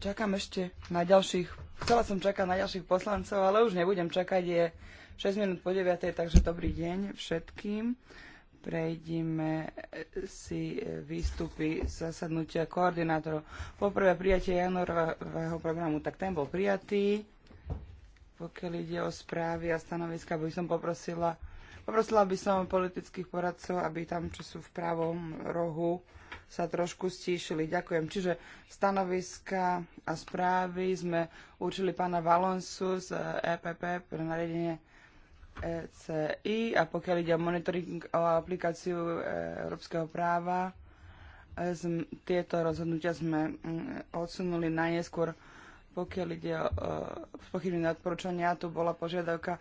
Čakám ešte na ďalších... Chcela som čakať na ďalších poslancov, ale už nebudem čakať. Je 6 minút po 9, takže dobrý deň všetkým. Prejdime eh, si eh, výstupy zasadnutia koordinátorov. Poprvé prijatie januárového programu, tak ten bol prijatý. Pokiaľ ide o správy a stanoviska, by som poprosila Poprosila by som politických poradcov, aby tam, čo sú v pravom rohu, sa trošku stíšili. Ďakujem. Čiže stanoviska a správy sme určili pána Valonsu z EPP pre nariadenie ECI a pokiaľ ide o monitoring o aplikáciu e, európskeho práva, e, tieto rozhodnutia sme mm, odsunuli najneskôr pokiaľ ide o pochybné odporúčania, tu bola požiadavka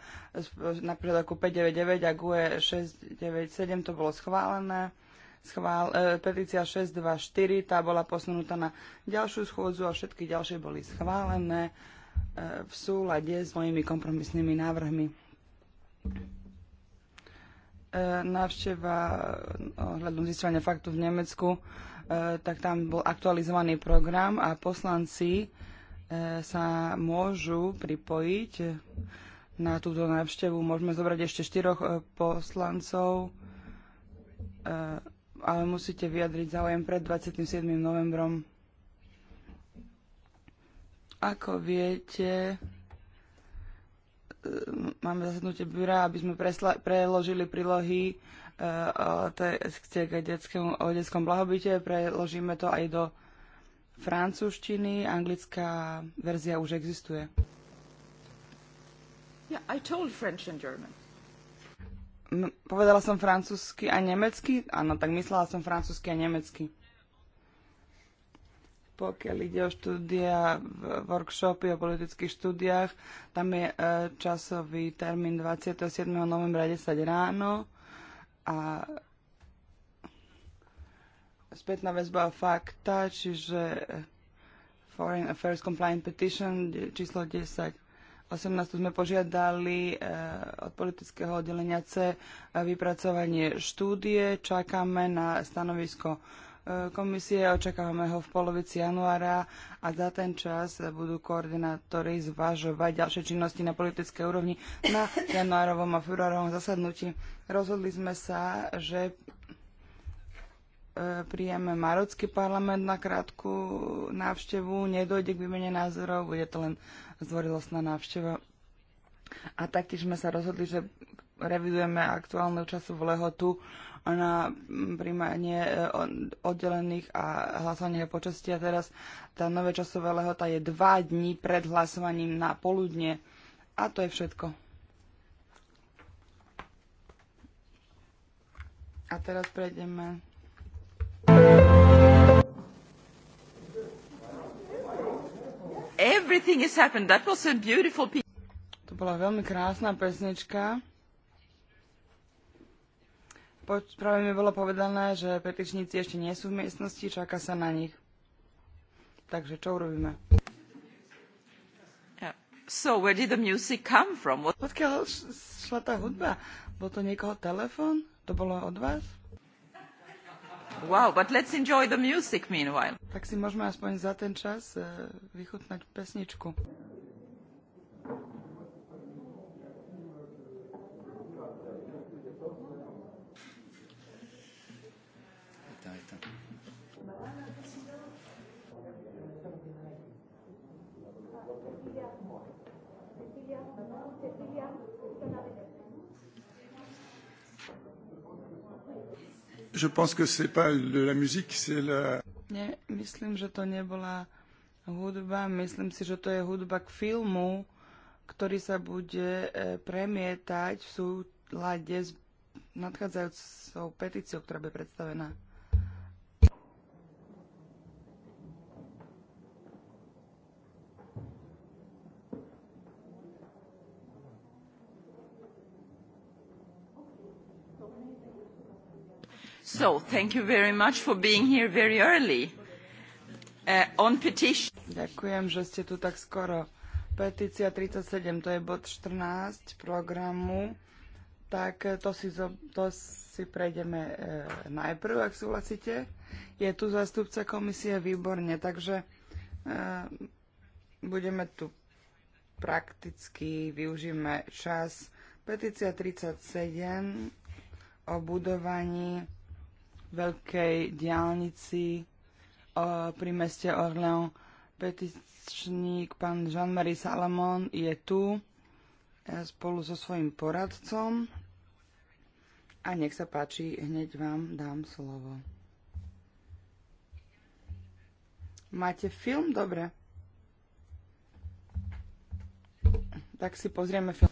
na požiadavku 599 a GUE 697, to bolo schválené. Schvál, e, petícia 624, tá bola posunutá na ďalšiu schôdzu a všetky ďalšie boli schválené e, v súlade s mojimi kompromisnými návrhmi. E, návšteva e, ohľadom zistovania faktu v Nemecku, e, tak tam bol aktualizovaný program a poslanci e, sa môžu pripojiť na túto návštevu. Môžeme zobrať ešte štyroch eh, poslancov, eh, ale musíte vyjadriť záujem pred 27. novembrom. Ako viete, eh, máme zasadnutie byra, aby sme preložili prílohy o, o detskému, o detskom blahobite. Preložíme to aj do francúzštiny, anglická verzia už existuje. Yeah, I told French and German. M povedala som francúzsky a nemecky? Áno, tak myslela som francúzsky a nemecky. Pokiaľ ide o štúdia, workshopy o politických štúdiách, tam je e, časový termín 27. novembra 10 ráno a spätná väzba fakta, čiže eh, Foreign Affairs Compliant Petition číslo 10. 18 sme požiadali eh, od politického oddelenia C eh, vypracovanie štúdie. Čakáme na stanovisko komisie, očakávame ho v polovici januára a za ten čas budú koordinátori zvažovať ďalšie činnosti na politickej úrovni na januárovom a februárovom zasadnutí. Rozhodli sme sa, že príjeme Marocký parlament na krátku návštevu, nedojde k výmene názorov, bude to len zvorilostná návšteva. A taktiež sme sa rozhodli, že revidujeme aktuálnu v lehotu na príjmanie e, oddelených a hlasovanie počasti. A teraz tá nové časová lehota je dva dní pred hlasovaním na poludne. A to je všetko. A teraz prejdeme Everything has happened. That was a beautiful piece. To bola veľmi krásna pesnička. Po, práve mi bolo povedané, že petičníci ešte nie sú v miestnosti, čaká sa na nich. Takže čo urobíme? Yeah. So, where did the music come from? What... Odkiaľ šla tá hudba? Bol to niekoho telefon? To bolo od vás? Tak si môžeme aspoň za ten čas eh, vychutnať pesničku. Je pense que c'est pas la musique, c'est la... Nie, myslím, že to nebola hudba. Myslím si, že to je hudba k filmu, ktorý sa bude e, premietať v súlade s nadchádzajúcou petíciou, ktorá bude predstavená. thank you very much for being here very early. Uh, on petition... Ďakujem, že ste tu tak skoro. Petícia 37, to je bod 14 programu. Tak eh, to si, zo, to si prejdeme e, najprv, ak súhlasíte. Je tu zastupca komisie, výborne, takže e, budeme tu prakticky, využijeme čas. Petícia 37 o budovaní veľkej diálnici pri meste Orléans. Petičník pán Jean-Marie Salamon je tu e, spolu so svojím poradcom a nech sa páči, hneď vám dám slovo. Máte film? Dobre. Tak si pozrieme film.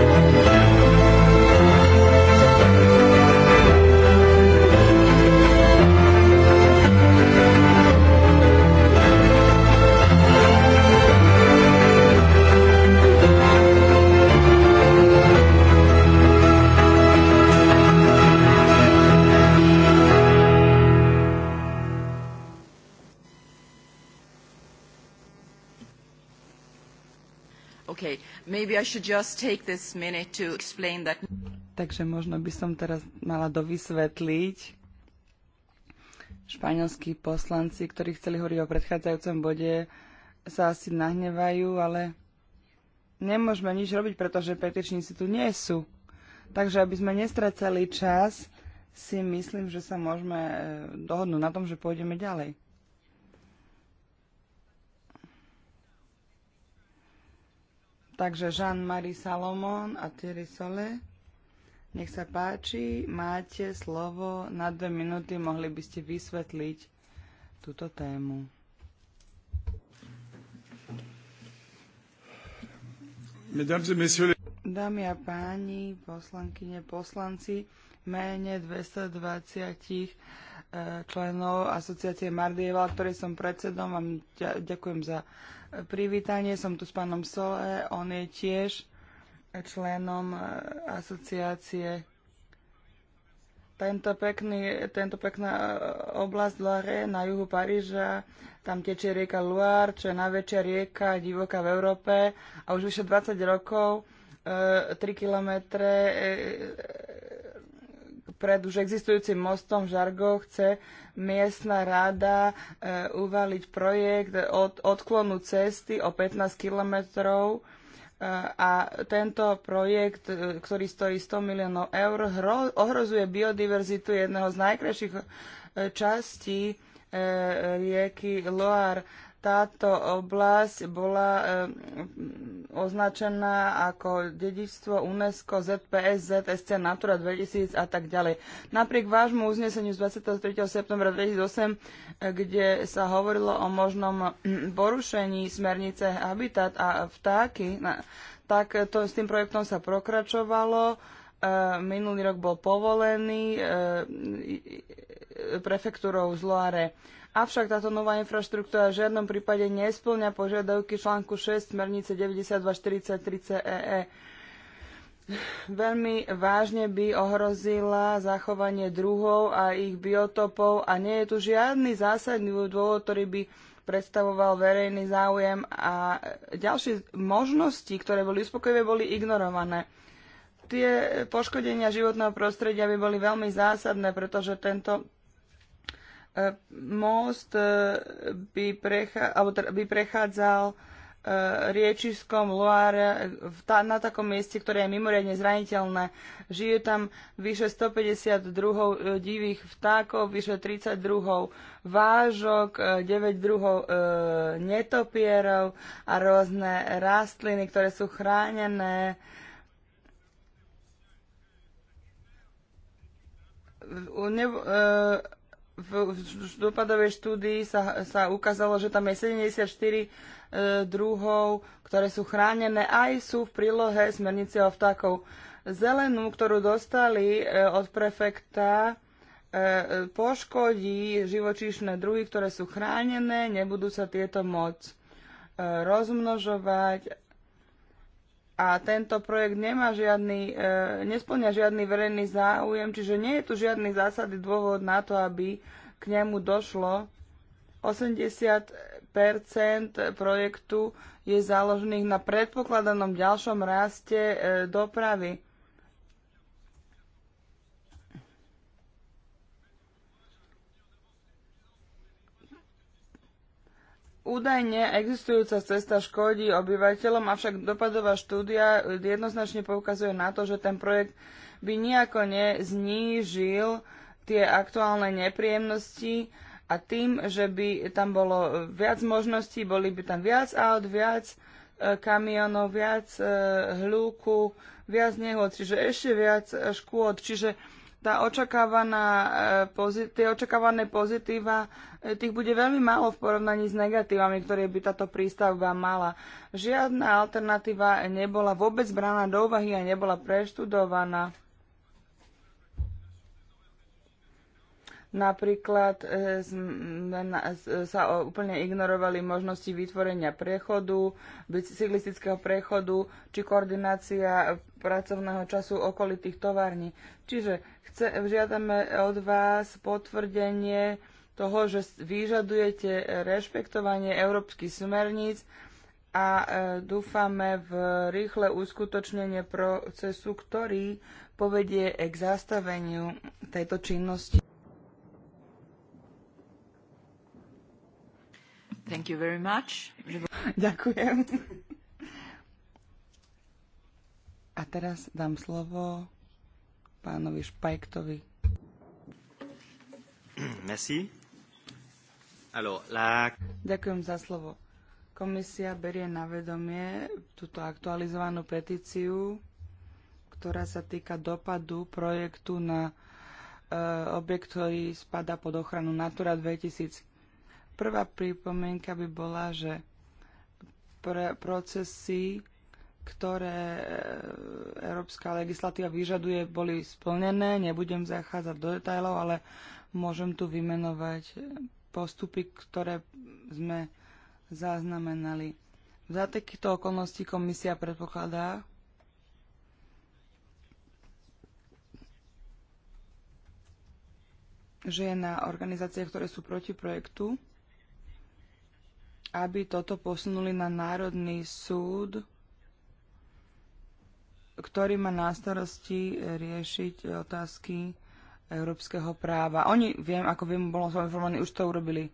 Takže možno by som teraz mala dovysvetliť španielskí poslanci, ktorí chceli hovoriť o predchádzajúcom bode, sa asi nahnevajú, ale nemôžeme nič robiť, pretože petičníci tu nie sú. Takže aby sme nestracali čas, si myslím, že sa môžeme eh, dohodnúť na tom, že pôjdeme ďalej. Takže Jean-Marie Salomon a Thierry Sole, nech sa páči, máte slovo, na dve minúty mohli by ste vysvetliť túto tému. Dámy a páni, poslankyne, poslanci, mene 220 eh, členov asociácie Mardieva, ktorej som predsedom, vám ďakujem za privítanie. Som tu s pánom Sole, on je tiež členom e, asociácie. Tento pekný, tento pekná e, oblasť Loire na juhu Paríža, tam tečie rieka Loire, čo je najväčšia rieka divoká v Európe a už vyše 20 rokov 3 e, kilometre pred už existujúcim mostom v Žargo chce miestna rada e, uvaliť projekt od, odklonu cesty o 15 kilometrov e, a tento projekt, e, ktorý stojí 100 miliónov eur, hro, ohrozuje biodiverzitu jedného z najkrajších e, častí e, rieky Loire táto oblasť bola eh, označená ako dedičstvo UNESCO, ZPS, ZSC, Natura 2000 a tak ďalej. Napriek vášmu uzneseniu z 23. septembra 2008, eh, kde sa hovorilo o možnom eh, porušení smernice Habitat a vtáky, tak to, s tým projektom sa pokračovalo. Minulý rok bol povolený prefektúrou z Loare Avšak táto nová infraštruktúra v žiadnom prípade nesplňa požiadavky článku 6 smernice 9243 CEE. E. Veľmi vážne by ohrozila zachovanie druhov a ich biotopov a nie je tu žiadny zásadný dôvod, ktorý by predstavoval verejný záujem a ďalšie možnosti, ktoré boli uspokojivé, boli ignorované. Tie poškodenia životného prostredia by boli veľmi zásadné, pretože tento E, most e, by, prechá, alebo by prechádzal e, riečiskom Loire na takom mieste, ktoré je mimoriadne zraniteľné. Žijú tam vyše 150 druhov divých vtákov, vyše 30 druhov vážok, 9 druhov netopierov a rôzne rastliny, ktoré sú chránené. Nebo, v dopadovej štúdii sa, sa ukázalo, že tam je 74 e, druhov, ktoré sú chránené aj sú v prílohe smernice o vtákov. Zelenú, ktorú dostali e, od prefekta, e, poškodí živočíšne druhy, ktoré sú chránené, nebudú sa tieto môcť e, rozmnožovať a tento projekt nemá žiadny, e, nesplňa žiadny verejný záujem, čiže nie je tu žiadny zásady dôvod na to, aby k nemu došlo. 80 projektu je založených na predpokladanom ďalšom raste e, dopravy Údajne existujúca cesta škodí obyvateľom, avšak dopadová štúdia jednoznačne poukazuje na to, že ten projekt by nejako neznížil tie aktuálne nepríjemnosti a tým, že by tam bolo viac možností, boli by tam viac aut, viac e, kamionov, viac e, hľúku, viac nehôd, čiže ešte viac škôd. Čiže tá očakávaná, eh, pozit- tie očakávané pozitíva, eh, tých bude veľmi málo v porovnaní s negatívami, ktoré by táto prístavba mala. Žiadna alternatíva nebola vôbec braná do úvahy a nebola preštudovaná. Napríklad eh, sa úplne ignorovali možnosti vytvorenia prechodu, bicyklistického prechodu či koordinácia pracovného času okolitých tovární. Čiže Chce, žiadame od vás potvrdenie toho, že vyžadujete rešpektovanie európskych smerníc a e, dúfame v rýchle uskutočnenie procesu, ktorý povedie k zastaveniu tejto činnosti. Thank you very much. Ďakujem. A teraz dám slovo pánovi Špajktovi. Merci. Alors, la... Ďakujem za slovo. Komisia berie na vedomie túto aktualizovanú petíciu, ktorá sa týka dopadu projektu na e, objekt, ktorý spada pod ochranu Natura 2000. Prvá pripomienka by bola, že pre procesy ktoré e, európska legislatíva vyžaduje, boli splnené. Nebudem zachádzať do detajlov, ale môžem tu vymenovať postupy, ktoré sme zaznamenali. Za takýchto okolností komisia predpokladá, že je na organizáciách, ktoré sú proti projektu, aby toto posunuli na Národný súd ktorý má na starosti riešiť otázky európskeho práva. Oni, viem, ako viem, bolo som informovaný, už to urobili.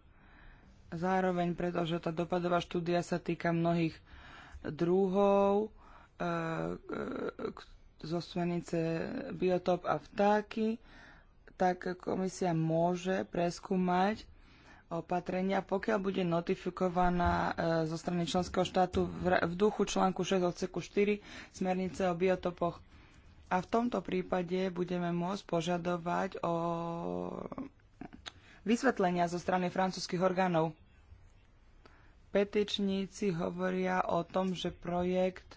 Zároveň, pretože tá dopadová štúdia sa týka mnohých druhov, e, e, zo smernice biotop a vtáky, tak komisia môže preskúmať opatrenia, pokiaľ bude notifikovaná e, zo strany členského štátu v, duchu článku 6 odseku 4 smernice o biotopoch. A v tomto prípade budeme môcť požadovať o vysvetlenia zo strany francúzskych orgánov. Petičníci hovoria o tom, že projekt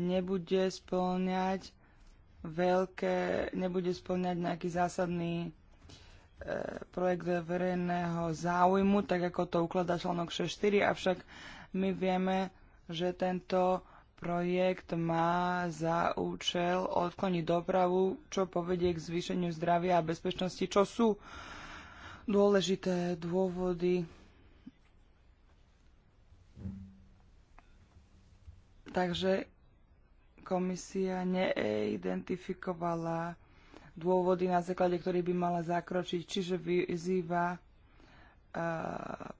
nebude splňať veľké, nebude splňať nejaký zásadný E, projekt verejného záujmu, tak ako to ukladá článok 6.4, avšak my vieme, že tento projekt má za účel odkloniť dopravu, čo povedie k zvýšeniu zdravia a bezpečnosti, čo sú dôležité dôvody. Takže komisia neidentifikovala dôvody, na základe ktorých by mala zakročiť, čiže vyzýva e,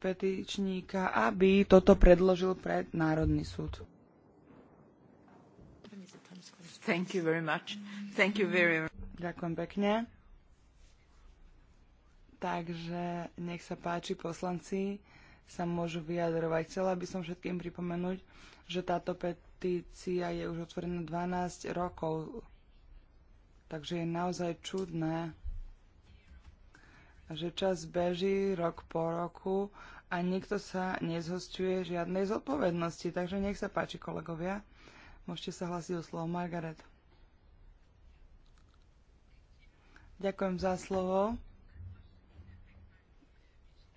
petičníka, aby toto predložil pred Národný súd. Ďakujem pekne. Takže nech sa páči, poslanci sa môžu vyjadrovať. Chcela by som všetkým pripomenúť, že táto petícia je už otvorená 12 rokov Takže je naozaj čudné, že čas beží rok po roku a nikto sa nezhostuje žiadnej zodpovednosti. Takže nech sa páči, kolegovia. Môžete sa hlasiť o slovo Margaret. Ďakujem za slovo.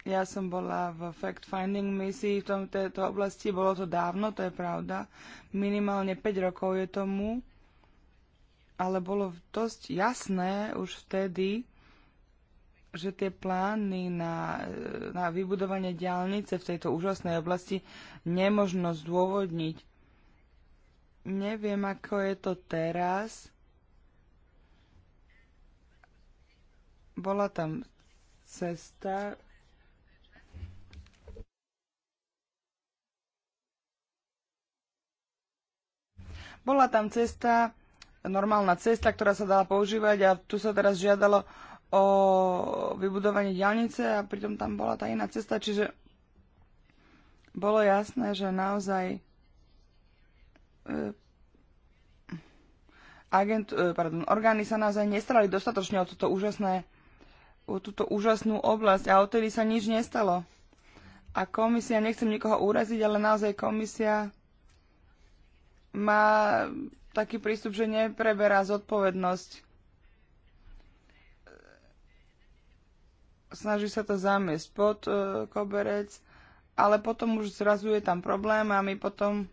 Ja som bola v fact-finding misii v tomto tejto oblasti, bolo to dávno, to je pravda. Minimálne 5 rokov je tomu ale bolo dosť jasné už vtedy, že tie plány na, e, na vybudovanie diálnice v tejto úžasnej oblasti nemožno zdôvodniť. Neviem, ako je to teraz. Bola tam cesta. Bola tam cesta normálna cesta, ktorá sa dala používať a tu sa teraz žiadalo o vybudovanie diálnice a pritom tam bola tá iná cesta, čiže bolo jasné, že naozaj e, agent, e, pardon, orgány sa naozaj nestarali dostatočne o túto, úžasné o túto úžasnú oblasť a odtedy sa nič nestalo. A komisia, nechcem nikoho uraziť, ale naozaj komisia má taký prístup, že nepreberá zodpovednosť. Snaží sa to zamiesť pod e, koberec, ale potom už zrazu je tam problém a my potom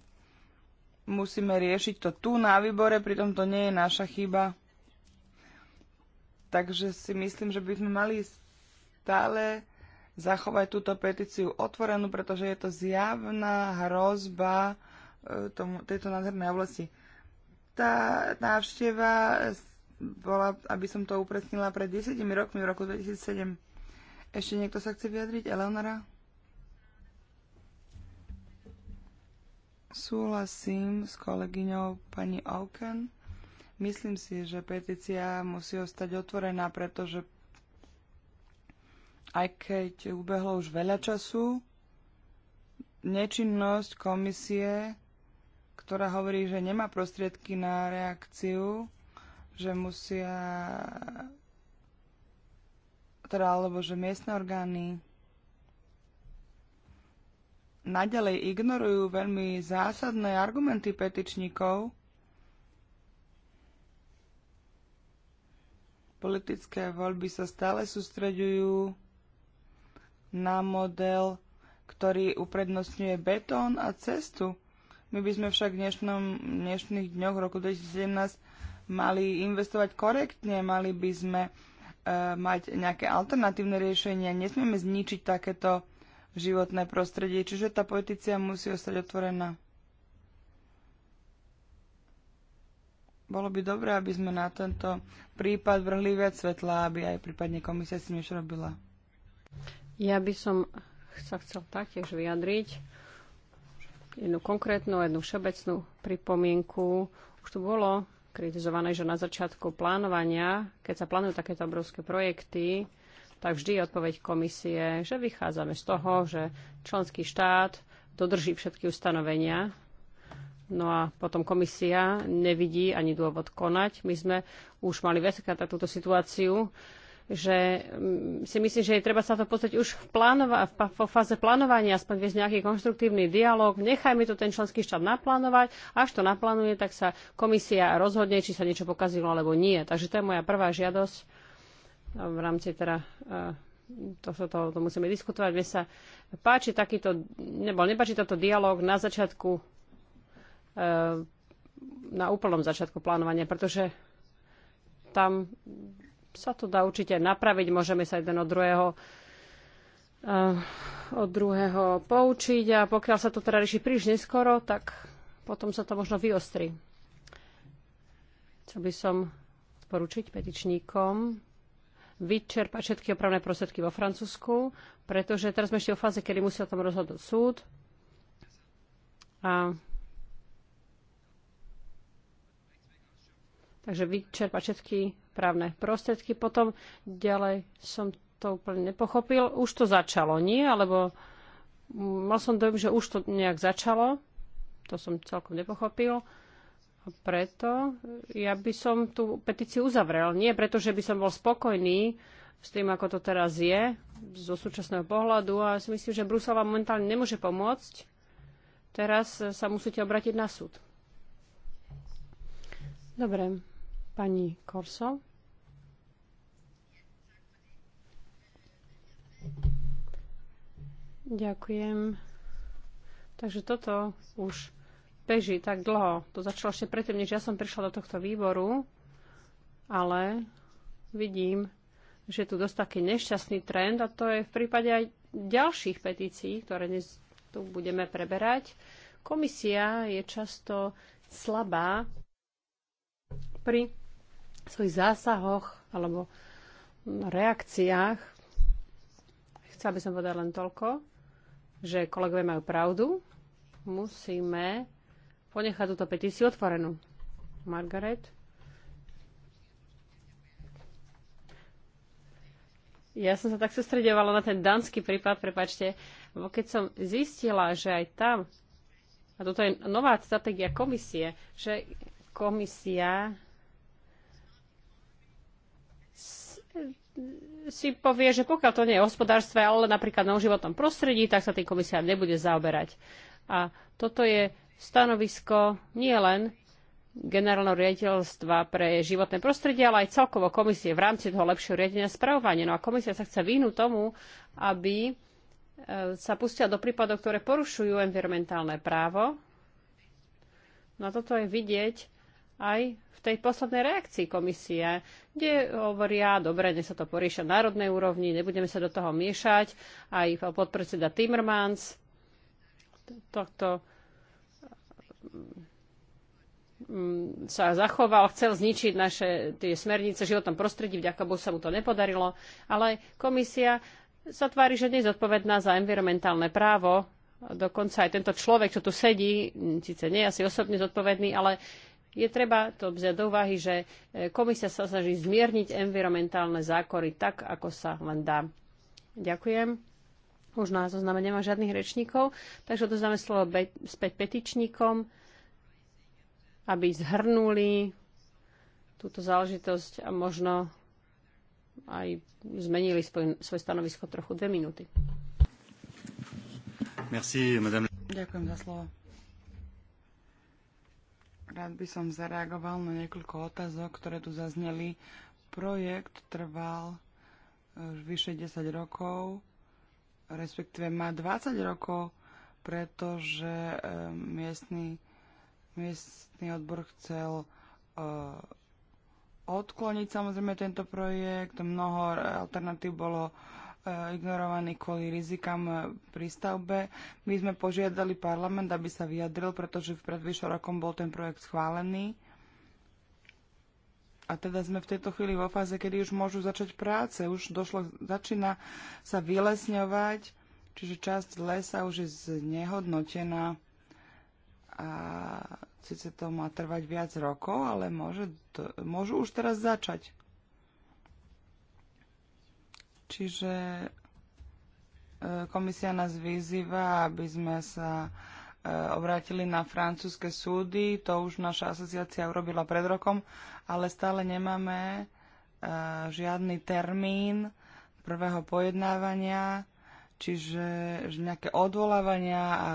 musíme riešiť to tu na výbore, pritom to nie je naša chyba. Takže si myslím, že by sme mali stále zachovať túto petíciu otvorenú, pretože je to zjavná hrozba e, tomu, tejto nádhernej oblasti tá návšteva eh, bola, aby som to upresnila, pred 10 rokmi, v roku 2007. Ešte niekto sa chce vyjadriť? Eleonora? Súhlasím s kolegyňou pani Auken. Myslím si, že petícia musí ostať otvorená, pretože aj keď ubehlo už veľa času, nečinnosť komisie ktorá hovorí, že nemá prostriedky na reakciu, že musia teda, alebo že miestne orgány naďalej ignorujú veľmi zásadné argumenty petičníkov, politické voľby sa stále sústreďujú na model, ktorý uprednostňuje betón a cestu my by sme však v dnešnom, dnešných dňoch roku 2017 mali investovať korektne, mali by sme uh, mať nejaké alternatívne riešenia, nesmieme zničiť takéto životné prostredie, čiže tá politícia musí ostať otvorená. Bolo by dobré, aby sme na tento prípad vrhli viac svetla, aby aj prípadne komisia si niečo robila. Ja by som sa chcel taktiež vyjadriť jednu konkrétnu, jednu všeobecnú pripomienku. Už tu bolo kritizované, že na začiatku plánovania, keď sa plánujú takéto obrovské projekty, tak vždy je odpoveď komisie, že vychádzame z toho, že členský štát dodrží všetky ustanovenia No a potom komisia nevidí ani dôvod konať. My sme už mali viackrát túto situáciu, že mm, si myslím, že je treba sa to pozrieť už v plánova- v fáze plánovania aspoň viesť nejaký konštruktívny dialog. Nechajme to ten členský štát naplánovať. Až to naplánuje, tak sa komisia rozhodne, či sa niečo pokazilo alebo nie. Takže to je moja prvá žiadosť v rámci teda to, e, to, to, to musíme diskutovať. Mne sa páči takýto, nebo nepáči toto dialog na začiatku, e, na úplnom začiatku plánovania, pretože tam sa to dá určite napraviť, môžeme sa jeden od druhého eh, od druhého poučiť a pokiaľ sa to teda rieši príliš neskoro, tak potom sa to možno vyostri. Chcel by som poručiť petičníkom vyčerpať všetky opravné prostriedky vo Francúzsku, pretože teraz sme ešte o fáze, kedy musí o tom rozhodnúť súd. A Takže vyčerpať všetky právne prostriedky. Potom ďalej som to úplne nepochopil. Už to začalo, nie? Alebo mm, mal som dojem, že už to nejak začalo. To som celkom nepochopil. A preto e, ja by som tú petíciu uzavrel. Nie preto, že by som bol spokojný s tým, ako to teraz je, zo súčasného pohľadu. A ja si myslím, že Brusel vám momentálne nemôže pomôcť. Teraz e, sa musíte obratiť na súd. Dobre, pani Korso. Ďakujem. Takže toto už beží tak dlho. To začalo ešte predtým, než ja som prišla do tohto výboru, ale vidím, že tu dosť taký nešťastný trend a to je v prípade aj ďalších petícií, ktoré dnes tu budeme preberať. Komisia je často slabá pri svojich zásahoch alebo reakciách. Chcela by som povedať len toľko že kolegovia majú pravdu. Musíme ponechať túto petíciu otvorenú. Margaret? Ja som sa tak sústredovala na ten danský prípad, prepačte, lebo keď som zistila, že aj tam, a toto je nová stratégia komisie, že komisia si povie, že pokiaľ to nie je hospodárstve, ale napríklad na životnom prostredí, tak sa tým komisia nebude zaoberať. A toto je stanovisko nie len generálneho riaditeľstva pre životné prostredie, ale aj celkovo komisie v rámci toho lepšieho riadenia spravovania. No a komisia sa chce vyhnúť tomu, aby e, sa pustila do prípadov, ktoré porušujú environmentálne právo. No a toto je vidieť aj v tej poslednej reakcii komisie, kde hovoria, dobre, nech sa to porieša na národnej úrovni, nebudeme sa do toho miešať, aj podpredseda Timmermans tohto mm, sa zachoval, chcel zničiť naše tie smernice v životnom prostredí, vďaka Bohu sa mu to nepodarilo, ale komisia sa tvári, že nie je zodpovedná za environmentálne právo. Dokonca aj tento človek, čo tu sedí, mm, síce nie je asi osobne zodpovedný, ale je treba to vziať do úvahy, že e, komisia sa snaží zmierniť environmentálne zákory tak, ako sa len dá. Ďakujem. Už na zozname nemá žiadnych rečníkov, takže odozdáme slovo späť petičníkom, aby zhrnuli túto záležitosť a možno aj zmenili svoj, stanovisko trochu dve minúty. Merci, madame. Ďakujem za slovo. Rád by som zareagoval na niekoľko otázok, ktoré tu zazneli. Projekt trval eh, vyše 10 rokov, respektíve má 20 rokov, pretože eh, miestny, miestny odbor chcel eh, odkloniť samozrejme tento projekt. Mnoho alternatív bolo E, ignorovaní kvôli rizikám e, pri stavbe. My sme požiadali parlament, aby sa vyjadril, pretože v predvyššom rokom bol ten projekt schválený. A teda sme v tejto chvíli vo fáze, kedy už môžu začať práce. Už došlo, začína sa vylesňovať, čiže časť lesa už je znehodnotená. A síce to má trvať viac rokov, ale môže, to, môžu už teraz začať. Čiže e, komisia nás vyzýva, aby sme sa e, obrátili na francúzske súdy. To už naša asociácia urobila pred rokom, ale stále nemáme e, žiadny termín prvého pojednávania, čiže nejaké odvolávania a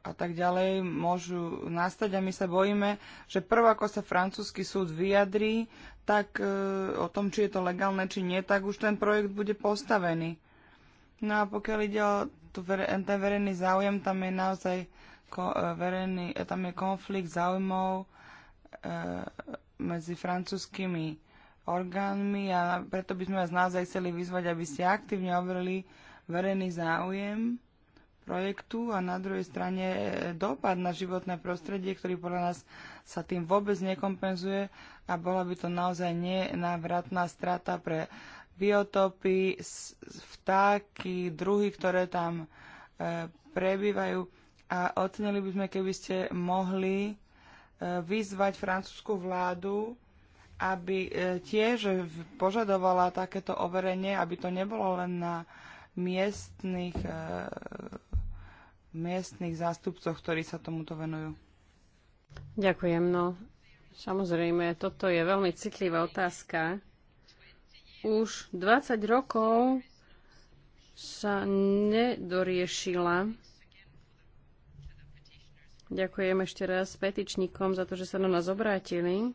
a tak ďalej môžu nastať a my sa bojíme, že prv ako sa francúzsky súd vyjadrí, tak e, o tom, či je to legálne, či nie, tak už ten projekt bude postavený. No a pokiaľ ide o ten verejný záujem, tam je naozaj ko, e, verejný, e, tam je konflikt záujmov e, medzi francúzskými orgánmi a preto by sme vás naozaj chceli vyzvať, aby ste aktívne overili verejný záujem projektu a na druhej strane dopad na životné prostredie, ktorý podľa nás sa tým vôbec nekompenzuje a bola by to naozaj nenávratná strata pre biotopy, vtáky, druhy, ktoré tam e, prebývajú. A ocenili by sme, keby ste mohli e, vyzvať francúzsku vládu, aby e, tiež požadovala takéto overenie, aby to nebolo len na miestnych e, miestnych zástupcoch, ktorí sa tomuto venujú. Ďakujem. No, samozrejme, toto je veľmi citlivá otázka. Už 20 rokov sa nedoriešila. Ďakujem ešte raz petičníkom za to, že sa na nás obrátili.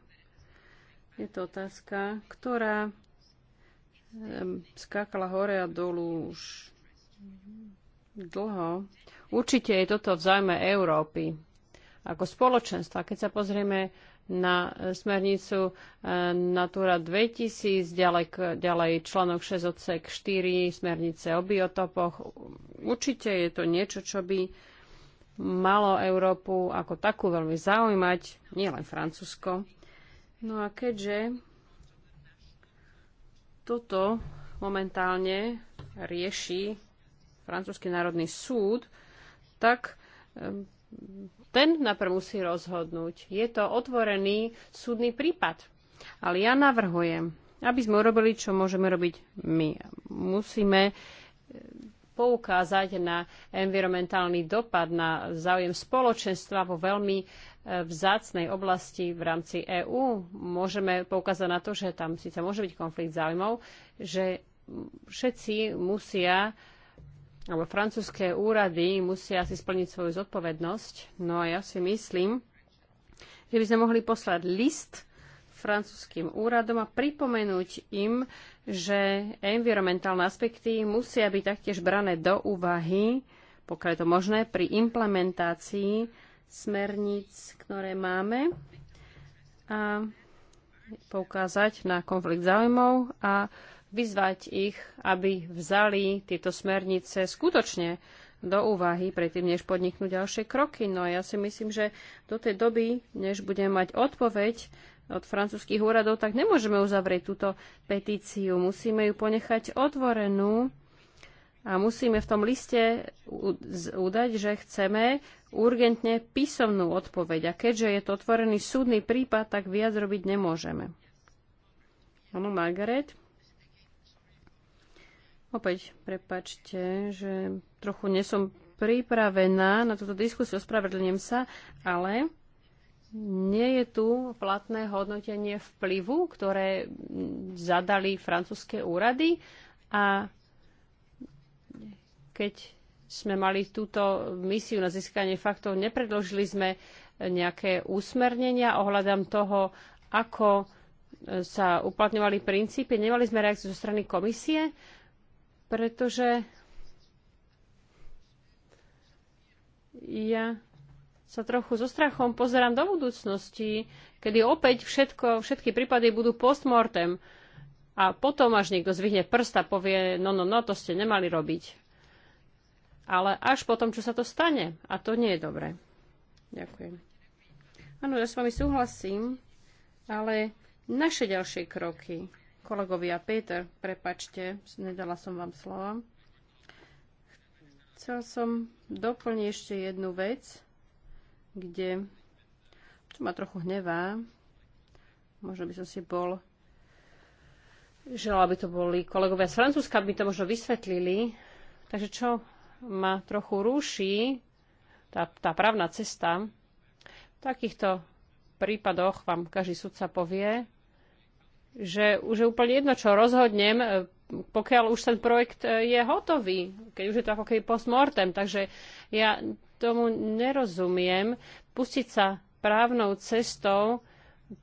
Je to otázka, ktorá skákala hore a dolu už dlho. Určite je toto v záujme Európy ako spoločenstva. Keď sa pozrieme na smernicu e, Natura 2000, ďalej, ďalej článok 6 odsek 4, smernice o biotopoch. Určite je to niečo, čo by malo Európu ako takú veľmi zaujímať, nielen Francúzsko. No a keďže toto momentálne rieši Francúzsky národný súd, tak ten najprv musí rozhodnúť. Je to otvorený súdny prípad. Ale ja navrhujem, aby sme urobili, čo môžeme robiť my. Musíme poukázať na environmentálny dopad, na záujem spoločenstva vo veľmi vzácnej oblasti v rámci EÚ. Môžeme poukázať na to, že tam síce môže byť konflikt záujmov, že všetci musia alebo francúzské úrady musia si splniť svoju zodpovednosť. No a ja si myslím, že by sme mohli poslať list francúzským úradom a pripomenúť im, že environmentálne aspekty musia byť taktiež brané do úvahy, pokiaľ je to možné, pri implementácii smerníc, ktoré máme a poukázať na konflikt záujmov a vyzvať ich, aby vzali tieto smernice skutočne do úvahy, predtým než podniknú ďalšie kroky. No ja si myslím, že do tej doby, než budeme mať odpoveď od francúzských úradov, tak nemôžeme uzavrieť túto petíciu. Musíme ju ponechať otvorenú a musíme v tom liste udať, že chceme urgentne písomnú odpoveď. A keďže je to otvorený súdny prípad, tak viac robiť nemôžeme. Áno, Margaret? Opäť prepačte, že trochu nesom pripravená na túto diskusiu, ospravedlňujem sa, ale nie je tu platné hodnotenie vplyvu, ktoré zadali francúzske úrady a keď sme mali túto misiu na získanie faktov, nepredložili sme nejaké úsmernenia ohľadom toho, ako sa uplatňovali princípy. Nemali sme reakciu zo strany komisie pretože ja sa trochu so strachom pozerám do budúcnosti, kedy opäť všetko, všetky prípady budú postmortem a potom až niekto zvihne prst a povie, no, no, no, to ste nemali robiť. Ale až potom, čo sa to stane. A to nie je dobré. Ďakujem. Áno, ja s vami súhlasím, ale naše ďalšie kroky Kolegovia, Peter, prepačte, nedala som vám slova. Chcel som doplniť ešte jednu vec, kde, čo ma trochu hnevá, možno by som si bol Želala by to boli kolegovia z Francúzska, by to možno vysvetlili. Takže čo ma trochu rúši tá, tá právna cesta, v takýchto prípadoch vám každý sudca povie, že už je úplne jedno, čo rozhodnem, e, pokiaľ už ten projekt e, je hotový, keď už je to ako keby postmortem. Takže ja tomu nerozumiem. Pustiť sa právnou cestou,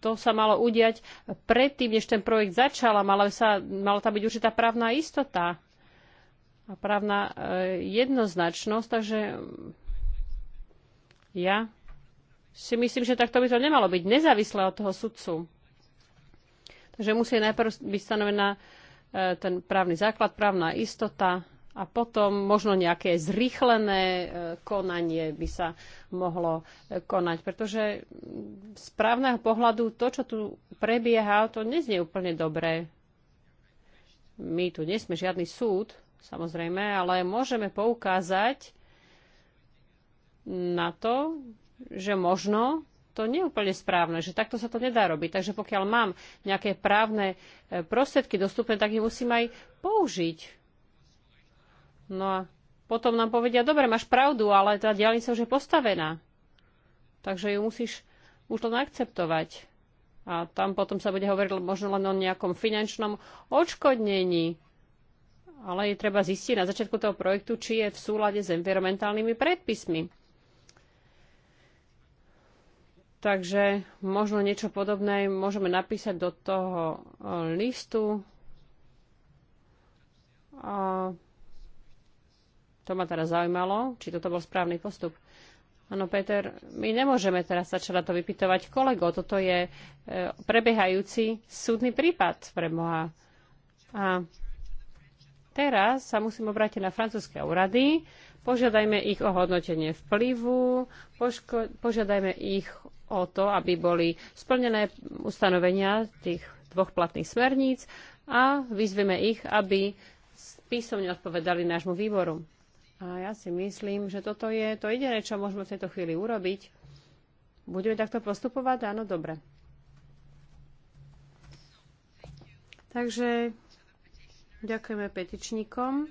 to sa malo udiať predtým, než ten projekt začal a mala, sa, mala tam byť určitá právna istota a právna e, jednoznačnosť. Takže ja si myslím, že takto by to nemalo byť, nezávisle od toho sudcu že musí najprv byť stanovená e, ten právny základ, právna istota a potom možno nejaké zrýchlené e, konanie by sa mohlo e, konať. Pretože z právneho pohľadu to, čo tu prebieha, to neznie úplne dobre. My tu nie sme žiadny súd, samozrejme, ale môžeme poukázať na to, že možno to nie je úplne správne, že takto sa to nedá robiť. Takže pokiaľ mám nejaké právne e, prostriedky dostupné, tak ich musím aj použiť. No a potom nám povedia, dobre, máš pravdu, ale tá diálnica už je postavená. Takže ju musíš už len akceptovať. A tam potom sa bude hovoriť možno len o nejakom finančnom odškodnení. Ale je treba zistiť na začiatku toho projektu, či je v súlade s environmentálnymi predpismi. Takže možno niečo podobné môžeme napísať do toho e, listu. A to ma teraz zaujímalo, či toto bol správny postup. Áno, Peter, my nemôžeme teraz začať to vypytovať kolego. Toto je e, prebiehajúci súdny prípad pre Boha. A teraz sa musím obrátiť na francúzske úrady, požiadajme ich o hodnotenie vplyvu, požiadajme ich o to, aby boli splnené ustanovenia tých dvoch platných smerníc a vyzveme ich, aby písomne odpovedali nášmu výboru. A ja si myslím, že toto je to jediné, čo môžeme v tejto chvíli urobiť. Budeme takto postupovať? Áno, dobre. Takže ďakujeme petičníkom.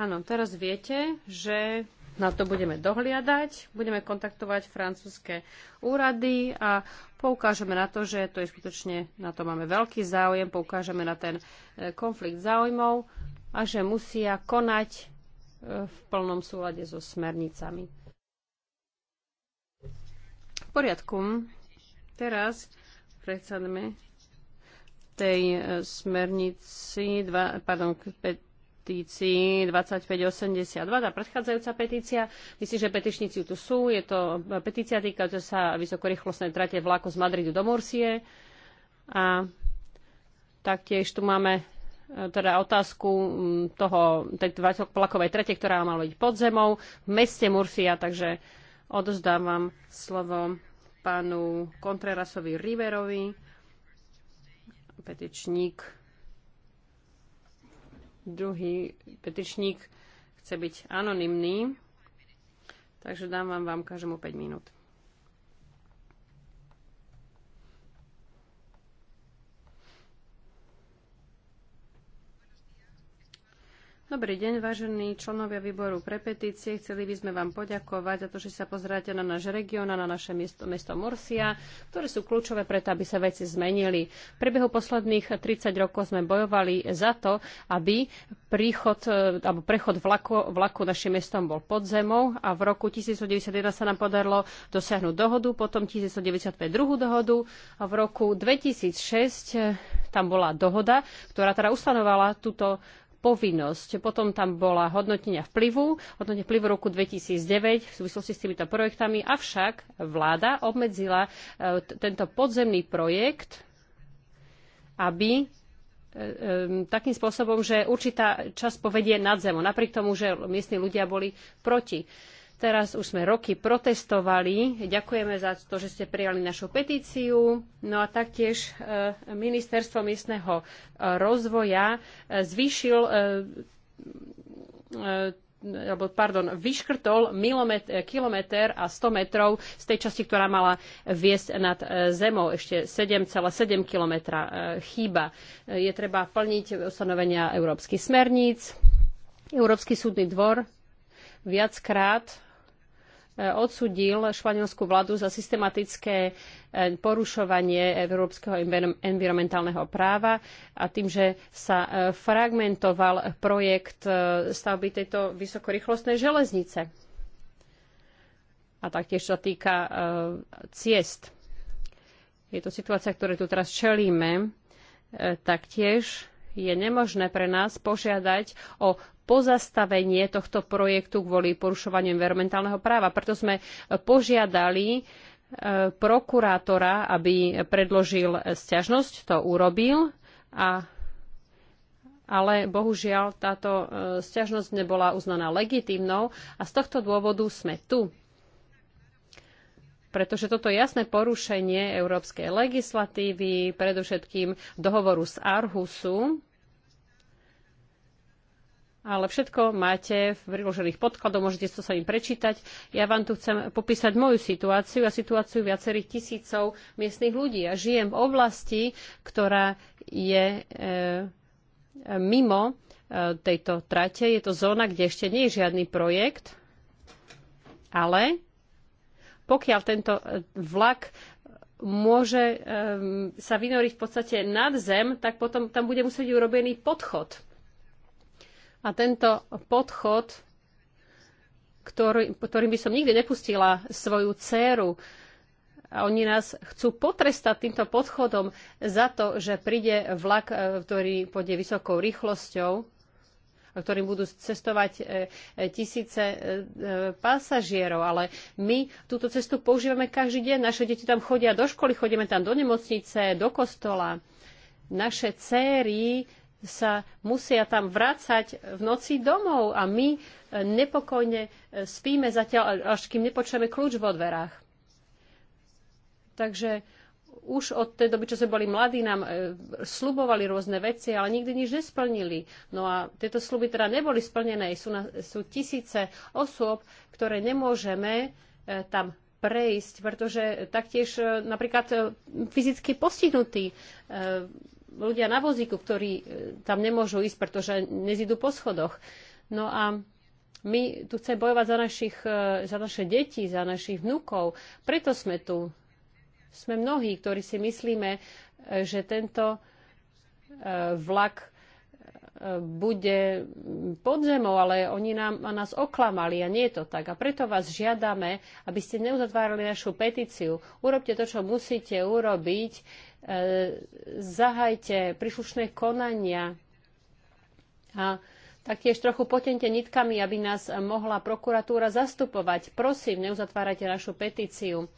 Áno, teraz viete, že na to budeme dohliadať, budeme kontaktovať francúzske úrady a poukážeme na to, že to je skutočne, na to máme veľký záujem, poukážeme na ten e, konflikt záujmov a že musia konať e, v plnom súlade so smernicami. V poriadku. Teraz predsadme tej e, smernici, dva, pardon, 5, petícii 2582, tá predchádzajúca petícia. Myslím, že petičníci tu sú. Je to petícia týkajúca sa vysokorýchlostnej trate vlaku z Madridu do Morsie. A taktiež tu máme e, teda otázku toho, tej vlakovej trate, ktorá mala byť pod zemou v meste Murcia. takže odozdávam slovo pánu Contrerasovi Riverovi, petičník Druhý petičník chce byť anonymný, takže dám vám, vám každému 5 minút. Dobrý deň, vážení členovia výboru pre petície. Chceli by sme vám poďakovať za to, že sa pozráte na náš región a na naše mesto, mesto Morsia, ktoré sú kľúčové preto, aby sa veci zmenili. V priebehu posledných 30 rokov sme bojovali za to, aby príchod, e, alebo prechod vlaku, vlaku našim mestom bol pod zemou a v roku 1991 sa nám podarilo dosiahnuť dohodu, potom 1995 druhú dohodu a v roku 2006 e, tam bola dohoda, ktorá teda ustanovala túto povinnosť. Potom tam bola hodnotenia vplyvu, hodnotenie vplyvu roku 2009 v súvislosti s týmito projektami, avšak vláda obmedzila e, tento podzemný projekt, aby e, e, takým spôsobom, že určitá časť povedie nad zemou. napriek tomu, že miestni ľudia boli proti. Teraz už sme roky protestovali. Ďakujeme za to, že ste prijali našu petíciu. No a taktiež e, ministerstvo miestneho e, rozvoja e, zvýšil alebo pardon, vyškrtol kilometer kilometr a 100 metrov z tej časti, ktorá mala viesť nad zemou. Ešte 7,7 kilometra chýba. Je treba plniť ustanovenia európskych smerníc. Európsky súdny dvor viackrát E, odsudil španielskú vládu za systematické e, porušovanie európskeho environmentálneho práva a tým, že sa e, fragmentoval projekt stavby tejto vysokorýchlostnej železnice. A taktiež sa týka ciest. Je to situácia, ktoré tu teraz čelíme. Taktiež je nemožné pre nás požiadať o pozastavenie tohto projektu kvôli porušovaniu environmentálneho práva. Preto sme požiadali e, prokurátora, aby predložil sťažnosť, to urobil, a, ale bohužiaľ táto e, sťažnosť nebola uznaná legitímnou a z tohto dôvodu sme tu. Pretože toto jasné porušenie európskej legislatívy, predovšetkým dohovoru z Arhusu, ale všetko máte v priložených podkladoch, môžete to sa im prečítať. Ja vám tu chcem popísať moju situáciu a situáciu viacerých tisícov miestnych ľudí. Ja žijem v oblasti, ktorá je e, mimo e, tejto trate. Je to zóna, kde ešte nie je žiadny projekt, ale pokiaľ tento e, vlak môže um, sa vynoriť v podstate nad zem, tak potom tam bude musieť urobený podchod a tento podchod, ktorý, ktorým by som nikdy nepustila svoju dceru, a oni nás chcú potrestať týmto podchodom za to, že príde vlak, e, ktorý pôjde vysokou rýchlosťou, a ktorým budú cestovať e, e, tisíce pasažierov. Ale my túto cestu používame každý deň. Naše deti tam chodia do školy, chodíme tam do nemocnice, do kostola. Naše céry sa musia tam vrácať v noci domov a my e, nepokojne e, spíme zatiaľ, až kým nepočujeme kľúč vo dverách. Takže už od tej doby, čo sme boli mladí, nám e, slubovali rôzne veci, ale nikdy nič nesplnili. No a tieto sluby teda neboli splnené. Sú, na, sú tisíce osôb, ktoré nemôžeme tam prejsť, pretože taktiež napríklad fyzicky postihnutí ľudia na vozíku, ktorí e, tam nemôžu ísť, pretože nezidú po schodoch. No a my tu chceme bojovať za, našich, e, za naše deti, za našich vnúkov. Preto sme tu. Sme mnohí, ktorí si myslíme, e, že tento vlak bude pod zemou, ale oni nám, nás oklamali a nie je to tak. A preto vás žiadame, aby ste neuzatvárali našu petíciu. Urobte to, čo musíte urobiť E, zahajte príslušné konania a taktiež trochu potente nitkami, aby nás mohla prokuratúra zastupovať. Prosím, neuzatvárajte našu petíciu,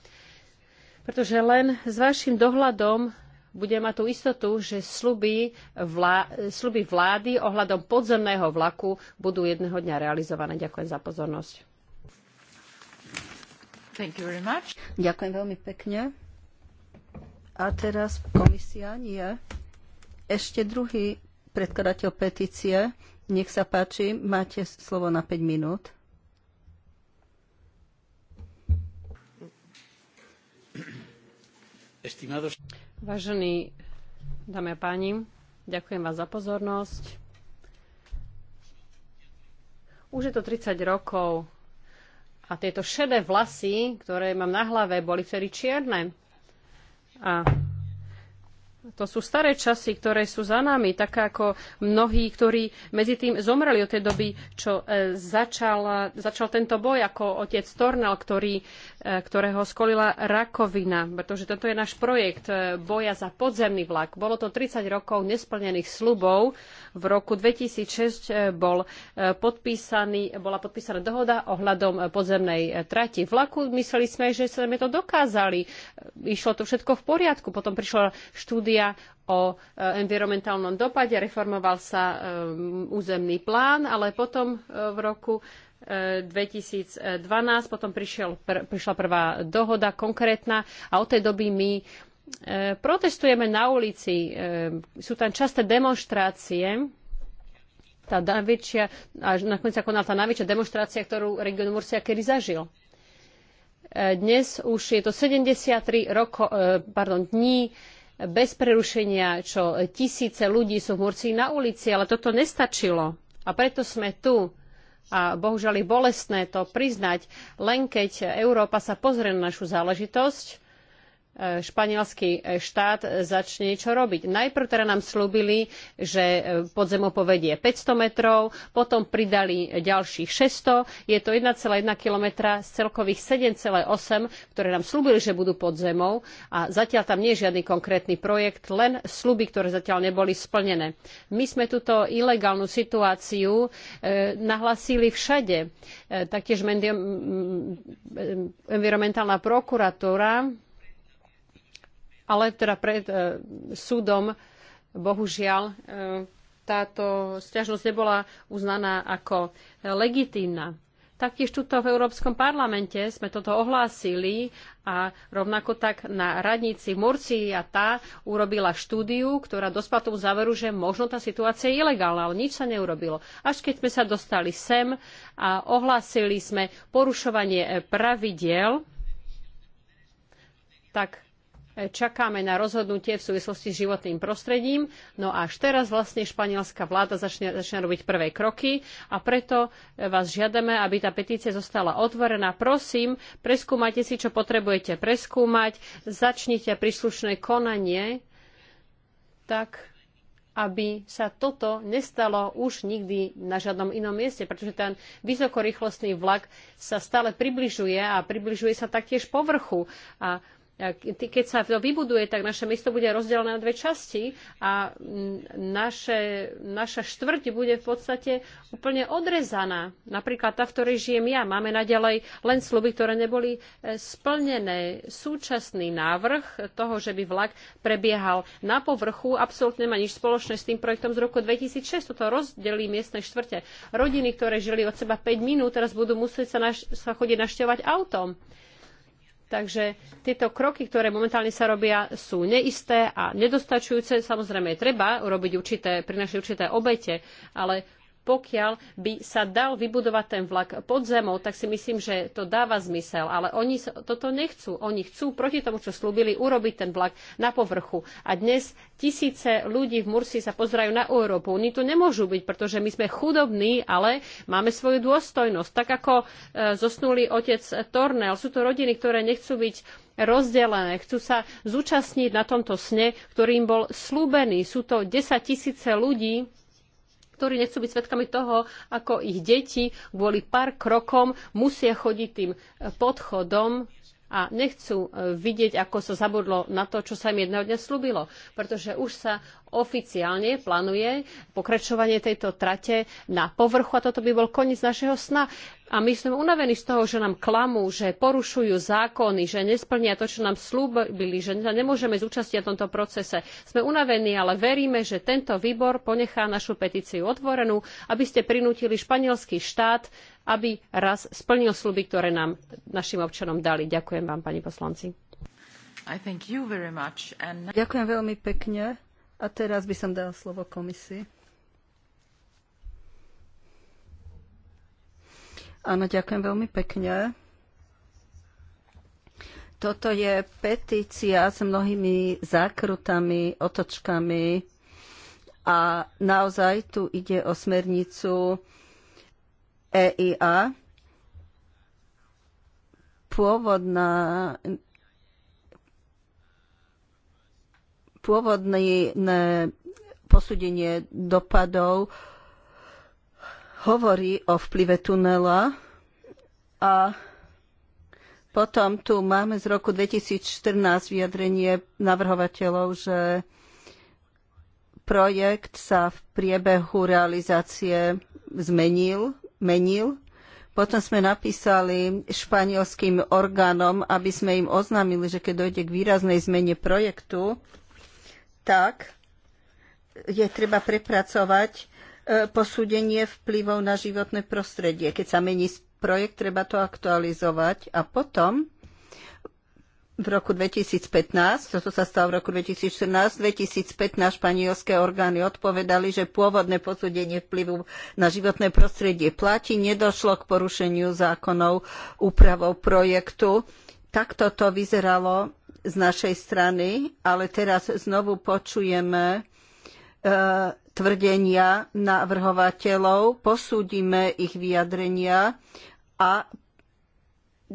pretože len s vašim dohľadom bude mať tú istotu, že sluby, vlá, sluby vlády ohľadom podzemného vlaku budú jedného dňa realizované. Ďakujem za pozornosť. Ďakujem veľmi pekne. A teraz komisia nie. Ešte druhý predkladateľ petície. Nech sa páči, máte slovo na 5 minút. Vážení dámy a páni, ďakujem vás za pozornosť. Už je to 30 rokov a tieto šedé vlasy, ktoré mám na hlave, boli vtedy čierne a to sú staré časy, ktoré sú za nami, tak ako mnohí, ktorí medzi tým zomreli od tej doby, čo e, začal, začal tento boj, ako otec Tornal, ktorý, e, ktorého skolila rakovina. Pretože toto je náš projekt e, boja za podzemný vlak. Bolo to 30 rokov nesplnených slubov. V roku 2006 bol podpísaný, bola podpísaná dohoda ohľadom podzemnej trati vlaku. Mysleli sme, že sme to dokázali. Išlo to všetko v poriadku. Potom prišla štúdia štúdia o eh, environmentálnom dopade, reformoval sa eh, územný plán, ale potom eh, v roku 2012 potom prišiel, pr, prišla prvá dohoda konkrétna a od tej doby my protestujeme na ulici, sú tam časté demonštrácie, tá najväčšia, až nakoniec sa konala tá najväčšia demonstrácia, ktorú region Murcia kedy zažil. Dnes už je to 73 roko, pardon, dní bez prerušenia, čo tisíce ľudí sú v Murcii na ulici, ale toto nestačilo. A preto sme tu. A bohužiaľ je bolestné to priznať, len keď Európa sa pozrie na našu záležitosť, španielský štát začne niečo robiť. Najprv teda nám slúbili, že podzemo povedie 500 metrov, potom pridali ďalších 600, je to 1,1 kilometra z celkových 7,8, ktoré nám slúbili, že budú podzemou a zatiaľ tam nie je žiadny konkrétny projekt, len sluby, ktoré zatiaľ neboli splnené. My sme túto ilegálnu situáciu e, nahlásili všade. E, taktiež environmentálna prokuratúra ale teda pred e, súdom bohužiaľ e, táto sťažnosť nebola uznaná ako legitímna. Taktiež tuto v Európskom parlamente sme toto ohlásili a rovnako tak na radnici a tá urobila štúdiu, ktorá dospala tomu záveru, že možno tá situácia je ilegálna, ale nič sa neurobilo. Až keď sme sa dostali sem a ohlásili sme porušovanie pravidiel, tak čakáme na rozhodnutie v súvislosti s životným prostredím. No až teraz vlastne španielská vláda začne, začne robiť prvé kroky a preto e, vás žiadame, aby tá petícia zostala otvorená. Prosím, preskúmajte si, čo potrebujete preskúmať, začnite príslušné konanie tak, aby sa toto nestalo už nikdy na žiadnom inom mieste, pretože ten vysokorýchlostný vlak sa stále približuje a približuje sa taktiež povrchu. A keď sa to vybuduje, tak naše mesto bude rozdelené na dve časti a naše, naša štvrť bude v podstate úplne odrezaná. Napríklad tá, v ktorej žijem ja. Máme naďalej len sluby, ktoré neboli e, splnené. Súčasný návrh toho, že by vlak prebiehal na povrchu, absolútne má nič spoločné s tým projektom z roku 2006. Toto rozdelí miestne štvrte. Rodiny, ktoré žili od seba 5 minút, teraz budú musieť sa, naš- sa chodiť našťovať autom. Takže tieto kroky, ktoré momentálne sa robia, sú neisté a nedostačujúce. Samozrejme, treba urobiť určité, prinašiť určité obete, ale pokiaľ by sa dal vybudovať ten vlak pod zemou, tak si myslím, že to dáva zmysel. Ale oni toto nechcú. Oni chcú proti tomu, čo slúbili, urobiť ten vlak na povrchu. A dnes tisíce ľudí v Mursi sa pozerajú na Európu. Oni tu nemôžu byť, pretože my sme chudobní, ale máme svoju dôstojnosť. Tak ako e, zosnulý otec Tornel, sú to rodiny, ktoré nechcú byť rozdelené, chcú sa zúčastniť na tomto sne, ktorý im bol slúbený. Sú to desaťtisíce ľudí, ktorí nechcú byť svetkami toho, ako ich deti kvôli pár krokom musia chodiť tým eh, podchodom a nechcú eh, vidieť, ako sa zabudlo na to, čo sa im jedného dňa slúbilo. Pretože už sa oficiálne plánuje pokračovanie tejto trate na povrchu a toto by bol koniec našeho sna. A my sme unavení z toho, že nám klamú, že porušujú zákony, že nesplnia to, čo nám slúbili, že sa nemôžeme zúčastniť v tomto procese. Sme unavení, ale veríme, že tento výbor ponechá našu petíciu otvorenú, aby ste prinútili španielský štát, aby raz splnil sluby, ktoré nám našim občanom dali. Ďakujem vám, pani poslanci. And... Ďakujem veľmi pekne. A teraz by som dal slovo komisii. Áno, ďakujem veľmi pekne. Toto je petícia s mnohými zákrutami, otočkami a naozaj tu ide o smernicu EIA. Pôvodná pôvodné posúdenie dopadov hovorí o vplyve tunela a potom tu máme z roku 2014 vyjadrenie navrhovateľov, že projekt sa v priebehu realizácie zmenil, menil. Potom sme napísali španielským orgánom, aby sme im oznámili, že keď dojde k výraznej zmene projektu, tak je treba prepracovať E, posúdenie vplyvov na životné prostredie. Keď sa mení projekt, treba to aktualizovať a potom v roku 2015, toto sa stalo v roku 2014, 2015 španielské orgány odpovedali, že pôvodné posúdenie vplyvu na životné prostredie platí, nedošlo k porušeniu zákonov úpravou projektu. Takto to vyzeralo z našej strany, ale teraz znovu počujeme e, tvrdenia navrhovateľov, posúdime ich vyjadrenia a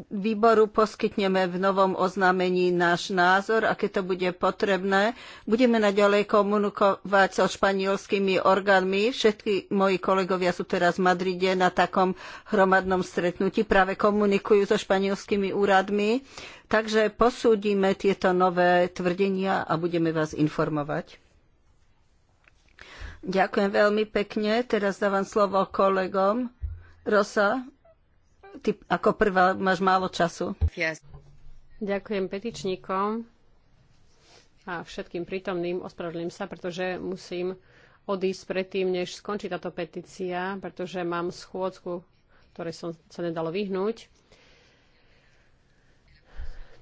výboru poskytneme v novom oznámení náš názor a keď to bude potrebné, budeme naďalej komunikovať so španielskými orgánmi. Všetky moji kolegovia sú teraz v Madride na takom hromadnom stretnutí, práve komunikujú so španielskými úradmi. Takže posúdime tieto nové tvrdenia a budeme vás informovať. Ďakujem veľmi pekne. Teraz dávam slovo kolegom. Rosa, ty ako prvá máš málo času. Ďakujem petičníkom a všetkým prítomným. Ospravedlím sa, pretože musím odísť predtým, než skončí táto petícia, pretože mám schôdzku, ktorej som sa nedalo vyhnúť.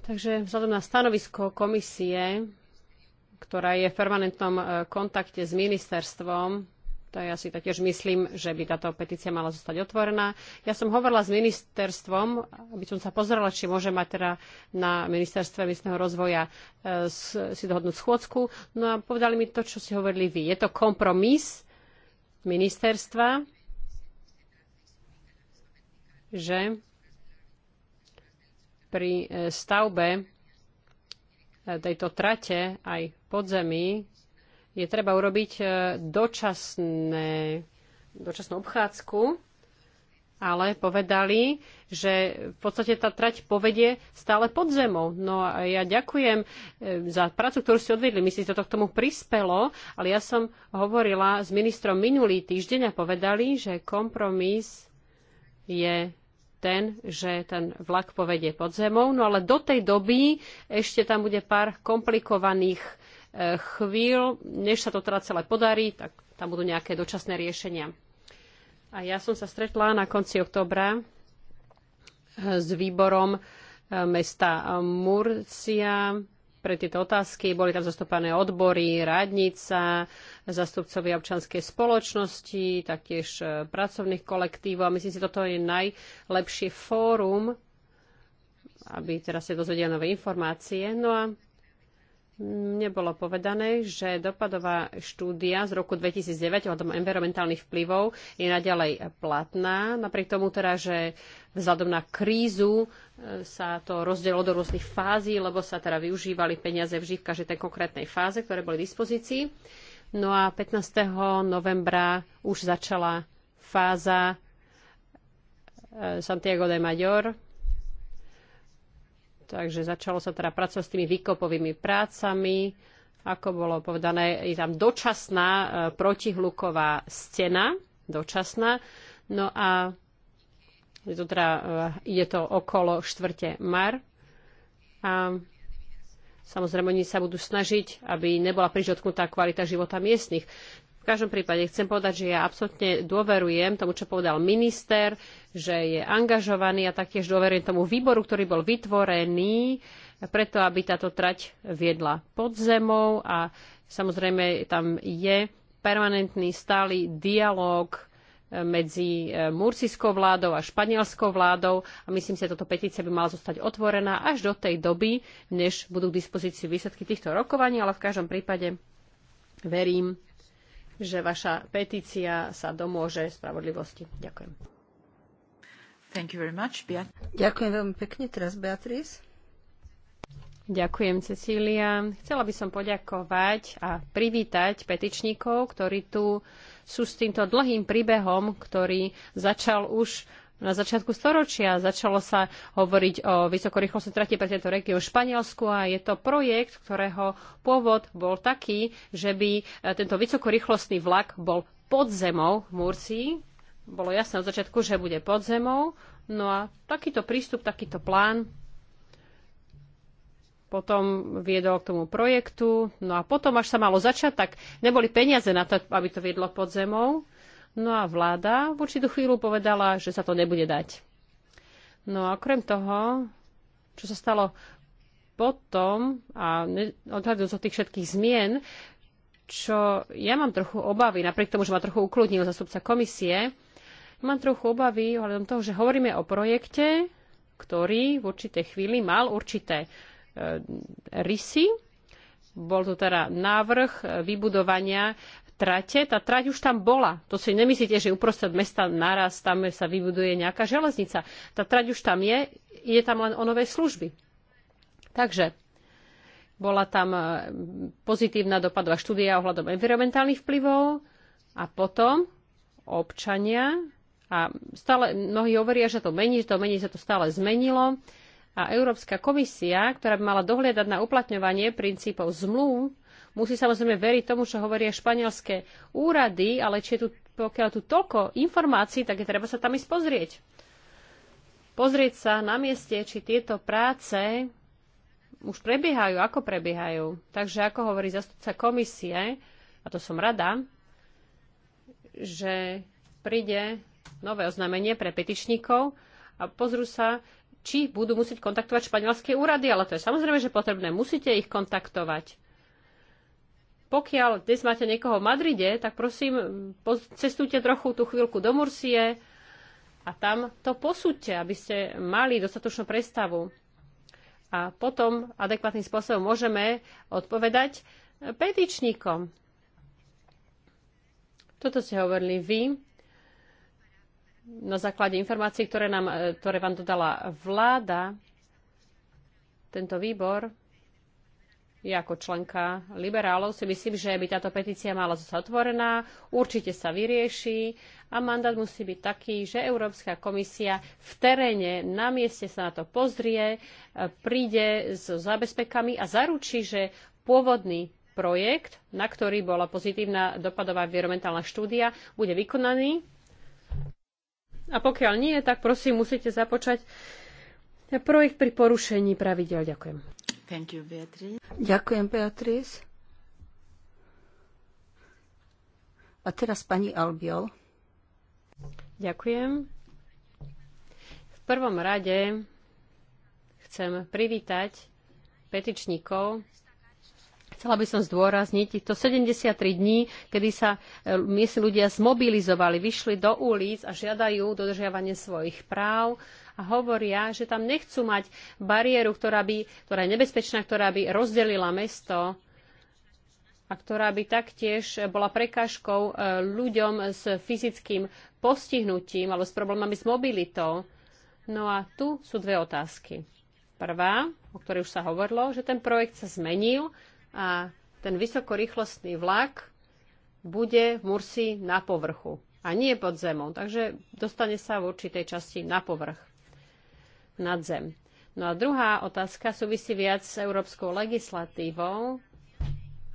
Takže vzhľadom na stanovisko komisie ktorá je v permanentnom e, kontakte s ministerstvom. To ja si taktiež myslím, že by táto petícia mala zostať otvorená. Ja som hovorila s ministerstvom, aby som sa pozrela, či môže mať teda na ministerstve miestneho rozvoja e, si dohodnúť schôdzku. No a povedali mi to, čo si hovorili vy. Je to kompromis ministerstva, že pri e, stavbe tejto trate aj podzemí, je treba urobiť e, dočasné, dočasnú obchádzku, ale povedali, že v podstate tá trať povedie stále pod zemou. No a ja ďakujem e, za prácu, ktorú ste odvedli. Myslím, že to k tomu prispelo, ale ja som hovorila s ministrom minulý týždeň a povedali, že kompromis je ten, že ten vlak povedie pod zemou, no ale do tej doby ešte tam bude pár komplikovaných e, chvíľ, než sa to teda celé podarí, tak tam budú nejaké dočasné riešenia. A ja som sa stretla na konci oktobra e, s výborom e, mesta Murcia, pre tieto otázky. Boli tam zastúpané odbory, radnica, zastupcovia občanskej spoločnosti, taktiež e, pracovných kolektívov. A myslím si, toto je najlepšie fórum, aby teraz ste dozvedeli nové informácie. No a nebolo povedané, že dopadová štúdia z roku 2009 ohľadom environmentálnych vplyvov je naďalej platná. Napriek tomu teda, že vzhľadom na krízu e, sa to rozdelilo do rôznych fází, lebo sa teda využívali peniaze vždy v každej tej konkrétnej fáze, ktoré boli v dispozícii. No a 15. novembra už začala fáza e, Santiago de Mayor, Takže začalo sa teda pracovať s tými výkopovými prácami. Ako bolo povedané, je tam dočasná e, protihluková stena, dočasná. No a je to teda, e, ide to okolo štvrte mar. A samozrejme, oni sa budú snažiť, aby nebola prižotknutá kvalita života miestnych. V každom prípade chcem povedať, že ja absolútne dôverujem tomu, čo povedal minister, že je angažovaný a taktiež dôverujem tomu výboru, ktorý bol vytvorený preto, aby táto trať viedla pod zemou a samozrejme tam je permanentný stály dialog eh, medzi eh, murcískou vládou a španielskou vládou a myslím si, že toto petícia by mala zostať otvorená až do tej doby, než budú k dispozícii výsledky týchto rokovaní, ale v každom prípade verím, že vaša petícia sa domôže spravodlivosti. Ďakujem. Thank you very much, Ďakujem veľmi pekne. Teraz Beatrice. Ďakujem, Cecília. Chcela by som poďakovať a privítať petičníkov, ktorí tu sú s týmto dlhým príbehom, ktorý začal už na začiatku storočia. Začalo sa hovoriť o vysokorýchlostnej trati pre tento región Španielsku a je to projekt, ktorého pôvod bol taký, že by e, tento vysokorýchlostný vlak bol pod zemou v Murcii. Bolo jasné od začiatku, že bude pod zemou. No a takýto prístup, takýto plán potom viedol k tomu projektu. No a potom, až sa malo začať, tak neboli peniaze na to, aby to viedlo pod zemou. No a vláda v určitú chvíľu povedala, že sa to nebude dať. No a okrem toho, čo sa stalo potom, a odhľadujúc od tých všetkých zmien, čo ja mám trochu obavy, napriek tomu, že ma trochu ukludnil zastupca komisie, mám trochu obavy ohľadom toho, že hovoríme o projekte, ktorý v určitej chvíli mal určité e, rysy. Bol to teda návrh vybudovania trate, tá trať už tam bola. To si nemyslíte, že uprostred mesta naraz tam sa vybuduje nejaká železnica. Tá trať už tam je, ide tam len o nové služby. Takže bola tam e, pozitívna dopadová štúdia ohľadom environmentálnych vplyvov a potom občania a stále mnohí hovoria, že to mení, že to mení, sa to stále zmenilo. A Európska komisia, ktorá by mala dohliadať na uplatňovanie princípov zmluv, Musí samozrejme veriť tomu, čo hovoria španielské úrady, ale či je tu, pokiaľ tu toľko informácií, tak je treba sa tam ísť pozrieť. Pozrieť sa na mieste, či tieto práce už prebiehajú, ako prebiehajú. Takže ako hovorí zastupca komisie, a to som rada, že príde nové oznámenie pre petičníkov a pozrú sa, či budú musieť kontaktovať španielské úrady, ale to je samozrejme, že potrebné. Musíte ich kontaktovať. Pokiaľ dnes máte niekoho v Madride, tak prosím, cestujte trochu tú chvíľku do Mursie a tam to posúďte, aby ste mali dostatočnú prestavu. A potom adekvátnym spôsobom môžeme odpovedať petičníkom. Toto ste hovorili vy na základe informácií, ktoré, nám, e, ktoré vám dodala vláda, tento výbor. Ja ako členka liberálov si myslím, že by táto petícia mala zostať otvorená, určite sa vyrieši a mandát musí byť taký, že Európska komisia v teréne na mieste sa na to pozrie, e, príde s zabezpekami a zaručí, že pôvodný projekt, na ktorý bola pozitívna dopadová environmentálna štúdia, bude vykonaný. A pokiaľ nie, tak prosím, musíte započať projekt pri porušení pravidel. Ďakujem. Thank you, Beatrice. Ďakujem, Beatrice. A teraz pani Albiol. Ďakujem. V prvom rade chcem privítať petičníkov. Chcela by som zdôrazniť týchto 73 dní, kedy sa e, miestni ľudia zmobilizovali, vyšli do ulic a žiadajú dodržiavanie svojich práv a hovoria, že tam nechcú mať bariéru, ktorá, by, ktorá je nebezpečná, ktorá by rozdelila mesto a ktorá by taktiež bola prekážkou e, ľuďom s fyzickým postihnutím alebo s problémami s mobilitou. No a tu sú dve otázky. Prvá, o ktorej už sa hovorilo, že ten projekt sa zmenil a ten vysokorýchlostný vlak bude v Mursi na povrchu a nie pod zemou, takže dostane sa v určitej časti na povrch nad zem. No a druhá otázka súvisí viac s európskou legislatívou.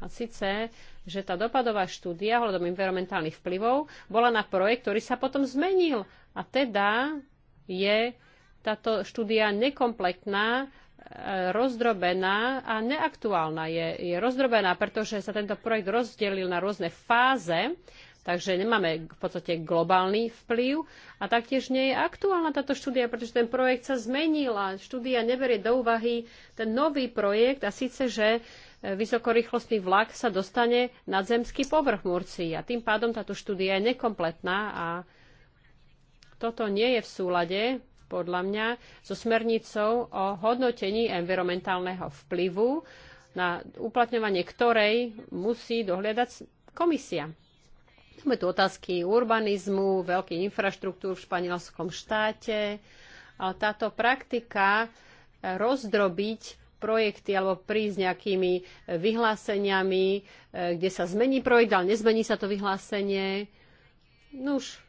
A síce, že tá dopadová štúdia hľadom environmentálnych vplyvov bola na projekt, ktorý sa potom zmenil. A teda je táto štúdia nekompletná, e, rozdrobená a neaktuálna. Je, je rozdrobená, pretože sa tento projekt rozdelil na rôzne fáze Takže nemáme v podstate globálny vplyv a taktiež nie je aktuálna táto štúdia, pretože ten projekt sa zmenil a štúdia neberie do úvahy ten nový projekt a síce, že e, vysokorýchlostný vlak sa dostane na zemský povrch Murcii a tým pádom táto štúdia je nekompletná a toto nie je v súlade podľa mňa so smernicou o hodnotení environmentálneho vplyvu, na uplatňovanie ktorej musí dohliadať komisia. Máme tu otázky urbanizmu, veľkých infraštruktúr v španielskom štáte, ale táto praktika eh, rozdrobiť projekty alebo prísť nejakými eh, vyhláseniami, eh, kde sa zmení projekt, ale nezmení sa to vyhlásenie. Nuž,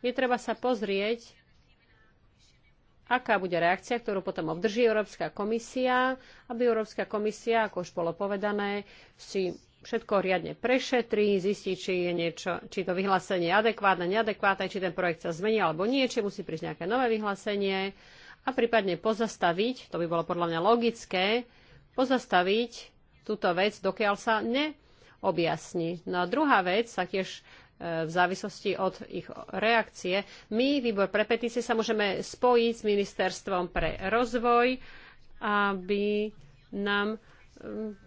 je treba sa pozrieť, aká bude reakcia, ktorú potom obdrží Európska komisia, aby Európska komisia, ako už bolo povedané, si všetko riadne prešetrí, zistí, či, je niečo, či to vyhlásenie je adekvátne, neadekvátne, či ten projekt sa zmení alebo nie, či musí prísť nejaké nové vyhlásenie a prípadne pozastaviť, to by bolo podľa mňa logické, pozastaviť túto vec, dokiaľ sa neobjasní. No a druhá vec sa tiež e, v závislosti od ich reakcie. My, výbor pre petície, sa môžeme spojiť s Ministerstvom pre rozvoj, aby nám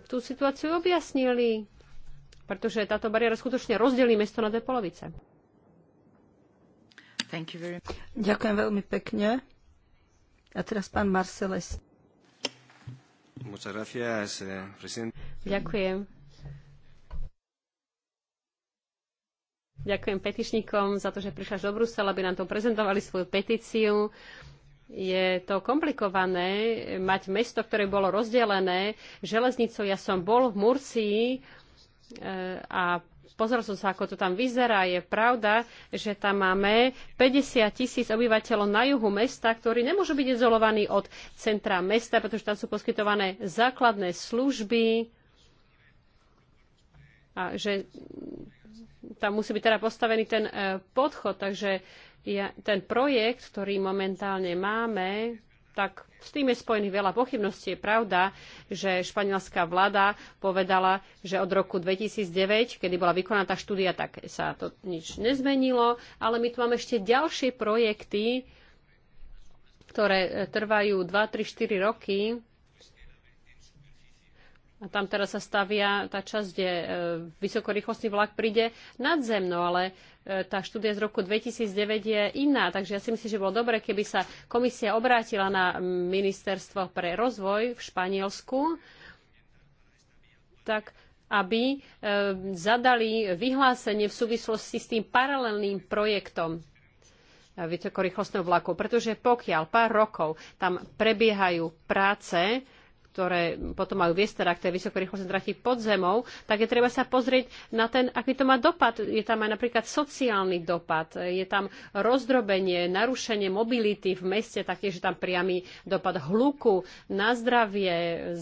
tú situáciu objasnili, pretože táto bariéra skutočne rozdelí mesto na dve polovice. Ďakujem veľmi pekne. A teraz pán Marceles. Gracias, eh, Ďakujem. Ďakujem petičníkom za to, že prišla do Brusela, aby nám to prezentovali svoju petíciu je to komplikované mať mesto, ktoré bolo rozdelené železnicou. Ja som bol v Murcii e, a Pozrel som sa, ako to tam vyzerá. Je pravda, že tam máme 50 tisíc obyvateľov na juhu mesta, ktorí nemôžu byť izolovaní od centra mesta, pretože tam sú poskytované základné služby. A že tam musí byť teda postavený ten e, podchod, takže ja, ten projekt, ktorý momentálne máme, tak s tým je spojených veľa pochybností. Je pravda, že španielská vláda povedala, že od roku 2009, kedy bola vykonaná tá štúdia, tak sa to nič nezmenilo, ale my tu máme ešte ďalšie projekty, ktoré e, trvajú 2, 3, 4 roky a tam teraz sa stavia tá časť, kde e, vysokorýchlostný vlak príde nadzemno, ale e, tá štúdia z roku 2009 je iná. Takže ja si myslím, že bolo dobre, keby sa komisia obrátila na ministerstvo pre rozvoj v Španielsku, tak aby e, zadali vyhlásenie v súvislosti s tým paralelným projektom vysokorýchlostného vlaku. Pretože pokiaľ pár rokov tam prebiehajú práce, ktoré potom majú viestera, ktoré k tej vysokorýchlostnej trati pod zemou, tak je treba sa pozrieť na ten, aký to má dopad. Je tam aj napríklad sociálny dopad, je tam rozdrobenie, narušenie mobility v meste, taktiež je tam priamy dopad hluku na zdravie,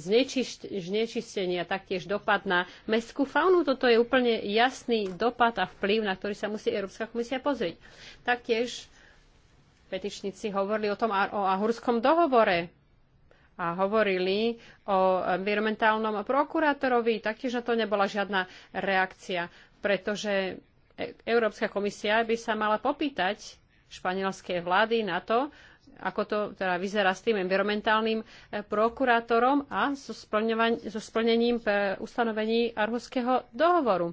znečistenie a taktiež dopad na mestskú faunu. Toto je úplne jasný dopad a vplyv, na ktorý sa musí Európska komisia pozrieť. Taktiež petičníci hovorili o tom o Ahurskom dohovore a hovorili o environmentálnom prokurátorovi, taktiež na to nebola žiadna reakcia, pretože Európska komisia by sa mala popýtať španielskej vlády na to, ako to teda vyzerá s tým environmentálnym e, prokurátorom a so, so splnením e, ustanovení Arhuského dohovoru.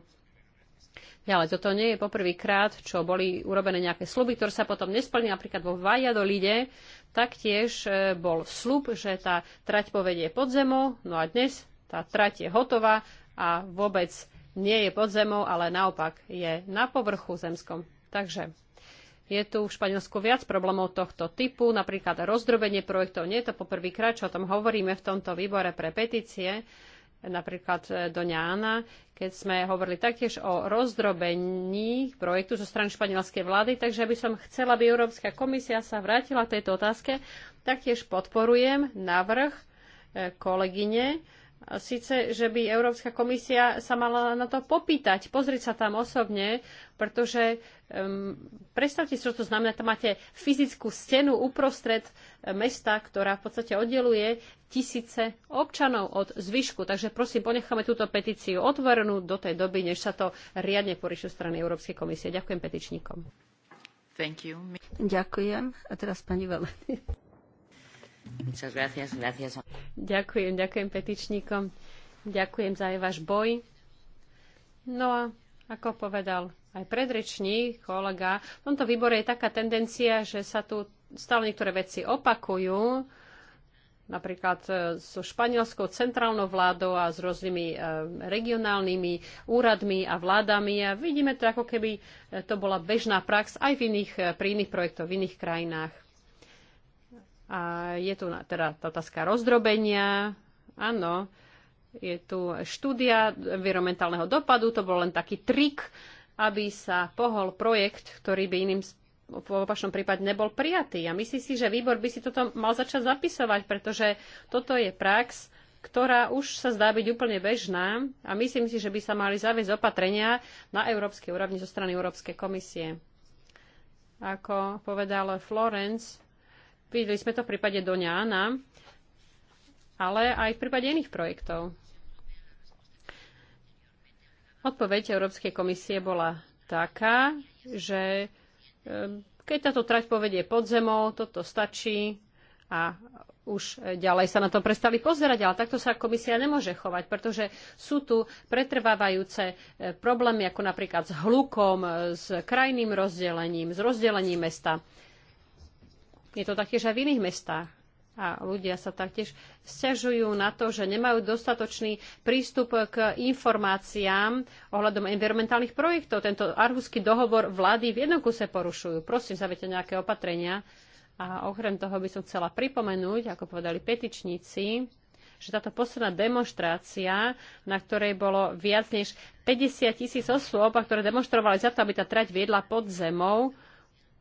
Ďalej, toto nie je poprvýkrát, čo boli urobené nejaké sluby, ktoré sa potom nesplnili. Napríklad vo Vajadolide Taktiež e, bol slub, že tá trať povedie pod zemou, no a dnes tá trať je hotová a vôbec nie je pod zemou, ale naopak je na povrchu zemskom. Takže je tu v Španielsku viac problémov tohto typu, napríklad rozdrobenie projektov. Nie je to poprvýkrát, čo o tom hovoríme v tomto výbore pre petície napríklad e, do Ňána, keď sme hovorili taktiež o rozdrobení projektu zo strany španielskej vlády, takže by som chcela, aby Európska komisia sa vrátila tejto otázke. Taktiež podporujem návrh e, kolegyne Sice, že by Európska komisia sa mala na to popýtať, pozrieť sa tam osobne, pretože um, predstavte si, čo to znamená, tam máte fyzickú stenu uprostred eh, mesta, ktorá v podstate oddeluje tisíce občanov od zvyšku. Takže prosím, ponecháme túto petíciu otvorenú do tej doby, než sa to riadne porieši strany Európskej komisie. Ďakujem petičníkom. Ďakujem. A teraz pani Valenie. Gracias, gracias. Ďakujem, ďakujem petičníkom. Ďakujem za aj váš boj. No a ako povedal aj predrečný kolega, v tomto výbore je taká tendencia, že sa tu stále niektoré veci opakujú, napríklad e, so španielskou centrálnou vládou a s rôznymi e, regionálnymi úradmi a vládami. A vidíme to, ako keby e, to bola bežná prax aj v iných, pri iných projektoch, v iných krajinách. A je tu teda tá otázka rozdrobenia. Áno, je tu štúdia environmentálneho dopadu. To bol len taký trik, aby sa pohol projekt, ktorý by iným v opačnom prípade nebol prijatý. A myslím si, že výbor by si toto mal začať zapisovať, pretože toto je prax, ktorá už sa zdá byť úplne bežná a myslím si, že by sa mali zaviesť opatrenia na európskej úrovni zo strany Európskej komisie. Ako povedal Florence, Videli sme to v prípade Doňána, ale aj v prípade iných projektov. Odpoveď Európskej komisie bola taká, že e, keď táto trať povedie pod zemou, toto stačí a už ďalej sa na to prestali pozerať, ale takto sa komisia nemôže chovať, pretože sú tu pretrvávajúce e, problémy, ako napríklad s hlukom, e, s krajným rozdelením, s rozdelením mesta. Je to taktiež aj v iných mestách. A ľudia sa taktiež sťažujú na to, že nemajú dostatočný prístup k informáciám ohľadom environmentálnych projektov. Tento arhuský dohovor vlády v jednom kuse porušujú. Prosím, zavete nejaké opatrenia. A okrem toho by som chcela pripomenúť, ako povedali petičníci, že táto posledná demonstrácia, na ktorej bolo viac než 50 tisíc osôb, a ktoré demonstrovali za to, aby tá trať viedla pod zemou,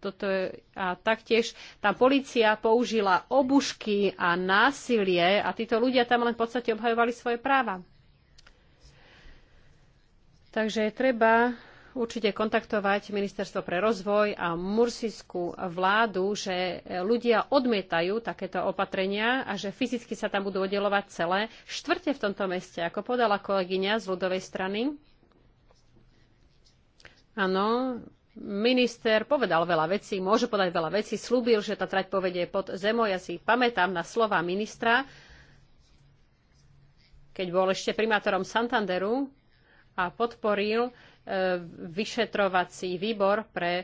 toto je, a taktiež tá policia použila obušky a násilie a títo ľudia tam len v podstate obhajovali svoje práva. Takže treba určite kontaktovať Ministerstvo pre rozvoj a mursiskú vládu, že ľudia odmietajú takéto opatrenia a že fyzicky sa tam budú oddelovať celé štvrte v tomto meste, ako podala kolegyňa z ľudovej strany. Áno, minister povedal veľa vecí, môže podať veľa vecí, slúbil, že tá trať povedie pod zemou. Ja si pamätám na slova ministra, keď bol ešte primátorom Santanderu a podporil e, vyšetrovací výbor pre e,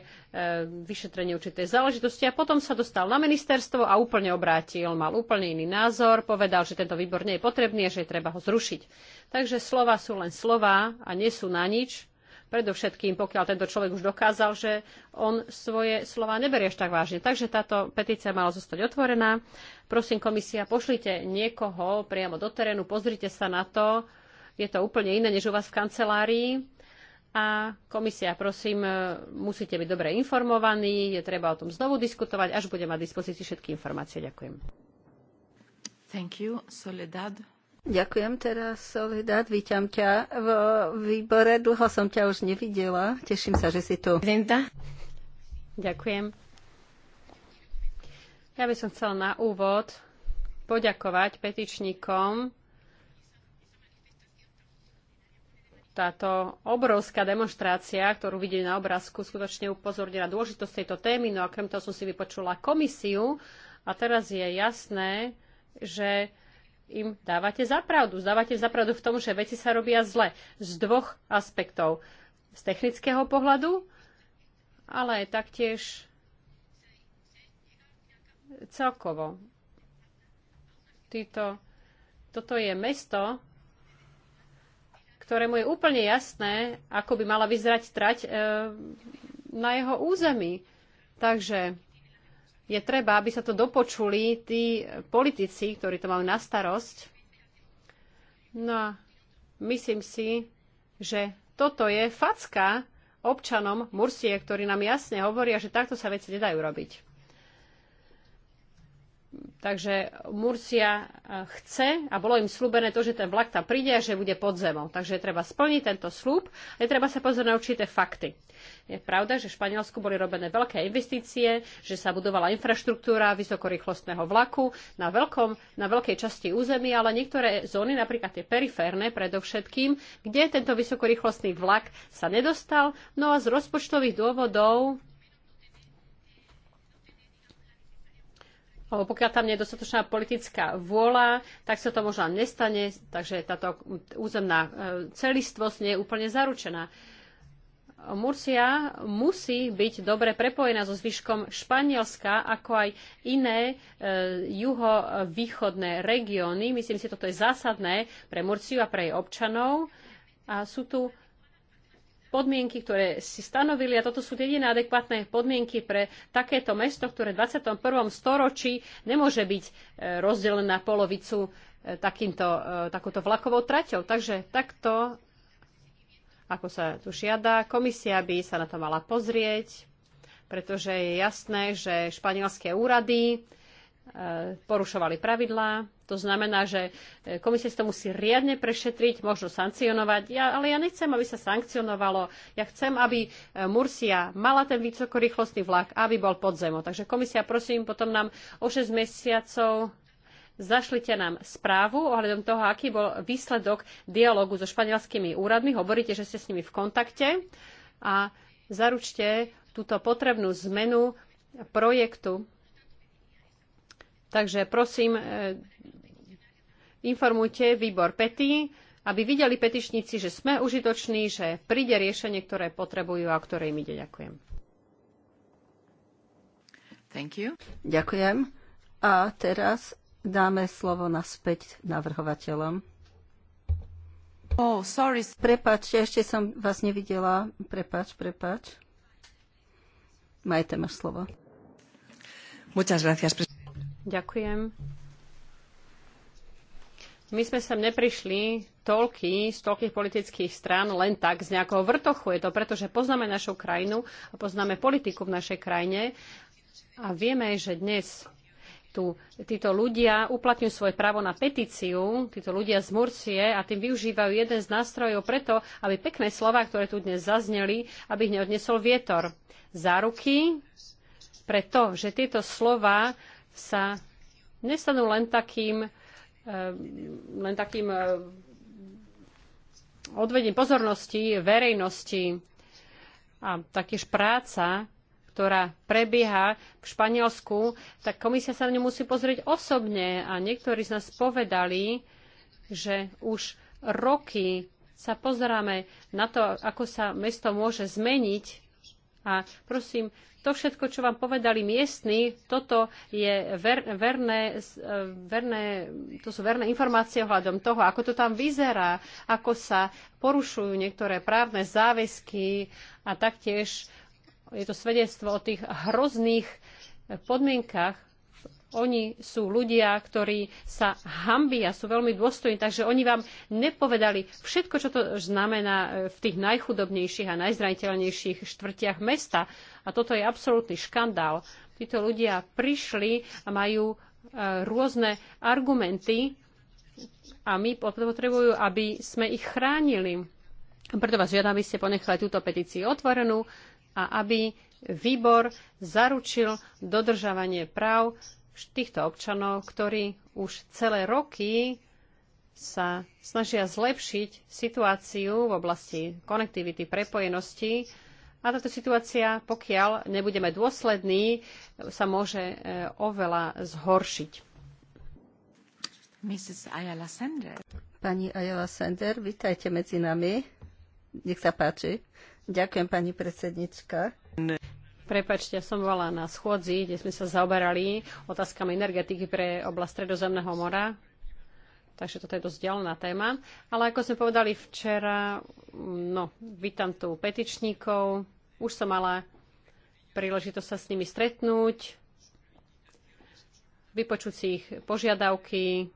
vyšetrenie určitej záležitosti a potom sa dostal na ministerstvo a úplne obrátil, mal úplne iný názor, povedal, že tento výbor nie je potrebný a že je treba ho zrušiť. Takže slova sú len slova a nie sú na nič Predovšetkým, pokiaľ tento človek už dokázal, že on svoje slova neberie až tak vážne. Takže táto petícia mala zostať otvorená. Prosím, komisia, pošlite niekoho priamo do terénu, pozrite sa na to. Je to úplne iné, než u vás v kancelárii. A komisia, prosím, musíte byť dobre informovaní, je treba o tom znovu diskutovať, až budem mať dispozícii všetky informácie. Ďakujem. Thank you. Soledad. Ďakujem teraz, Soledad. Vítam ťa v výbore. Dlho som ťa už nevidela. Teším sa, že si tu. Ďakujem. Ja by som chcela na úvod poďakovať petičníkom. Táto obrovská demonstrácia, ktorú vidíte na obrázku, skutočne upozornila dôležitosť tejto témy. No a krem toho som si vypočula komisiu. A teraz je jasné, že im dávate zapravdu. Dávate zapravdu v tom, že veci sa robia zle. Z dvoch aspektov. Z technického pohľadu, ale taktiež celkovo. Týto, toto je mesto, ktorému je úplne jasné, ako by mala vyzerať trať e, na jeho území. Takže je treba, aby sa to dopočuli tí politici, ktorí to majú na starosť. No a myslím si, že toto je facka občanom Mursie, ktorí nám jasne hovoria, že takto sa veci nedajú robiť. Takže Murcia eh, chce a bolo im slúbené to, že ten vlak tam príde a že bude pod zemou. Takže treba splniť tento slúb a treba sa pozrieť na určité fakty. Je pravda, že v Španielsku boli robené veľké investície, že sa budovala infraštruktúra vysokorýchlostného vlaku na, veľkom, na veľkej časti území, ale niektoré zóny, napríklad tie periférne predovšetkým, kde tento vysokorýchlostný vlak sa nedostal, no a z rozpočtových dôvodov lebo pokiaľ tam nie je dostatočná politická vôľa, tak sa to možno nestane, takže táto územná e, celistvosť nie je úplne zaručená. Murcia musí byť dobre prepojená so zvyškom Španielska, ako aj iné e, juhovýchodné regióny. Myslím si, toto je zásadné pre Murciu a pre jej občanov. A sú tu podmienky, ktoré si stanovili a toto sú jediné adekvátne podmienky pre takéto mesto, ktoré v 21. storočí nemôže byť e, rozdelené na polovicu e, takýmto, e, takouto vlakovou traťou. Takže takto, ako sa tu žiada, komisia by sa na to mala pozrieť, pretože je jasné, že španielské úrady porušovali pravidlá. To znamená, že e, komisia si to musí riadne prešetriť, možno sankcionovať. Ja, ale ja nechcem, aby sa sankcionovalo. Ja chcem, aby e, Mursia mala ten vysokorýchlostný vlak, aby bol pod zemou. Takže komisia, prosím, potom nám o 6 mesiacov zašlite nám správu ohľadom toho, aký bol výsledok dialogu so španielskými úradmi. Hovoríte, že ste s nimi v kontakte a zaručte túto potrebnú zmenu projektu Takže prosím, e, informujte výbor PETI, aby videli petičníci, že sme užitoční, že príde riešenie, ktoré potrebujú a ktoré im ide. Ďakujem. Thank you. Ďakujem. A teraz dáme slovo naspäť navrhovateľom. Oh, sorry. Prepačte, ešte som vás nevidela. Prepač, prepač. Majte, máš slovo. Muchas gracias, presidente. Ďakujem. My sme sem neprišli toľky, z toľkých politických strán len tak z nejakého vrtochu. Je to preto, že poznáme našu krajinu a poznáme politiku v našej krajine a vieme, že dnes tu títo ľudia uplatňujú svoje právo na petíciu, títo ľudia z Murcie a tým využívajú jeden z nástrojov preto, aby pekné slova, ktoré tu dnes zazneli, aby ich neodnesol vietor. Záruky pre to, že tieto slova sa nestanú len takým, eh, len takým eh, odvedením pozornosti verejnosti a taktiež práca, ktorá prebieha v Španielsku, tak komisia sa na ňu musí pozrieť osobne a niektorí z nás povedali, že už roky sa pozeráme na to, ako sa mesto môže zmeniť a prosím, to všetko, čo vám povedali miestni, toto je ver, verné, e, verné, to sú verné informácie ohľadom toho, ako to tam vyzerá, ako sa porušujú niektoré právne záväzky a taktiež je to svedectvo o tých hrozných podmienkach, oni sú ľudia, ktorí sa hambia, sú veľmi dôstojní, takže oni vám nepovedali všetko, čo to znamená e, v tých najchudobnejších a najzraniteľnejších štvrtiach mesta. A toto je absolútny škandál. Títo ľudia prišli a majú e, rôzne argumenty a my potrebujú, aby sme ich chránili. Preto vás žiadam, aby ste ponechali túto petíciu otvorenú a aby výbor zaručil dodržavanie práv týchto občanov, ktorí už celé roky sa snažia zlepšiť situáciu v oblasti konektivity, prepojenosti. A táto situácia, pokiaľ nebudeme dôslední, sa môže e, oveľa zhoršiť. Mrs. Ayala Sender. Pani Ayala Sender, vítajte medzi nami. Nech sa páči. Ďakujem, pani predsednička. Ne. Prepačte, ja som bola na schôdzi, kde sme sa zaoberali otázkami energetiky pre oblasť Stredozemného mora. Takže toto je dosť ďalná téma. Ale ako sme povedali včera, no, vítam tu petičníkov. Už som mala príležitosť sa s nimi stretnúť, vypočuť si ich požiadavky,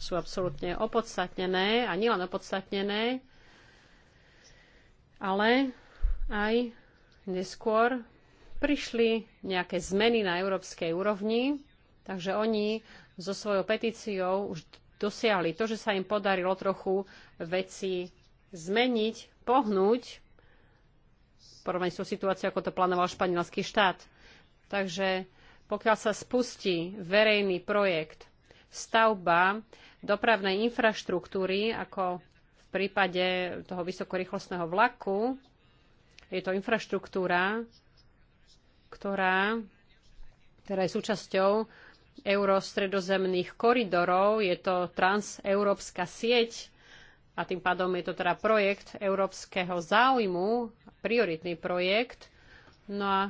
sú absolútne opodstatnené a nielen opodstatnené, ale aj neskôr prišli nejaké zmeny na európskej úrovni, takže oni so svojou petíciou už dosiahli to, že sa im podarilo trochu veci zmeniť, pohnúť, porovnaní s tou situáciou, ako to plánoval španielský štát. Takže pokiaľ sa spustí verejný projekt stavba dopravnej infraštruktúry, ako v prípade toho vysokorýchlostného vlaku, je to infraštruktúra, ktorá, ktorá teda je súčasťou eurostredozemných koridorov. Je to transeurópska sieť a tým pádom je to teda projekt európskeho záujmu, prioritný projekt. No a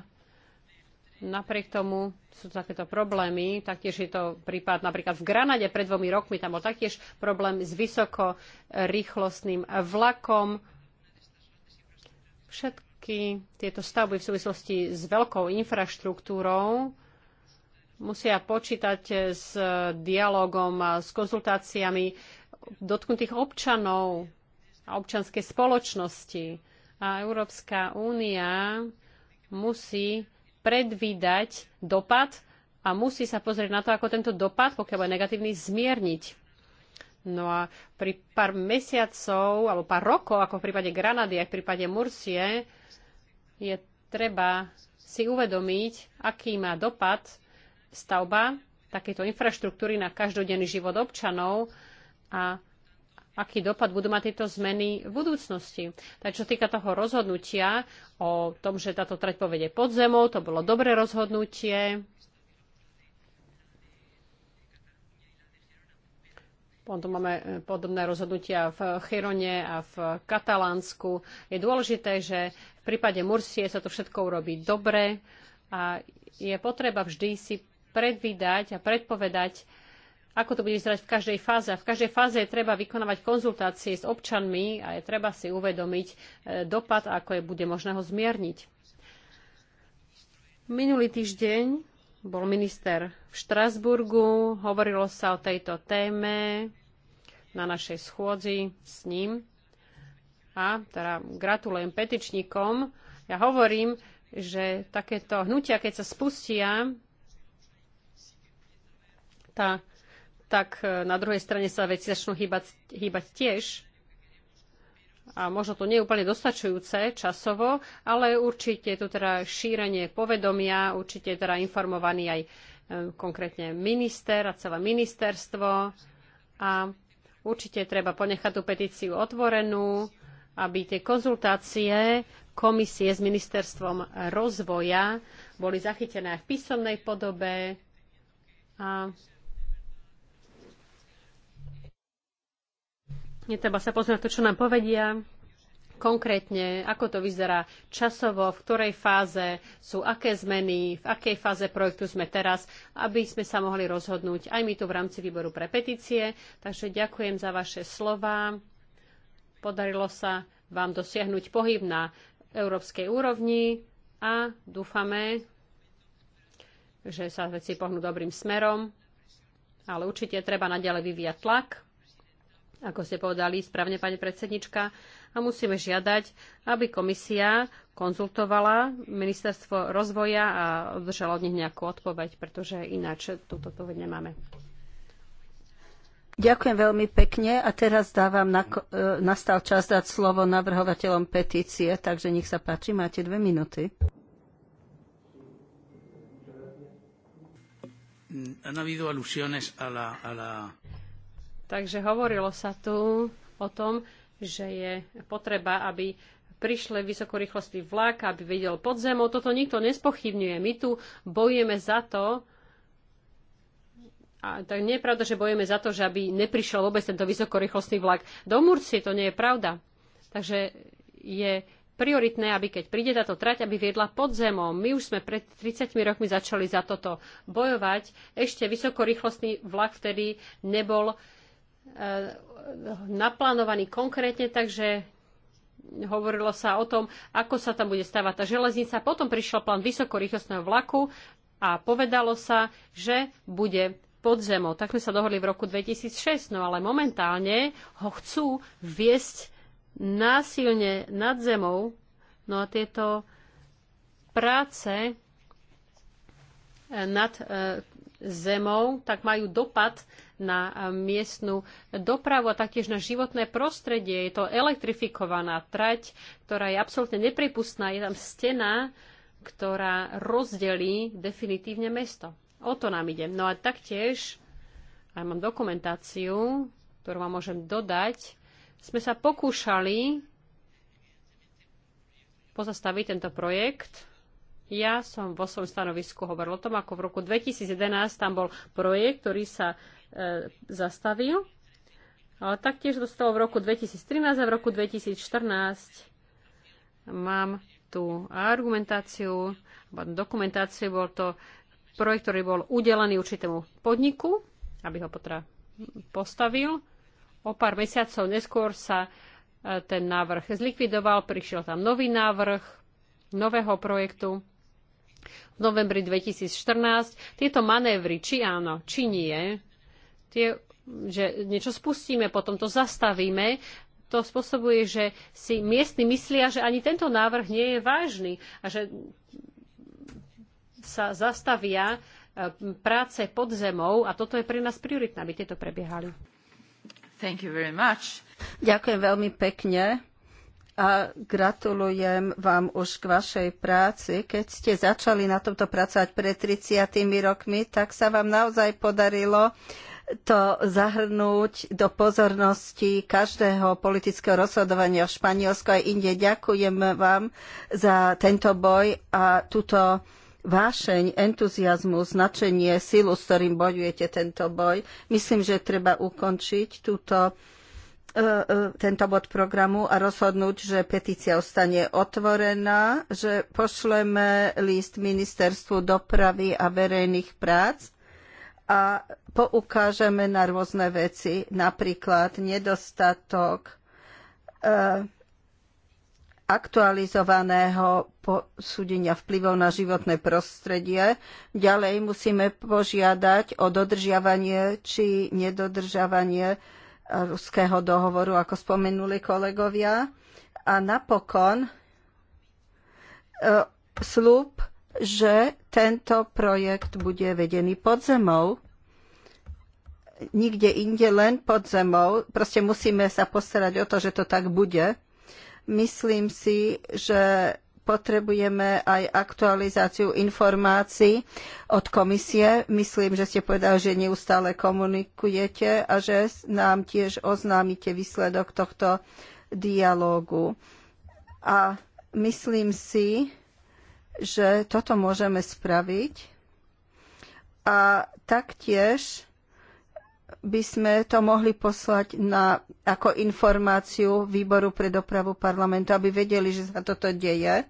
napriek tomu sú to takéto problémy. Taktiež je to prípad napríklad v Granade pred dvomi rokmi, tam bol taktiež problém s vysokorýchlostným vlakom. Všetky tieto stavby v súvislosti s veľkou infraštruktúrou musia počítať s dialogom a s konzultáciami dotknutých občanov a občanskej spoločnosti. A Európska únia musí predvídať dopad a musí sa pozrieť na to, ako tento dopad, pokiaľ je negatívny, zmierniť. No a pri pár mesiacov, alebo pár rokov, ako v prípade Granady, aj v prípade Mursie, je treba si uvedomiť, aký má dopad stavba takéto infraštruktúry na každodenný život občanov a aký dopad budú mať tieto zmeny v budúcnosti. Tak čo týka toho rozhodnutia o tom, že táto trať povede pod zemou, to bolo dobré rozhodnutie. Potom máme e, podobné rozhodnutia v Chirone a v Katalánsku. Je dôležité, že v prípade Mursie sa to všetko urobí dobre a je potreba vždy si predvídať a predpovedať, ako to bude vyzerať v každej fáze. A v každej fáze je treba vykonávať konzultácie s občanmi a je treba si uvedomiť e, dopad, ako je bude možné ho zmierniť. Minulý týždeň bol minister v Štrasburgu, hovorilo sa o tejto téme na našej schôdzi s ním. A teda gratulujem petičníkom. Ja hovorím, že takéto hnutia, keď sa spustia, tá, tak eh, na druhej strane sa veci začnú hýbať, hýbať tiež a možno to nie je úplne dostačujúce časovo, ale určite je tu teda šírenie povedomia, určite je teda informovaný aj e, konkrétne minister a celé ministerstvo a určite treba ponechať tú petíciu otvorenú, aby tie konzultácie komisie s ministerstvom rozvoja boli zachytené aj v písomnej podobe a Netreba sa pozrieť na to, čo nám povedia, konkrétne, ako to vyzerá časovo, v ktorej fáze sú aké zmeny, v akej fáze projektu sme teraz, aby sme sa mohli rozhodnúť aj my tu v rámci výboru pre petície. Takže ďakujem za vaše slova. Podarilo sa vám dosiahnuť pohyb na európskej úrovni a dúfame, že sa veci pohnú dobrým smerom, ale určite treba naďalej vyvíjať tlak ako ste povedali správne, pani predsednička, a musíme žiadať, aby komisia konzultovala ministerstvo rozvoja a držala od nich nejakú odpoveď, pretože ináč túto odpoveď nemáme. Ďakujem veľmi pekne a teraz dávam, na, e, nastal čas dať slovo navrhovateľom petície, takže nech sa páči, máte dve minúty. Han habido alusiones a la, a la Takže hovorilo sa tu o tom, že je potreba, aby prišli vysokorýchlostný vlak, aby vedel pod Toto nikto nespochybňuje. My tu bojujeme za to, a tak nie je pravda, že bojujeme za to, že aby neprišiel vôbec tento vysokorýchlostný vlak. Do Murcie to nie je pravda. Takže je prioritné, aby keď príde táto trať, aby viedla pod zemou. My už sme pred 30 rokmi začali za toto bojovať. Ešte vysokorýchlostný vlak vtedy nebol uh, Eh, naplánovaný konkrétne, takže hovorilo sa o tom, ako sa tam bude stávať tá železnica. Potom prišiel plán vysokorýchlostného vlaku a povedalo sa, že bude pod zemou. Tak sme sa dohodli v roku 2006, no ale momentálne ho chcú viesť násilne nad zemou. No a tieto práce eh, nad eh, zemou, tak majú dopad na eh, miestnu dopravu a taktiež na životné prostredie. Je to elektrifikovaná trať, ktorá je absolútne nepripustná. Je tam stena, ktorá rozdelí definitívne mesto. O to nám ide. No a taktiež, aj mám dokumentáciu, ktorú vám môžem dodať, sme sa pokúšali pozastaviť tento projekt ja som vo svojom stanovisku hovoril o tom, ako v roku 2011 tam bol projekt, ktorý sa e, zastavil, ale taktiež dostalo v roku 2013 a v roku 2014 mám tú argumentáciu, dokumentáciu, bol to projekt, ktorý bol udelený určitému podniku, aby ho potra postavil. O pár mesiacov neskôr sa e, ten návrh zlikvidoval, prišiel tam nový návrh nového projektu v novembri 2014. Tieto manévry, či áno, či nie, tie, že niečo spustíme, potom to zastavíme, to spôsobuje, že si miestni myslia, že ani tento návrh nie je vážny a že sa zastavia e, práce pod zemou a toto je pre nás prioritné, aby tieto prebiehali. Ďakujem veľmi pekne a gratulujem vám už k vašej práci. Keď ste začali na tomto pracovať pred 30 rokmi, tak sa vám naozaj podarilo to zahrnúť do pozornosti každého politického rozhodovania v Španielsku aj inde. Ďakujem vám za tento boj a túto vášeň, entuziasmus, značenie, silu, s ktorým bojujete tento boj. Myslím, že treba ukončiť túto E, e, tento bod programu a rozhodnúť, že petícia ostane otvorená, že pošleme list ministerstvu dopravy a verejných prác a poukážeme na rôzne veci, napríklad nedostatok e, aktualizovaného posúdenia vplyvov na životné prostredie. Ďalej musíme požiadať o dodržiavanie či nedodržiavanie ruského dohovoru, ako spomenuli kolegovia. A napokon e, slúb, že tento projekt bude vedený pod zemou, nikde inde, len pod zemou. Proste musíme sa postarať o to, že to tak bude. Myslím si, že potrebujeme aj aktualizáciu informácií od komisie. Myslím, že ste povedali, že neustále komunikujete a že nám tiež oznámite výsledok tohto dialógu. A myslím si, že toto môžeme spraviť. A taktiež by sme to mohli poslať na, ako informáciu výboru pre dopravu parlamentu, aby vedeli, že sa toto deje.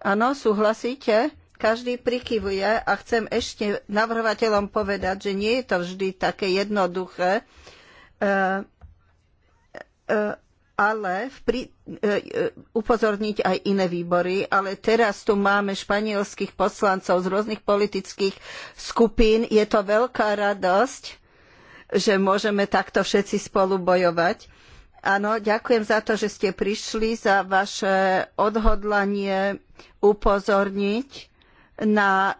Áno, súhlasíte? Každý prikyvuje a chcem ešte navrhovateľom povedať, že nie je to vždy také jednoduché, e, e, ale pri, e, upozorniť aj iné výbory. Ale teraz tu máme španielských poslancov z rôznych politických skupín. Je to veľká radosť, že môžeme takto všetci spolu bojovať. Áno, ďakujem za to, že ste prišli, za vaše odhodlanie upozorniť na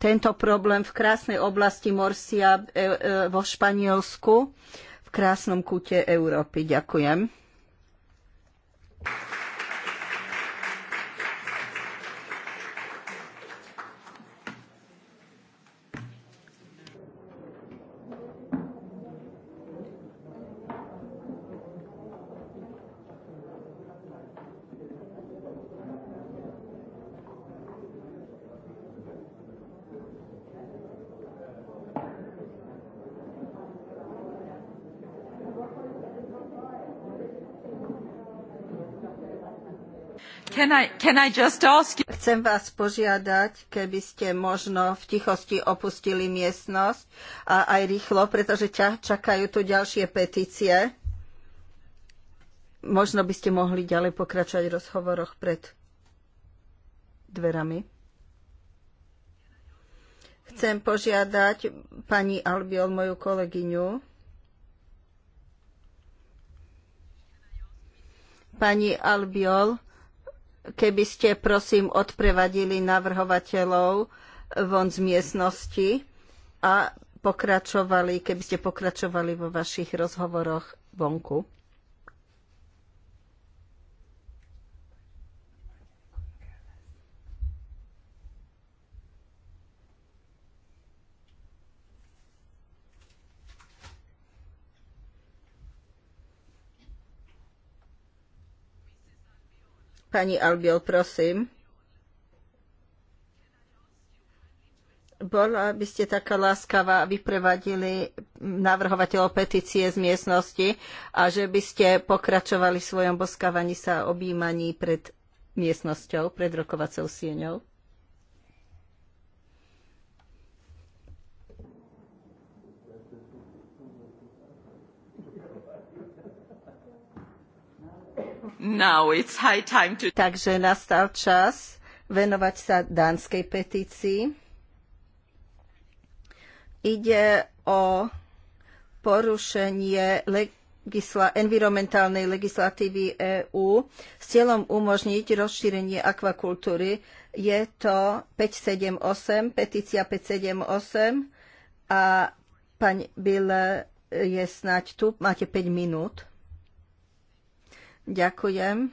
tento problém v krásnej oblasti Morsia e, e, vo Španielsku, v krásnom kúte Európy. Ďakujem. Can I, can I Chcem vás požiadať, keby ste možno v tichosti opustili miestnosť a aj rýchlo, pretože ťa čakajú tu ďalšie petície. Možno by ste mohli ďalej pokračovať v rozhovoroch pred dverami. Chcem požiadať pani Albiol, moju kolegyňu, pani Albiol, keby ste prosím odprevadili navrhovateľov von z miestnosti a pokračovali, keby ste pokračovali vo vašich rozhovoroch vonku. Pani Albiol, prosím. Bola by ste taká láskava, vyprevadili navrhovateľov petície z miestnosti a že by ste pokračovali v svojom boskávaní sa objímaní pred miestnosťou, pred rokovacou sieňou. To... Takže nastal čas venovať sa dánskej petícii. Ide o porušenie legisla- environmentálnej legislatívy EÚ s cieľom umožniť rozšírenie akvakultúry. Je to 578, petícia 578 a pani Bile je snáď tu. Máte 5 minút. Ďakujem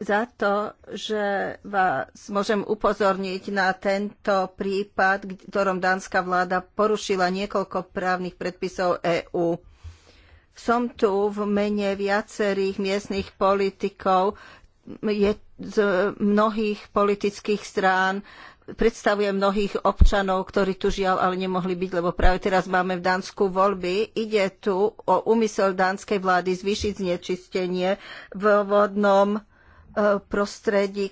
za to, že vás môžem upozorniť na tento prípad, ktorom dánska vláda porušila niekoľko právnych predpisov EÚ. Som tu v mene viacerých miestnych politikov, je z mnohých politických strán, predstavuje mnohých občanov, ktorí tu žiaľ ale nemohli byť, lebo práve teraz máme v Dánsku voľby. Ide tu o úmysel dánskej vlády zvýšiť znečistenie v vodnom e, prostredí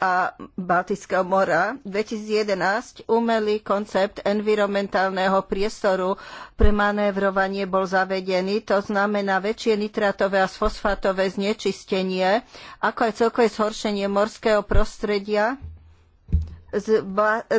a Baltického mora. 2011 umelý koncept environmentálneho priestoru pre manévrovanie bol zavedený, to znamená väčšie nitratové a fosfátové znečistenie, ako aj celkové zhoršenie morského prostredia z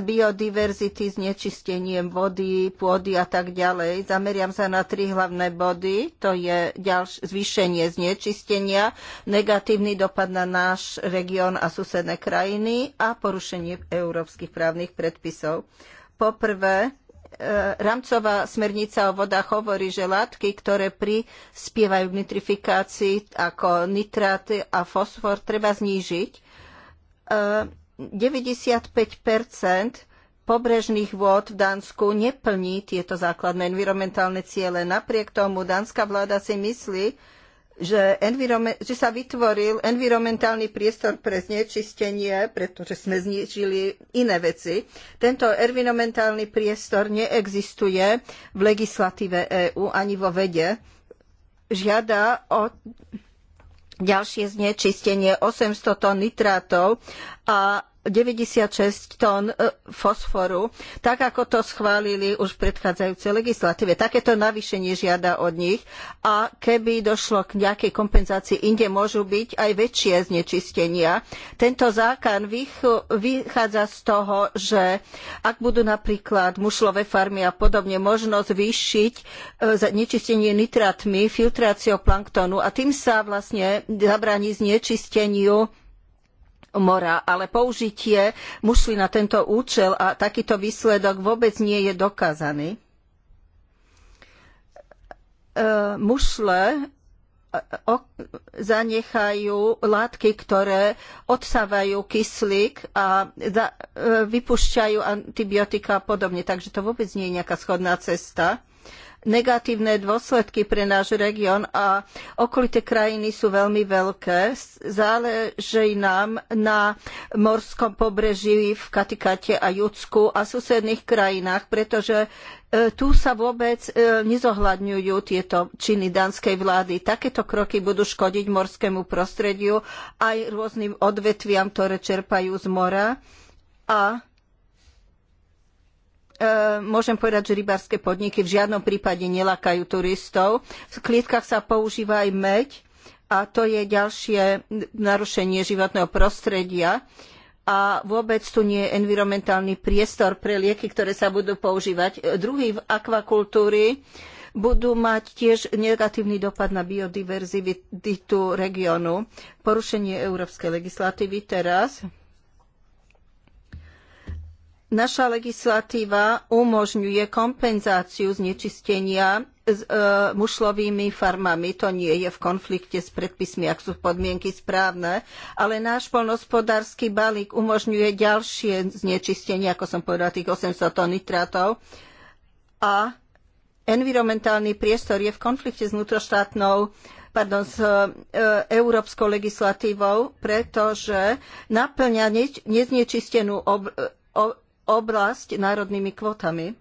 biodiverzity, znečistením vody, pôdy a tak ďalej. Zameriam sa na tri hlavné body. To je ďalš- zvýšenie znečistenia, negatívny dopad na náš región a susedné krajiny a porušenie európskych právnych predpisov. Poprvé, e, rámcová smernica o vodách hovorí, že látky, ktoré prispievajú k nitrifikácii ako nitráty a fosfor, treba znížiť e, 95 pobrežných vôd v Dánsku neplní tieto základné environmentálne ciele. Napriek tomu dánska vláda si myslí, že, že sa vytvoril environmentálny priestor pre znečistenie, pretože sme zničili iné veci. Tento environmentálny priestor neexistuje v legislatíve EÚ ani vo vede. Žiada o ďalšie znečistenie 800 tón nitrátov a six tón e, fosforu, tak ako to schválili už v predchádzajúcej legislatíve. Takéto navýšenie žiada od nich a keby došlo k nejakej kompenzácii inde, môžu byť aj väčšie znečistenia. Tento zákon vychádza z toho, že ak budú napríklad mušlové farmy a podobne možno zvýšiť e, znečistenie nitratmi, filtráciou planktonu a tým sa vlastne zabráni znečisteniu mora, ale použitie mušli na tento účel a takýto výsledok vôbec nie je dokázaný. E, mušle e, zanechajú látky, ktoré odsávajú kyslík a e, vypúšťajú antibiotika a podobne. Takže to vôbec nie je nejaká schodná cesta negatívne dôsledky pre náš región a okolité krajiny sú veľmi veľké. Záleží nám na morskom pobreží v Katikate a Judsku a susedných krajinách, pretože e, tu sa vôbec e, nezohľadňujú tieto činy dánskej vlády. Takéto kroky budú škodiť morskému prostrediu aj rôznym odvetviam, ktoré čerpajú z mora a E, môžem povedať, že rybárske podniky v žiadnom prípade nelakajú turistov. V klietkach sa používa aj meď a to je ďalšie narušenie životného prostredia a vôbec tu nie je environmentálny priestor pre lieky, ktoré sa budú používať. E, druhý v akvakultúry budú mať tiež negatívny dopad na biodiverzitu regiónu. Porušenie európskej legislatívy teraz Naša legislatíva umožňuje kompenzáciu znečistenia s e, mušlovými farmami. To nie je v konflikte s predpismi, ak sú podmienky správne, ale náš poľnohospodársky balík umožňuje ďalšie znečistenie, ako som povedala, tých 800 tón nitrátov. A environmentálny priestor je v konflikte s vnútroštátnou pardon, s e, európskou legislatívou, pretože naplňa neznečistenú ob, oblasť národnými kvotami.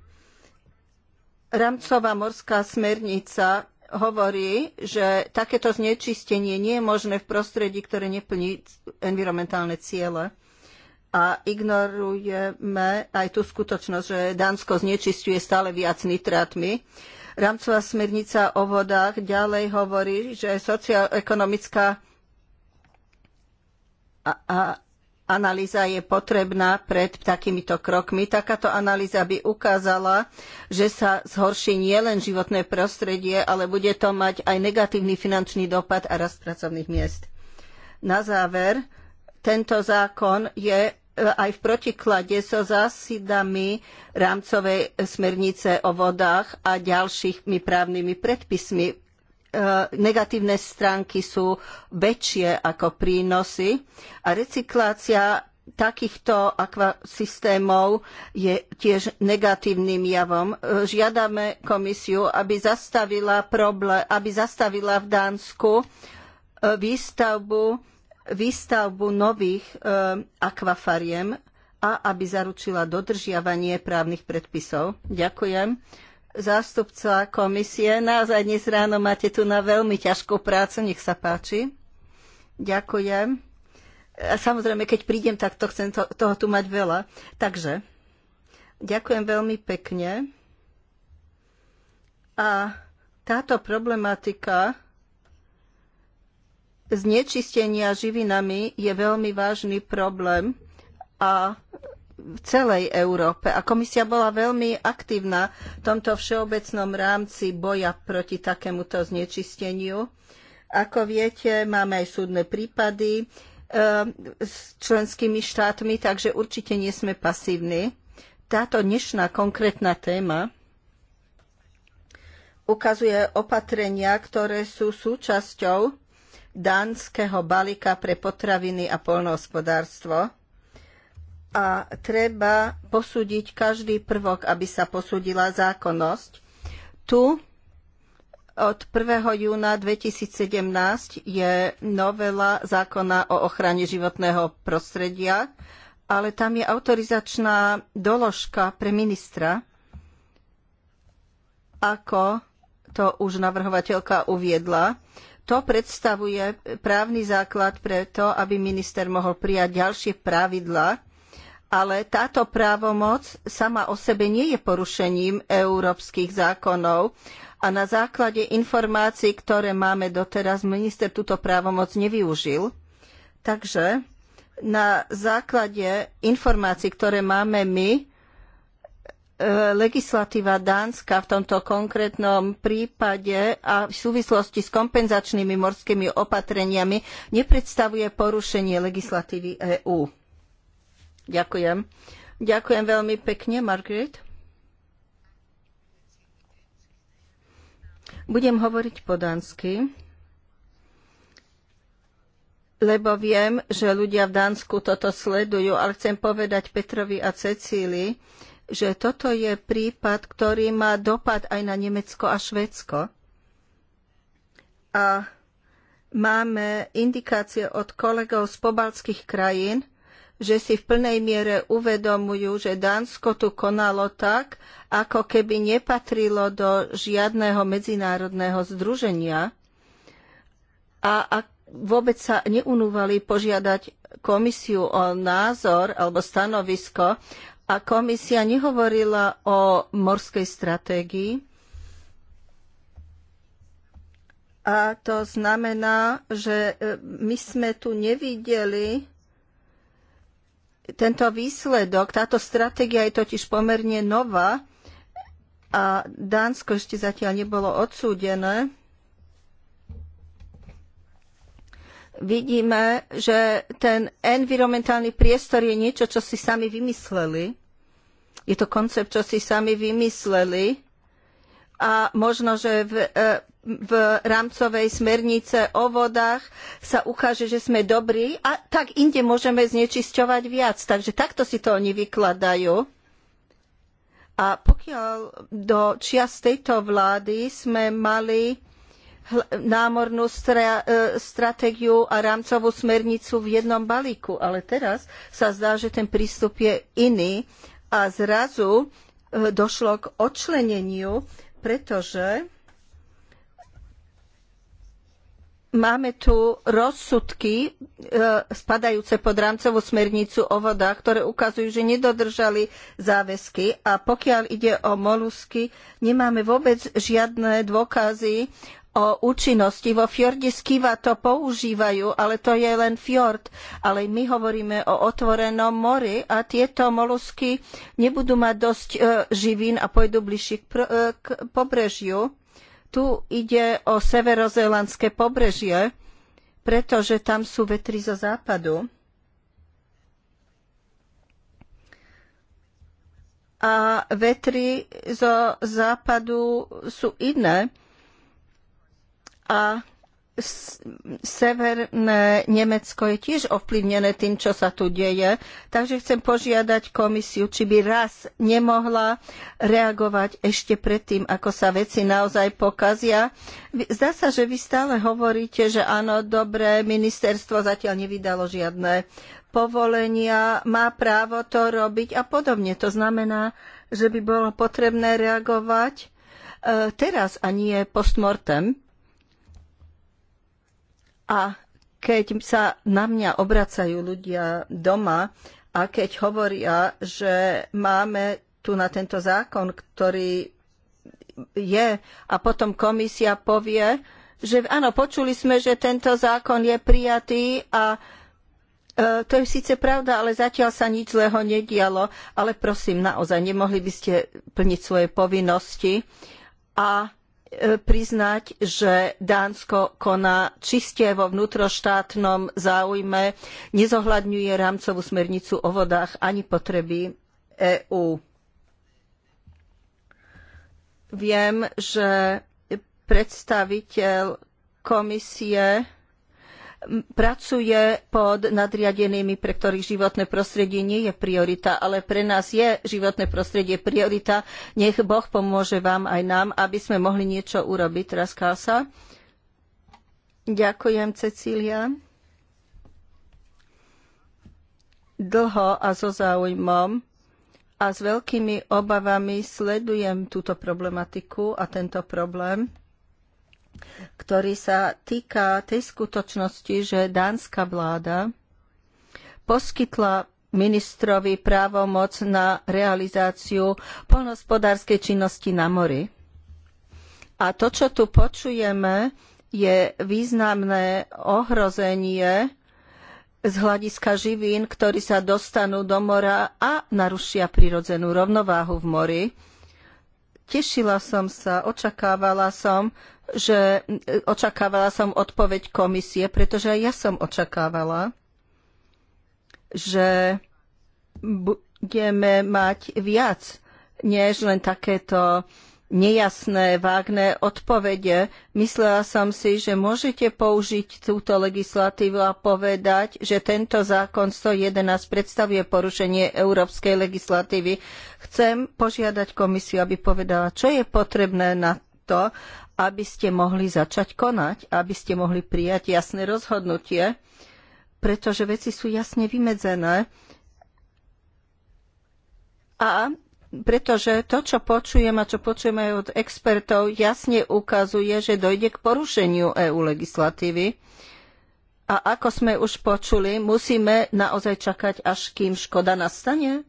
Rámcová morská smernica hovorí, že takéto znečistenie nie je možné v prostredí, ktoré neplní environmentálne ciele. A ignorujeme aj tú skutočnosť, že Dánsko znečistuje stále viac nitrátmi. Rámcová smernica o vodách ďalej hovorí, že socioekonomická a, a analýza je potrebná pred takýmito krokmi. Takáto analýza by ukázala, že sa zhorší nielen životné prostredie, ale bude to mať aj negatívny finančný dopad a rast pracovných miest. Na záver, tento zákon je e, aj v protiklade so zásadami rámcovej smernice o vodách a ďalšími právnymi predpismi Eh, negatívne stránky sú väčšie ako prínosy a recyklácia takýchto akvasystémov je tiež negatívnym javom. Eh, žiadame komisiu, aby zastavila, aby zastavila v Dánsku eh, výstavbu, výstavbu nových akvafariem a aby zaručila dodržiavanie právnych predpisov. Ďakujem zástupca komisie. Naozaj dnes ráno máte tu na veľmi ťažkú prácu, nech sa páči. Ďakujem. A samozrejme, keď prídem, tak to chcem to, toho tu mať veľa. Takže, ďakujem veľmi pekne. A táto problematika znečistenia živinami je veľmi vážny problém a v celej Európe. A komisia bola veľmi aktívna v tomto všeobecnom rámci boja proti takémuto znečisteniu. Ako viete, máme aj súdne prípady e, s členskými štátmi, takže určite nie sme pasívni. Táto dnešná konkrétna téma ukazuje opatrenia, ktoré sú súčasťou dánskeho balíka pre potraviny a poľnohospodárstvo a treba posúdiť každý prvok, aby sa posúdila zákonnosť. Tu od 1. júna 2017 je novela zákona o ochrane životného prostredia, ale tam je autorizačná doložka pre ministra, ako to už navrhovateľka uviedla. To predstavuje právny základ pre to, aby minister mohol prijať ďalšie pravidlá, ale táto právomoc sama o sebe nie je porušením európskych zákonov a na základe informácií, ktoré máme doteraz, minister túto právomoc nevyužil. Takže na základe informácií, ktoré máme my, e, legislatíva Dánska v tomto konkrétnom prípade a v súvislosti s kompenzačnými morskými opatreniami nepredstavuje porušenie legislatívy EÚ. Ďakujem. Ďakujem veľmi pekne, Margaret. Budem hovoriť po dánsky, lebo viem, že ľudia v Dánsku toto sledujú, ale chcem povedať Petrovi a Cecílii, že toto je prípad, ktorý má dopad aj na Nemecko a Švedsko. A máme indikácie od kolegov z pobaltských krajín, že si v plnej miere uvedomujú, že Dánsko tu konalo tak, ako keby nepatrilo do žiadneho medzinárodného združenia a, a vôbec sa neunúvali požiadať komisiu o názor alebo stanovisko a komisia nehovorila o morskej stratégii. A to znamená, že e, my sme tu nevideli tento výsledok, táto stratégia je totiž pomerne nová a Dánsko ešte zatiaľ nebolo odsúdené. Vidíme, že ten environmentálny priestor je niečo, čo si sami vymysleli. Je to koncept, čo si sami vymysleli a možno, že v e, v rámcovej smernice o vodách sa ukáže, že sme dobrí a tak inde môžeme znečisťovať viac. Takže takto si to oni vykladajú. A pokiaľ do čias tejto vlády sme mali námornú e, stratégiu a rámcovú smernicu v jednom balíku. Ale teraz sa zdá, že ten prístup je iný a zrazu e, došlo k odčleneniu, pretože Máme tu rozsudky e, spadajúce pod rámcovú smernicu o vodách, ktoré ukazujú, že nedodržali záväzky a pokiaľ ide o molusky, nemáme vôbec žiadne dôkazy o účinnosti. Vo fjorde Skiva to používajú, ale to je len fjord. Ale my hovoríme o otvorenom mori a tieto molusky nebudú mať dosť e, živín a pôjdu bližšie k, e, pobrežiu. Tu ide o severozélandské pobrežie, pretože tam sú vetry zo západu. A vetry zo západu sú iné. A Severné Nemecko je tiež ovplyvnené tým, čo sa tu deje. Takže chcem požiadať komisiu, či by raz nemohla reagovať ešte predtým, ako sa veci naozaj pokazia. Zdá sa, že vy stále hovoríte, že áno, dobre, ministerstvo zatiaľ nevydalo žiadne povolenia, má právo to robiť a podobne. To znamená, že by bolo potrebné reagovať e, teraz a nie postmortem. A keď sa na mňa obracajú ľudia doma a keď hovoria, že máme tu na tento zákon, ktorý je a potom komisia povie, že áno, počuli sme, že tento zákon je prijatý a e, to je síce pravda, ale zatiaľ sa nič zlého nedialo. Ale prosím, naozaj, nemohli by ste plniť svoje povinnosti a E, priznať, že Dánsko koná čiste vo vnútroštátnom záujme, nezohľadňuje rámcovú smernicu o vodách ani potreby EÚ. Viem, že predstaviteľ komisie pracuje pod nadriadenými, pre ktorých životné prostredie nie je priorita, ale pre nás je životné prostredie priorita. Nech Boh pomôže vám aj nám, aby sme mohli niečo urobiť. Teraz Ďakujem, Cecília. Dlho a so záujmom a s veľkými obavami sledujem túto problematiku a tento problém ktorý sa týka tej skutočnosti, že dánska vláda poskytla ministrovi právomoc na realizáciu poľnohospodárskej činnosti na mori. A to, čo tu počujeme, je významné ohrozenie z hľadiska živín, ktorí sa dostanú do mora a narušia prirodzenú rovnováhu v mori. Tešila som sa, očakávala som, že e, očakávala som odpoveď komisie, pretože aj ja som očakávala, že budeme mať viac, než len takéto nejasné, vágne odpovede. Myslela som si, že môžete použiť túto legislatívu a povedať, že tento zákon 111 predstavuje porušenie európskej legislatívy. Chcem požiadať komisiu, aby povedala, čo je potrebné na to, aby ste mohli začať konať, aby ste mohli prijať jasné rozhodnutie, pretože veci sú jasne vymedzené. A pretože to, čo počujem a čo počujem aj od expertov, jasne ukazuje, že dojde k porušeniu EU legislatívy. A ako sme už počuli, musíme naozaj čakať, až kým škoda nastane.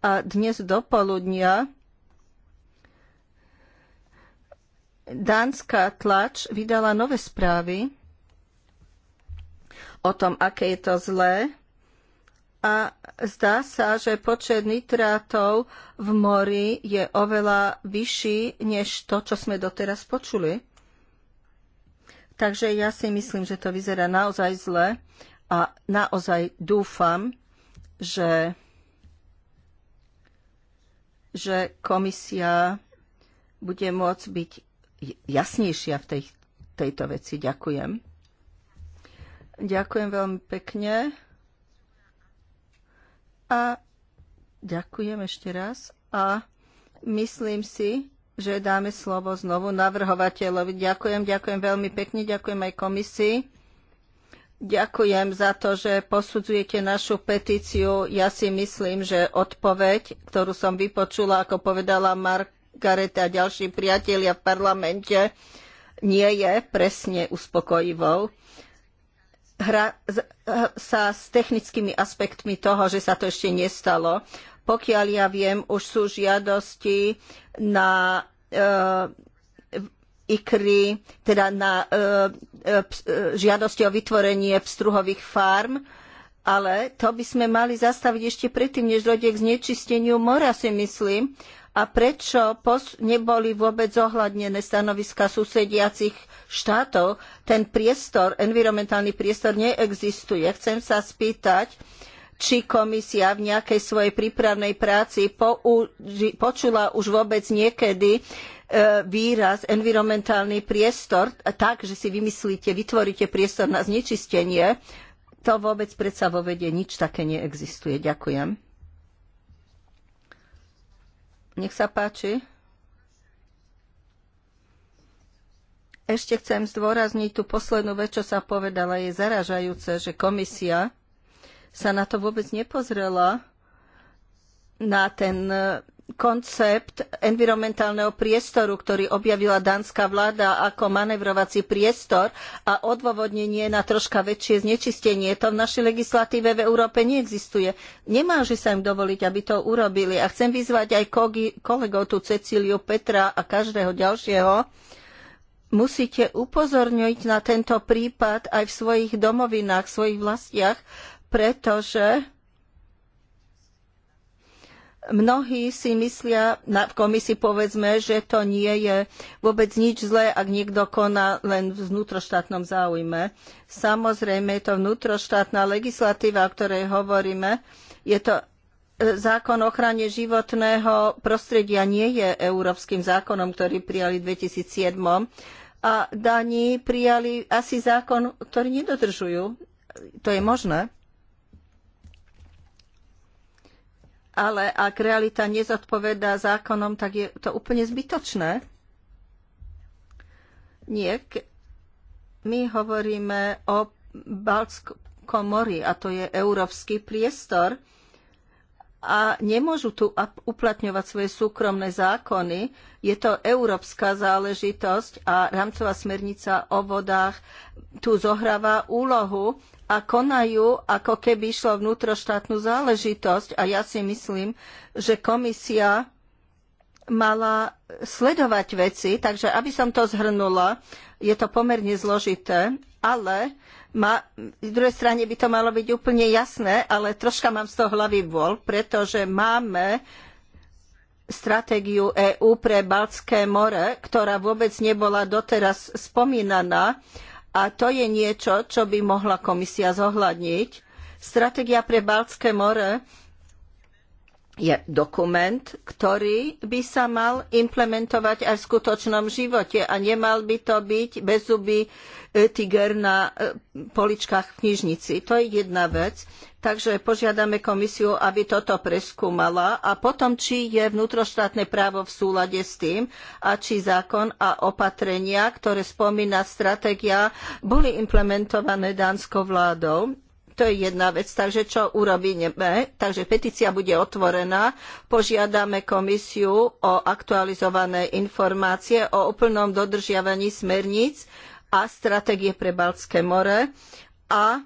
A dnes do poludnia dánska tlač vydala nové správy o tom, aké je to zlé. A zdá sa, že počet nitrátov v mori je oveľa vyšší než to, čo sme doteraz počuli. Takže ja si myslím, že to vyzerá naozaj zle a naozaj dúfam, že, že komisia bude môcť byť jasnejšia v tej, tejto veci. Ďakujem. Ďakujem veľmi pekne. A ďakujem ešte raz. A myslím si, že dáme slovo znovu navrhovateľovi. Ďakujem, ďakujem veľmi pekne, ďakujem aj komisii. Ďakujem za to, že posudzujete našu petíciu. Ja si myslím, že odpoveď, ktorú som vypočula, ako povedala Mark Gareta a ďalší priatelia v parlamente nie je presne uspokojivou. Hra eh, sa s technickými aspektmi toho, že sa to ešte nestalo. Pokiaľ ja viem, už sú žiadosti na e, ikry, teda na e, e, žiadosti o vytvorenie pstruhových farm, ale to by sme mali zastaviť ešte predtým, než dojde k znečisteniu mora, si myslím a prečo neboli vôbec zohľadnené stanoviska susediacich štátov. Ten priestor, environmentálny priestor neexistuje. Chcem sa spýtať, či komisia v nejakej svojej prípravnej práci počula už vôbec niekedy e, výraz environmentálny priestor tak, že si vymyslíte, vytvoríte priestor na znečistenie. To vôbec predsa vo vede nič také neexistuje. Ďakujem. Nech sa páči. Ešte chcem zdôrazniť tú poslednú vec, čo sa povedala. Je zaražajúce, že komisia sa na to vôbec nepozrela, na ten koncept environmentálneho priestoru, ktorý objavila dánska vláda ako manevrovací priestor a odôvodnenie na troška väčšie znečistenie. To v našej legislatíve v Európe neexistuje. že sa im dovoliť, aby to urobili. A chcem vyzvať aj kolegov tu Cecíliu, Petra a každého ďalšieho, musíte upozorniť na tento prípad aj v svojich domovinách, v svojich vlastiach, pretože Mnohí si myslia v komisii povedzme, že to nie je vôbec nič zlé, ak niekto koná len v vnútroštátnom záujme. Samozrejme je to vnútroštátna legislatíva, o ktorej hovoríme. Je to e, zákon o ochrane životného prostredia nie je európskym zákonom, ktorý prijali v 2007. A Dani prijali asi zákon, ktorý nedodržujú. To je možné. ale ak realita nezodpovedá zákonom, tak je to úplne zbytočné. Nie, my hovoríme o Baltskom mori a to je európsky priestor a nemôžu tu uplatňovať svoje súkromné zákony. Je to európska záležitosť a rámcová smernica o vodách tu zohráva úlohu a konajú, ako keby išlo vnútroštátnu záležitosť. A ja si myslím, že komisia mala sledovať veci, takže aby som to zhrnula, je to pomerne zložité, ale ma, z druhej strane by to malo byť úplne jasné, ale troška mám z toho hlavy bol, pretože máme stratégiu EÚ pre Baltské more, ktorá vôbec nebola doteraz spomínaná. Uh, a to je niečo, čo by mohla komisia zohľadniť. Stratégia pre Baltské more je dokument, ktorý by sa mal implementovať aj v skutočnom živote a nemal by to byť bezubý e, tiger na e, poličkách v knižnici. To je jedna vec. Takže požiadame komisiu, aby toto preskúmala a potom, či je vnútroštátne právo v súlade s tým a či zákon a opatrenia, ktoré spomína stratégia, boli implementované dánskou vládou to je jedna vec. Takže čo urobíme? Takže petícia bude otvorená. Požiadame komisiu o aktualizované informácie o úplnom dodržiavaní smerníc a stratégie pre Baltské more a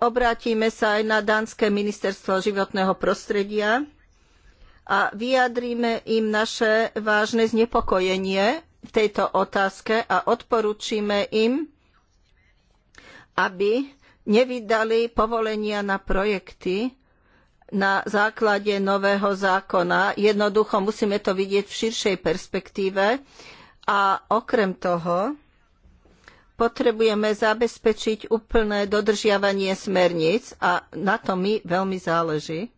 obrátime sa aj na dánske ministerstvo životného prostredia a vyjadríme im naše vážne znepokojenie v tejto otázke a odporúčime im, aby nevydali povolenia na projekty na základe nového zákona. Jednoducho musíme to vidieť v širšej perspektíve a okrem toho potrebujeme zabezpečiť úplné dodržiavanie smerníc a na to mi veľmi záleží.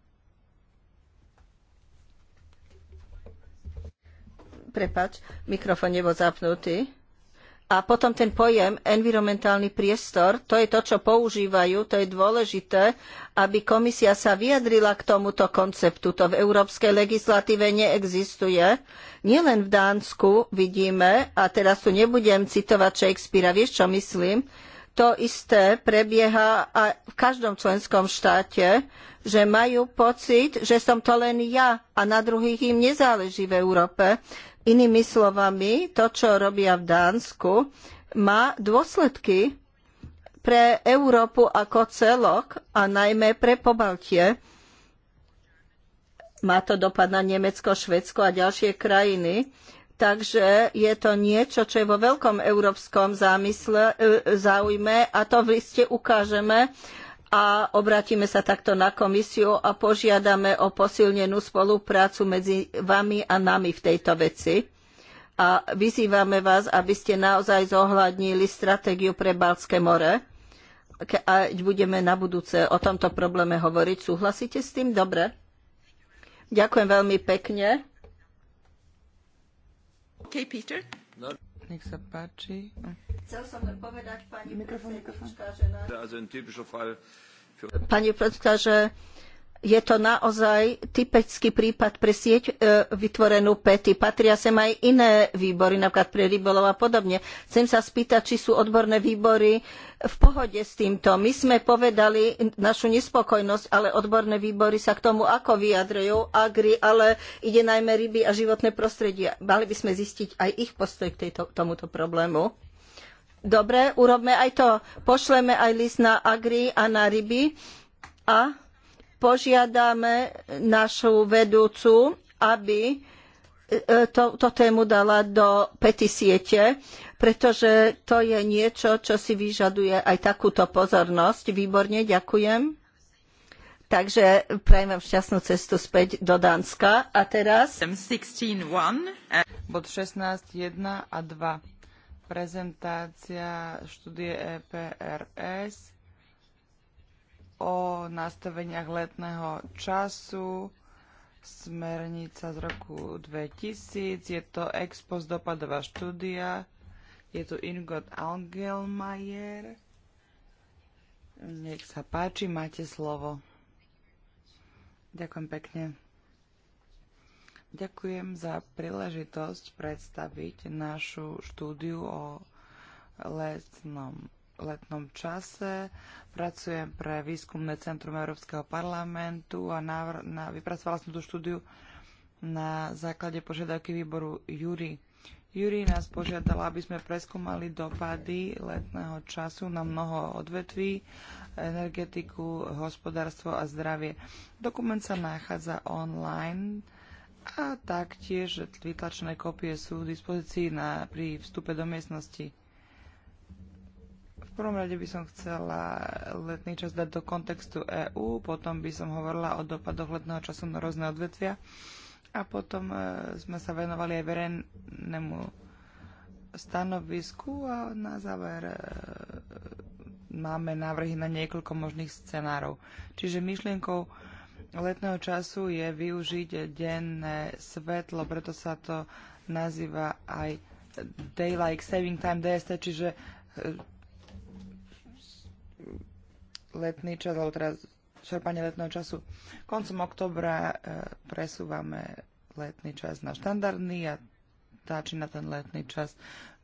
Prepač, mikrofon nebol zapnutý. A potom ten pojem environmentálny priestor, to je to, čo používajú, to je dôležité, aby komisia sa vyjadrila k tomuto konceptu. To v európskej legislatíve neexistuje. Nielen v Dánsku vidíme, a teraz tu nebudem citovať Shakespearea, vieš čo myslím, to isté prebieha aj v každom členskom štáte, že majú pocit, že som to len ja a na druhých im nezáleží v Európe. Inými slovami, to, čo robia v Dánsku, má dôsledky pre Európu ako celok a najmä pre Pobaltie. Má to dopad na Nemecko, Švedsko a ďalšie krajiny. Takže je to niečo, čo je vo veľkom európskom zámysle, e, záujme a to v liste ukážeme a obrátime sa takto na komisiu a požiadame o posilnenú spoluprácu medzi vami a nami v tejto veci. A vyzývame vás, aby ste naozaj zohľadnili stratégiu pre Baltské more. Keď budeme na budúce o tomto probléme hovoriť, súhlasíte s tým? Dobre. Ďakujem veľmi pekne. Okay, Peter? No. Nech sa páči. Chcel som len povedať pani mikrofón, predsednička, mikrofón. že... Na... Pani predsednička, že je to naozaj typický prípad pre sieť e, vytvorenú PETI. Patria sem aj iné výbory, napríklad pre rybolov a podobne. Chcem sa spýtať, či sú odborné výbory v pohode s týmto. My sme povedali našu nespokojnosť, ale odborné výbory sa k tomu ako vyjadrujú. Agri, ale ide najmä ryby a životné prostredie. Mali by sme zistiť aj ich postoj k tejto, tomuto problému. Dobre, urobme aj to. Pošleme aj list na Agri a na ryby. A Požiadame našu vedúcu, aby e, to, to tému dala do petisiete, pretože to je niečo, čo si vyžaduje aj takúto pozornosť. Výborne, ďakujem. Takže prajem vám šťastnú cestu späť do Dánska. A teraz... 16, Bod a 2. Prezentácia štúdie EPRS o nastaveniach letného času, smernica z roku 2000, je to Expos dopadová štúdia, je tu Ingot Angelmajer. Nech sa páči, máte slovo. Ďakujem pekne. Ďakujem za príležitosť predstaviť našu štúdiu o letnom letnom čase. Pracujem pre výskumné centrum Európskeho parlamentu a návr- na, vypracovala som tú štúdiu na základe požiadavky výboru Júri. Júri nás požiadala, aby sme preskúmali dopady letného času na mnoho odvetví, energetiku, hospodárstvo a zdravie. Dokument sa nachádza online a taktiež vytlačené kopie sú v dispozícii na, pri vstupe do miestnosti prvom rade by som chcela letný čas dať do kontextu EÚ, potom by som hovorila o dopadoch letného času na rôzne odvetvia a potom e, sme sa venovali aj verejnému stanovisku a na záver e, máme návrhy na niekoľko možných scenárov. Čiže myšlienkou letného času je využiť denné svetlo, preto sa to nazýva aj Daylight Saving Time DST, čiže e, letný čas, alebo teraz čerpanie letného času. Koncom oktobra e, presúvame letný čas na štandardný a táči na ten letný čas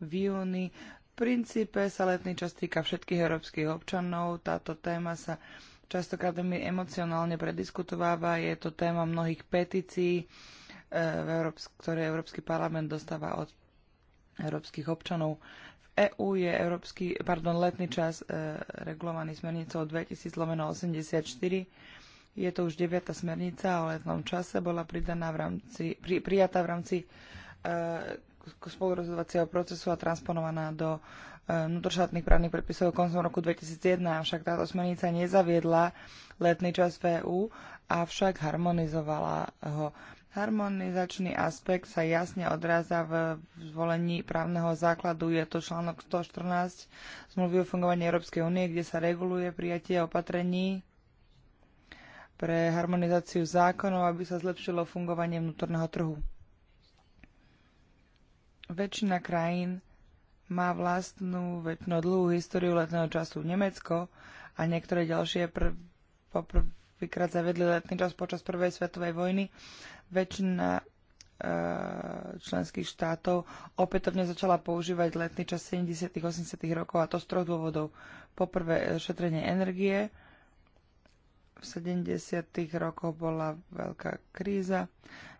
v júni. V princípe sa letný čas týka všetkých európskych občanov. Táto téma sa častokrát veľmi emocionálne prediskutováva. Je to téma mnohých petícií, e, v Európs- ktoré Európsky parlament dostáva od európskych občanov. EÚ je európsky, pardon, letný čas e, regulovaný smernicou 2000 lomeno 84. Je to už 9. smernica o letnom čase, bola pridaná v rámci, pri, prijatá v rámci e, spolurozhodovacieho procesu a transponovaná do e, vnútroštátnych právnych predpisov koncom roku 2001, avšak táto smernica nezaviedla letný čas v EÚ, avšak harmonizovala ho. Harmonizačný aspekt sa jasne odráza v zvolení právneho základu. Je to článok 114 zmluvy o fungovaní Európskej únie, kde sa reguluje prijatie opatrení pre harmonizáciu zákonov, aby sa zlepšilo fungovanie vnútorného trhu. Väčšina krajín má vlastnú väčšinu dlhú históriu letného času. Nemecko a niektoré ďalšie prv, poprvýkrát zavedli letný čas počas Prvej svetovej vojny väčšina e, členských štátov opätovne začala používať letný čas 70. 80. rokov a to z troch dôvodov. Poprvé šetrenie energie. V 70. rokoch bola veľká kríza.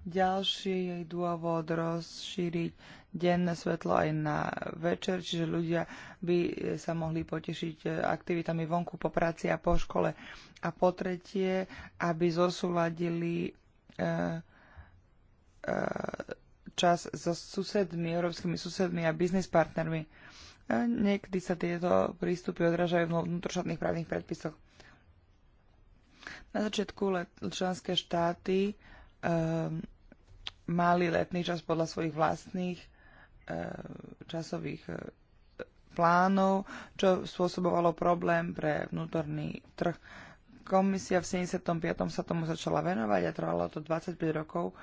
Ďalší dôvod rozšíriť denné svetlo aj na večer, čiže ľudia by sa mohli potešiť e, aktivitami vonku po práci a po škole. A po tretie, aby zosúladili e, E, čas so susedmi, európskymi susedmi a biznis partnermi. E, niekedy sa tieto prístupy odrážajú v vnútrošatných právnych predpisoch. Na začiatku členské štáty um, mali letný čas podľa svojich vlastných um, časových um, plánov, čo spôsobovalo problém pre vnútorný trh. Komisia v 75. sa tomu začala venovať a trvalo to 25 rokov,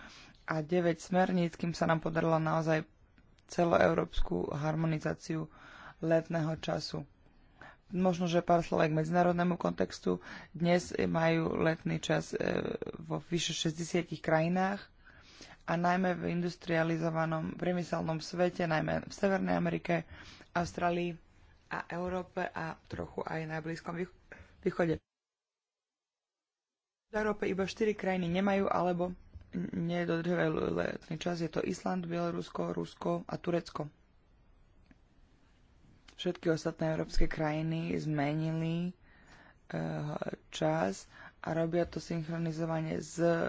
a 9 smerníc, kým sa nám podarila naozaj celoeurópsku harmonizáciu letného času. Možno, že pár slov k medzinárodnému kontextu. Dnes majú letný čas e, vo vyše 60 krajinách a najmä v industrializovanom priemyselnom svete, najmä v Severnej Amerike, Austrálii a Európe a trochu aj na Blízkom východe. V Európe iba 4 krajiny nemajú alebo nedodržiavajú letný čas. Je to Island, Bielorusko, Rusko a Turecko. Všetky ostatné európske krajiny zmenili eh, čas a robia to synchronizovanie z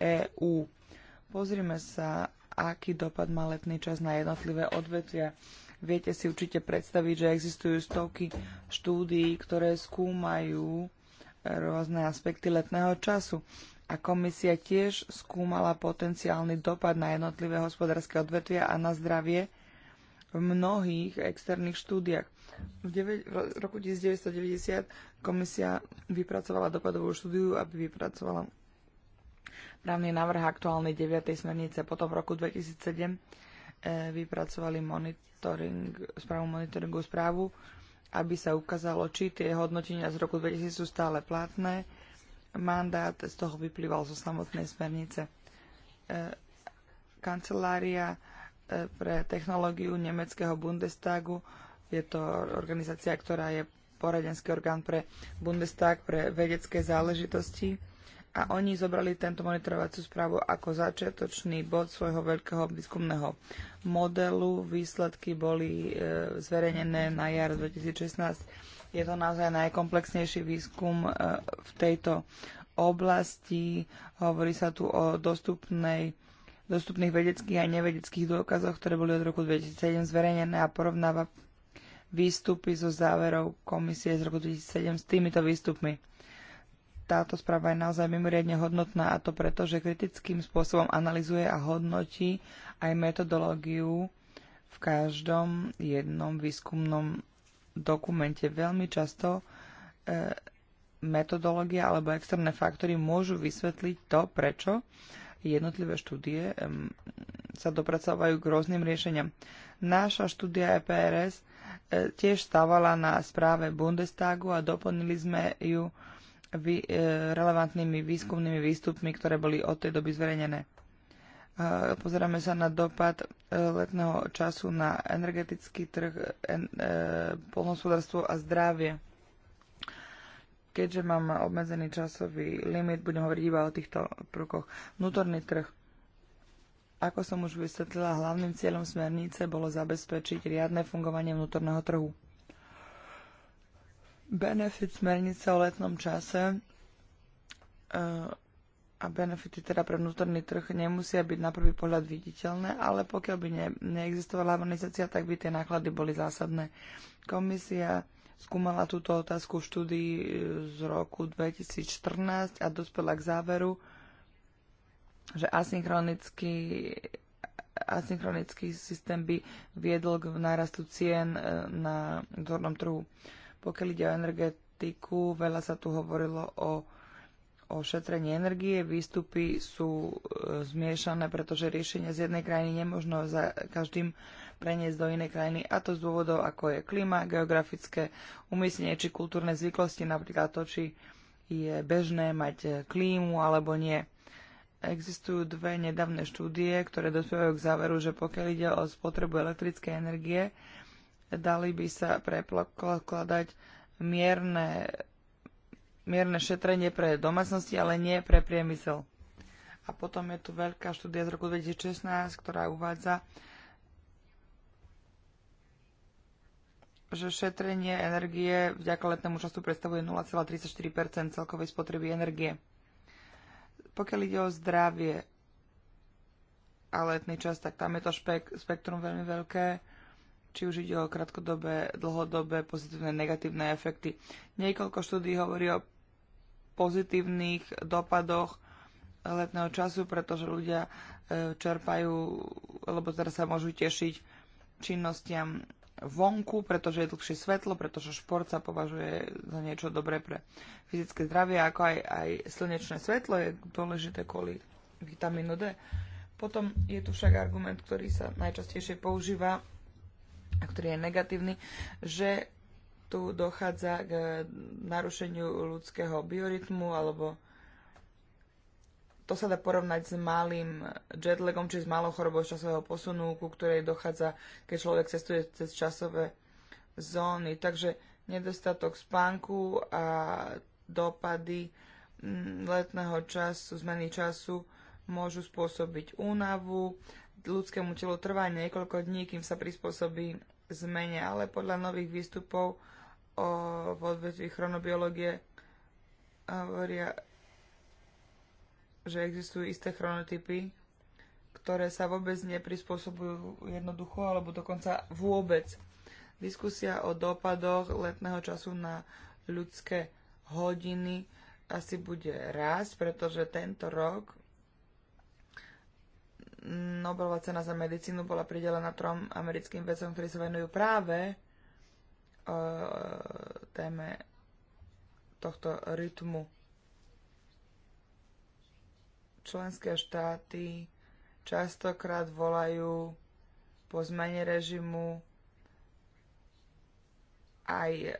EÚ. Eh, e Pozrime sa, aký dopad má letný čas na jednotlivé odvetvia. Viete si určite predstaviť, že existujú stovky štúdií, ktoré skúmajú eh, rôzne aspekty letného času a komisia tiež skúmala potenciálny dopad na jednotlivé hospodárske odvetvia a na zdravie v mnohých externých štúdiách. V, v roku 1990 komisia vypracovala dopadovú štúdiu, aby vypracovala právny návrh aktuálnej 9. smernice. Potom v roku 2007 e, vypracovali monitoring, správu monitoringu správu, aby sa ukázalo, či tie hodnotenia z roku 2000 sú stále platné mandát z toho vyplýval zo samotnej smernice. E, kancelária e, pre technológiu nemeckého Bundestagu je to organizácia, ktorá je poradenský orgán pre Bundestag pre vedecké záležitosti a oni zobrali tento monitorovaciu správu ako začiatočný bod svojho veľkého výskumného modelu. Výsledky boli e, zverejnené na jar 2016. Je to naozaj najkomplexnejší výskum e, v tejto oblasti. Hovorí sa tu o dostupnej dostupných vedeckých a nevedeckých dôkazoch, ktoré boli od roku 2007 zverejnené a porovnáva výstupy zo záverov komisie z roku 2007 s týmito výstupmi. Táto správa je naozaj mimoriadne hodnotná a to preto, že kritickým spôsobom analizuje a hodnotí aj metodológiu v každom jednom výskumnom dokumente veľmi často e, metodológia alebo externé faktory môžu vysvetliť to, prečo jednotlivé štúdie e, sa dopracovajú k rôznym riešeniam. Náša štúdia EPRS e, tiež stávala na správe Bundestagu a doplnili sme ju vy, e, relevantnými výskumnými výstupmi, ktoré boli od tej doby zverejnené. Pozeráme sa na dopad e, letného času na energetický trh, en, e, polnospodárstvo a zdravie. Keďže mám obmedzený časový limit, budem hovoriť iba o týchto prúkoch. Vnútorný trh. Ako som už vysvetlila, hlavným cieľom smernice bolo zabezpečiť riadne fungovanie vnútorného trhu. Benefit smernice o letnom čase e a benefity teda pre vnútorný trh nemusia byť na prvý pohľad viditeľné, ale pokiaľ by ne, neexistovala harmonizácia, tak by tie náklady boli zásadné. Komisia skúmala túto otázku v štúdii e, z roku 2014 a dospela k záveru, že asynchronický, asynchronický systém by viedol k nárastu cien e, na vnútornom trhu. Pokiaľ ide o energetiku, veľa sa tu hovorilo o o šetrení energie. Výstupy sú e, zmiešané, pretože riešenie z jednej krajiny nemožno za každým preniesť do inej krajiny, a to z dôvodov, ako je klima, geografické umiestnenie či kultúrne zvyklosti, napríklad to, či je bežné mať e, klímu alebo nie. Existujú dve nedávne štúdie, ktoré dospievajú k záveru, že pokiaľ ide o spotrebu elektrickej energie, dali by sa prekladať mierne mierne šetrenie pre domácnosti, ale nie pre priemysel. A potom je tu veľká štúdia z roku 2016, ktorá uvádza, že šetrenie energie vďaka letnému času predstavuje 0,34 celkovej spotreby energie. Pokiaľ ide o zdravie a letný čas, tak tam je to špek- spektrum veľmi veľké, či už ide o krátkodobé, dlhodobé, pozitívne, negatívne efekty. Niekoľko štúdí hovorí o pozitívnych dopadoch letného času, pretože ľudia e, čerpajú, lebo teraz sa môžu tešiť činnostiam vonku, pretože je dlhšie svetlo, pretože šport sa považuje za niečo dobré pre fyzické zdravie, ako aj, aj slnečné svetlo je dôležité kvôli vitamínu D. Potom je tu však argument, ktorý sa najčastejšie používa a ktorý je negatívny, že tu dochádza k eh, narušeniu ľudského biorytmu alebo to sa dá porovnať s malým jetlagom, či s malou chorobou časového posunu, ku ktorej dochádza, keď človek cestuje cez časové zóny. Takže nedostatok spánku a dopady mm, letného času, zmeny času môžu spôsobiť únavu. Ľudskému telu trvá niekoľko dní, kým sa prispôsobí zmene, ale podľa nových výstupov o, v odvetví chronobiológie hovoria, že existujú isté chronotypy, ktoré sa vôbec neprispôsobujú jednoducho alebo dokonca vôbec. Diskusia o dopadoch letného času na ľudské hodiny asi bude rásť, pretože tento rok Nobelová cena za medicínu bola pridelená trom americkým vedcom, ktorí sa venujú práve E, téme tohto rytmu. Členské štáty častokrát volajú po zmene režimu aj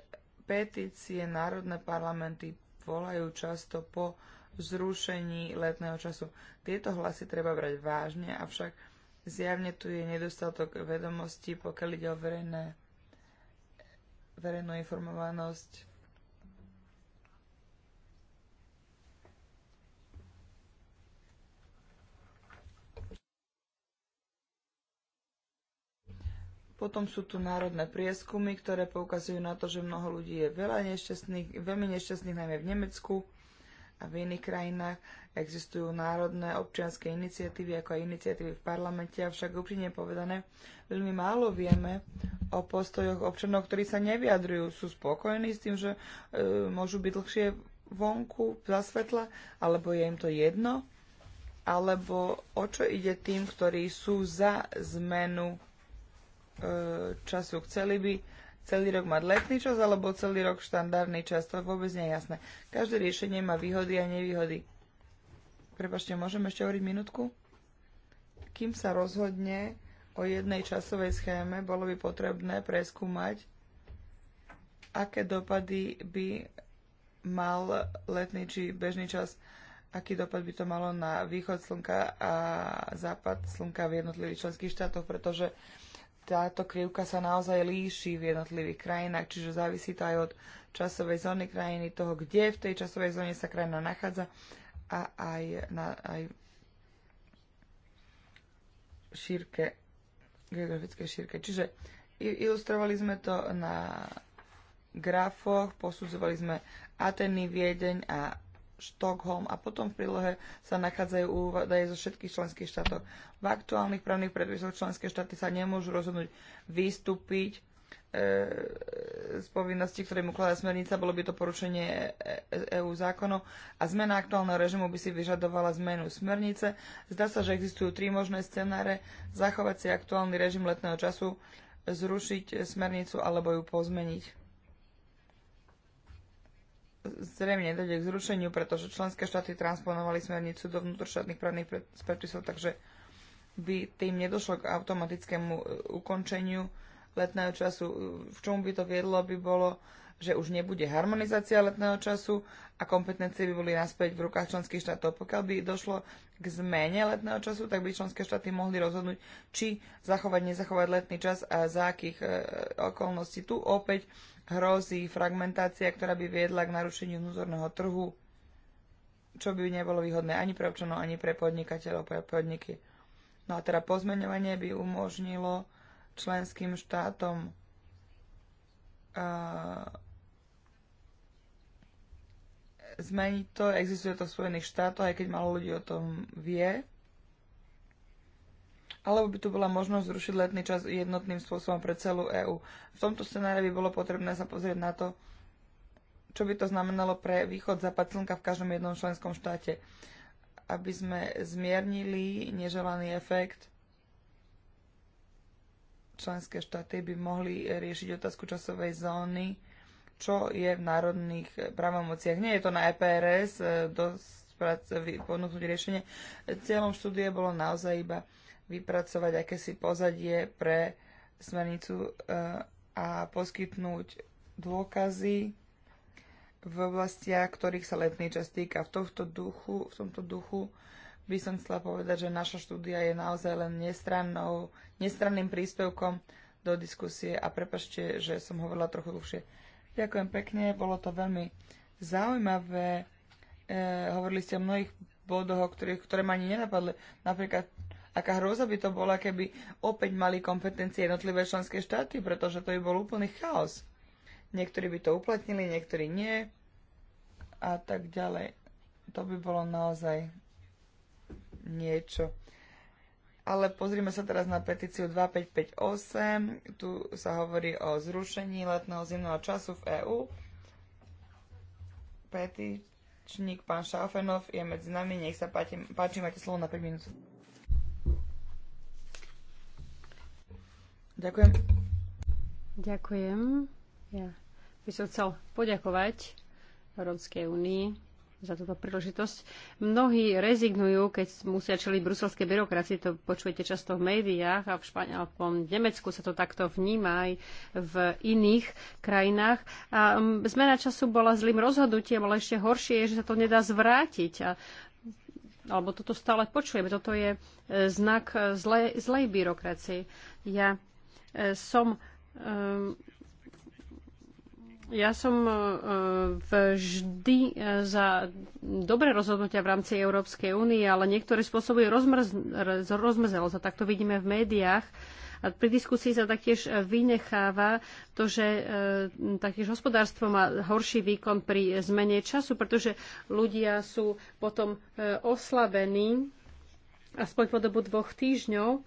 petície, národné parlamenty volajú často po zrušení letného času. Tieto hlasy treba brať vážne, avšak zjavne tu je nedostatok vedomostí, pokiaľ ide o verejné verejnú informovanosť. Potom sú tu národné prieskumy, ktoré poukazujú na to, že mnoho ľudí je veľa nešťastných, veľmi nešťastných, najmä v Nemecku a v iných krajinách existujú národné občianske iniciatívy, ako aj iniciatívy v parlamente, avšak úprimne povedané, veľmi málo vieme o postojoch občanov, ktorí sa nevyjadrujú, sú spokojní s tým, že e, môžu byť dlhšie vonku za svetla, alebo je im to jedno, alebo o čo ide tým, ktorí sú za zmenu e, času. Chceli by celý rok mať letný čas alebo celý rok štandardný čas, to vôbec nie je jasné. Každé riešenie má výhody a nevýhody. Prepašte, môžem ešte hovoriť minútku? Kým sa rozhodne o jednej časovej schéme, bolo by potrebné preskúmať, aké dopady by mal letný či bežný čas, aký dopad by to malo na východ slnka a západ slnka v jednotlivých členských štátoch, pretože táto krivka sa naozaj líši v jednotlivých krajinách, čiže závisí to aj od časovej zóny krajiny, toho, kde v tej časovej zóne sa krajina nachádza a aj, na, aj šírke, geografické šírke. Čiže ilustrovali sme to na grafoch, posudzovali sme Ateny, Viedeň a Štokholm a potom v prílohe sa nachádzajú údaje zo všetkých členských štátov. V aktuálnych právnych predpisoch členské štáty sa nemôžu rozhodnúť vystúpiť e, z povinnosti, ktoré mu kladá smernica, bolo by to porušenie EÚ e, e, zákonov a zmena aktuálneho režimu by si vyžadovala zmenu smernice. Zdá sa, že existujú tri možné scenáre. Zachovať si aktuálny režim letného času, zrušiť smernicu alebo ju pozmeniť zrejme nedojde k zrušeniu, pretože členské štáty transponovali smernicu do vnútroštátnych právnych predpisov, takže by tým nedošlo k automatickému e, ukončeniu letného času. E, v čom by to viedlo, by bolo, že už nebude harmonizácia letného času a kompetencie by boli naspäť v rukách členských štátov. Pokiaľ by došlo k zmene letného času, tak by členské štáty mohli rozhodnúť, či zachovať, nezachovať letný čas a za akých e, okolností. Tu opäť hrozí fragmentácia, ktorá by viedla k narušeniu vnútorného trhu, čo by nebolo výhodné ani pre občanov, ani pre podnikateľov, pre podniky. No a teda pozmeňovanie by umožnilo členským štátom e, zmeniť to, existuje to v Spojených štátoch, aj keď malo ľudí o tom vie. Alebo by tu bola možnosť zrušiť letný čas jednotným spôsobom pre celú EÚ. V tomto scenári by bolo potrebné sa pozrieť na to, čo by to znamenalo pre východ západ slnka v každom jednom členskom štáte. Aby sme zmiernili neželaný efekt, členské štáty by mohli riešiť otázku časovej zóny čo je v národných právomociach. Nie je to na EPRS e, ponúknuť riešenie. Cieľom štúdie bolo naozaj iba vypracovať akési pozadie pre smernicu e, a poskytnúť dôkazy v oblastiach, ktorých sa letný čas týka. V, tohto duchu, v tomto duchu by som chcela povedať, že naša štúdia je naozaj len nestranným príspevkom do diskusie a prepašte, že som hovorila trochu dlhšie. Ďakujem pekne, bolo to veľmi zaujímavé. E, hovorili ste o mnohých bodoch, ktoré, ktoré ma ani nenapadli. Napríklad, aká hrôza by to bola, keby opäť mali kompetencie jednotlivé členské štáty, pretože to by bol úplný chaos. Niektorí by to uplatnili, niektorí nie a tak ďalej. To by bolo naozaj niečo. Ale pozrime sa teraz na petíciu 2558. Tu sa hovorí o zrušení letného zimného času v EÚ. Petičník pán Šaufenov je medzi nami. Nech sa páči, páči máte slovo na 5 minút. Ďakujem. Ďakujem. Ja by som chcel poďakovať Európskej únii za túto príležitosť. Mnohí rezignujú, keď musia čeliť bruselské byrokracie, to počujete často v médiách a v, Španielskom, v Nemecku sa to takto vníma aj v iných krajinách. A zmena času bola zlým rozhodnutím, ale ešte horšie je, že sa to nedá zvrátiť. A alebo toto stále počujeme, toto je e, znak e, zlej, zlej byrokracie. Ja e, som um, ja som e, e, vždy e, za dobré rozhodnutia v rámci Európskej únie, ale niektoré spôsoby rozmrz, rozmrzelo sa. tak to vidíme v médiách. A pri diskusii sa taktiež vynecháva to, že e, taktiež hospodárstvo má horší výkon pri zmene času, pretože ľudia sú potom e, oslabení aspoň po dobu dvoch týždňov.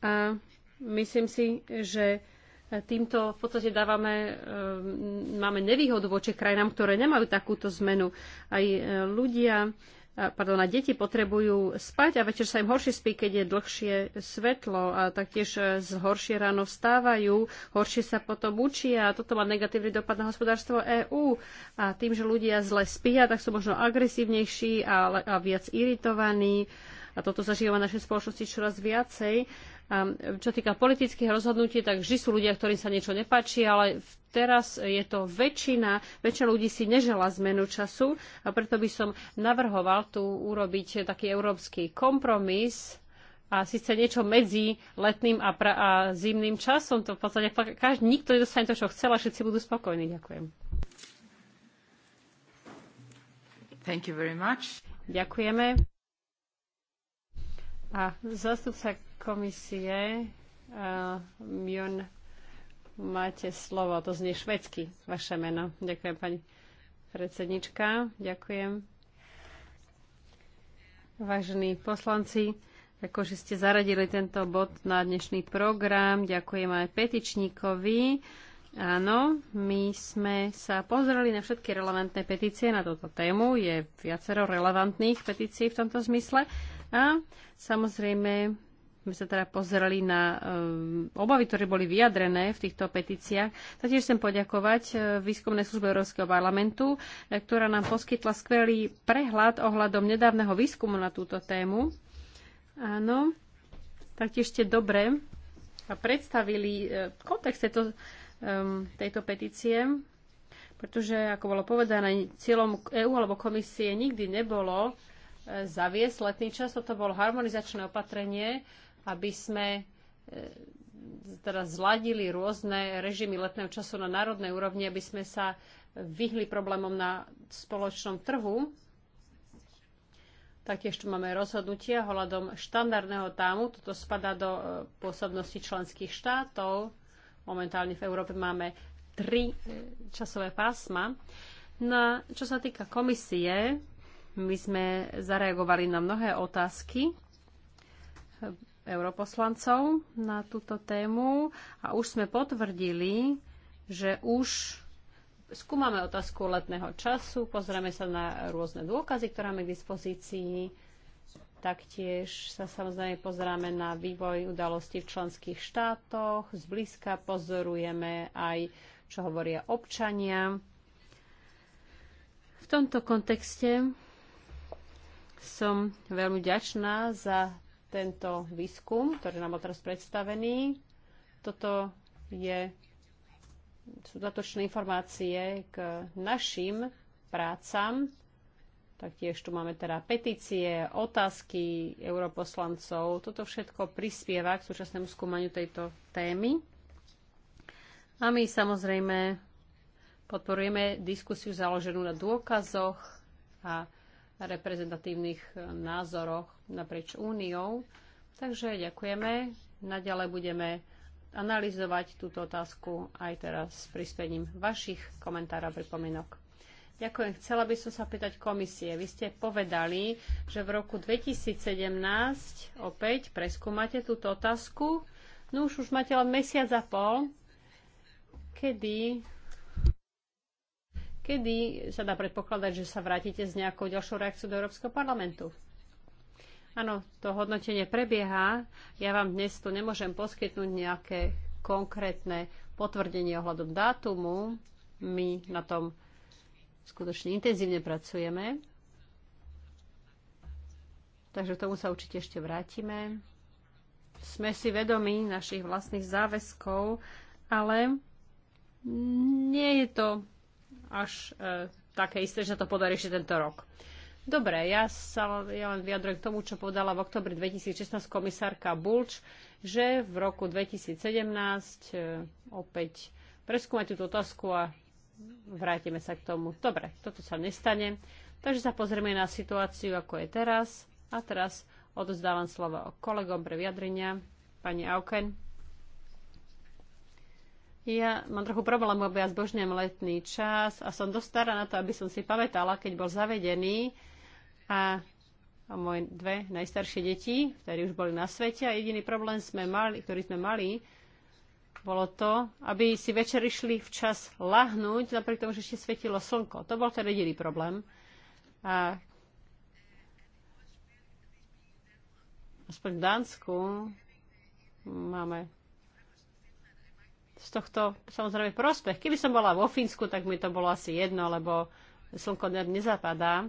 A myslím si, že e, týmto v podstate dávame, ehm, máme nevýhodu voči krajinám, ktoré nemajú takúto zmenu. Aj e, ľudia, pardon, aj deti potrebujú spať a večer sa im horšie spí, keď je dlhšie svetlo a taktiež e, horšie ráno vstávajú, horšie sa potom učia a toto má negatívny dopad na hospodárstvo EÚ. A tým, že ľudia zle spia, tak sú možno agresívnejší a, a viac iritovaní a toto zažívame v našej spoločnosti čoraz viacej čo týka politických rozhodnutí, tak vždy sú ľudia, ktorým sa niečo nepáči, ale teraz je to väčšina, väčšina ľudí si nežela zmenu času a preto by som navrhoval tu urobiť taký európsky kompromis, a síce niečo medzi letným a, pra- a zimným časom. To v podstate každý, nikto nedostane to, čo chcel a všetci budú spokojní. Ďakujem. Thank you very much. Ďakujeme. A zastupca komisie uh, Mjön, máte slovo, to znie švedsky, vaše meno. Ďakujem, pani predsednička. Ďakujem. Vážení poslanci, ako že ste zaradili tento bod na dnešný program, ďakujem aj petičníkovi. Áno, my sme sa pozreli na všetky relevantné petície na túto tému. Je viacero relevantných petícií v tomto zmysle. A samozrejme, my sa teda pozreli na um, obavy, ktoré boli vyjadrené v týchto petíciách. Taktiež chcem poďakovať eh, Výskumnej službe Európskeho parlamentu, eh, ktorá nám poskytla skvelý prehľad ohľadom nedávneho výskumu na túto tému. Áno, taktiež ste dobre predstavili kontext tejto, um, tejto petície, pretože, ako bolo povedané, cieľom EÚ alebo komisie nikdy nebolo zaviesť letný čas. Toto bolo harmonizačné opatrenie, aby sme e, teda zladili rôzne režimy letného času na národnej úrovni, aby sme sa vyhli problémom na spoločnom trhu. Taktiež tu máme rozhodnutia hľadom štandardného támu. Toto spadá do e, pôsobnosti členských štátov. Momentálne v Európe máme tri e, časové pásma. No, čo sa týka komisie, my sme zareagovali na mnohé otázky europoslancov na túto tému a už sme potvrdili, že už skúmame otázku letného času, pozrieme sa na rôzne dôkazy, ktoré máme k dispozícii, taktiež sa samozrejme pozráme na vývoj udalostí v členských štátoch, zblízka pozorujeme aj, čo hovoria občania. V tomto kontexte som veľmi ďačná za tento výskum, ktorý nám bol teraz predstavený. Toto je, sú dodatočné informácie k našim prácam. Taktiež tu máme teda petície, otázky europoslancov. Toto všetko prispieva k súčasnému skúmaniu tejto témy. A my samozrejme podporujeme diskusiu založenú na dôkazoch a reprezentatívnych eh, názoroch naprieč úniou. Takže ďakujeme. Naďalej budeme analyzovať túto otázku aj teraz s prispením vašich komentárov a pripomienok. Ďakujem. Chcela by som sa pýtať komisie. Vy ste povedali, že v roku 2017 opäť preskúmate túto otázku. No už, už máte len mesiac a pol, kedy Kedy sa dá predpokladať, že sa vrátite s nejakou ďalšou reakciou do Európskeho parlamentu? Áno, to hodnotenie prebieha. Ja vám dnes tu nemôžem poskytnúť nejaké konkrétne potvrdenie ohľadom dátumu. My na tom skutočne intenzívne pracujeme. Takže k tomu sa určite ešte vrátime. Sme si vedomi našich vlastných záväzkov, ale nie je to až e, také isté, že to podarí ešte tento rok. Dobre, ja sa ja len vyjadrujem k tomu, čo povedala v oktobri 2016 komisárka Bulč, že v roku 2017 e, opäť preskúmať túto otázku a vrátime sa k tomu. Dobre, toto sa nestane. Takže sa pozrieme na situáciu, ako je teraz. A teraz odozdávam slovo kolegom pre vyjadrenia. Pani Auken. Ja mám trochu problém, lebo ja zbožňujem letný čas a som dosť stará na to, aby som si pamätala, keď bol zavedený a, a moje dve najstaršie deti, ktorí už boli na svete a jediný problém, sme mali, ktorý sme mali, bolo to, aby si večer išli včas lahnúť, napriek tomu, že ešte svetilo slnko. To bol ten jediný problém. A aspoň v Dánsku máme z tohto samozrejme prospech. Keby som bola vo Fínsku, tak mi to bolo asi jedno, lebo slnko nezapadá.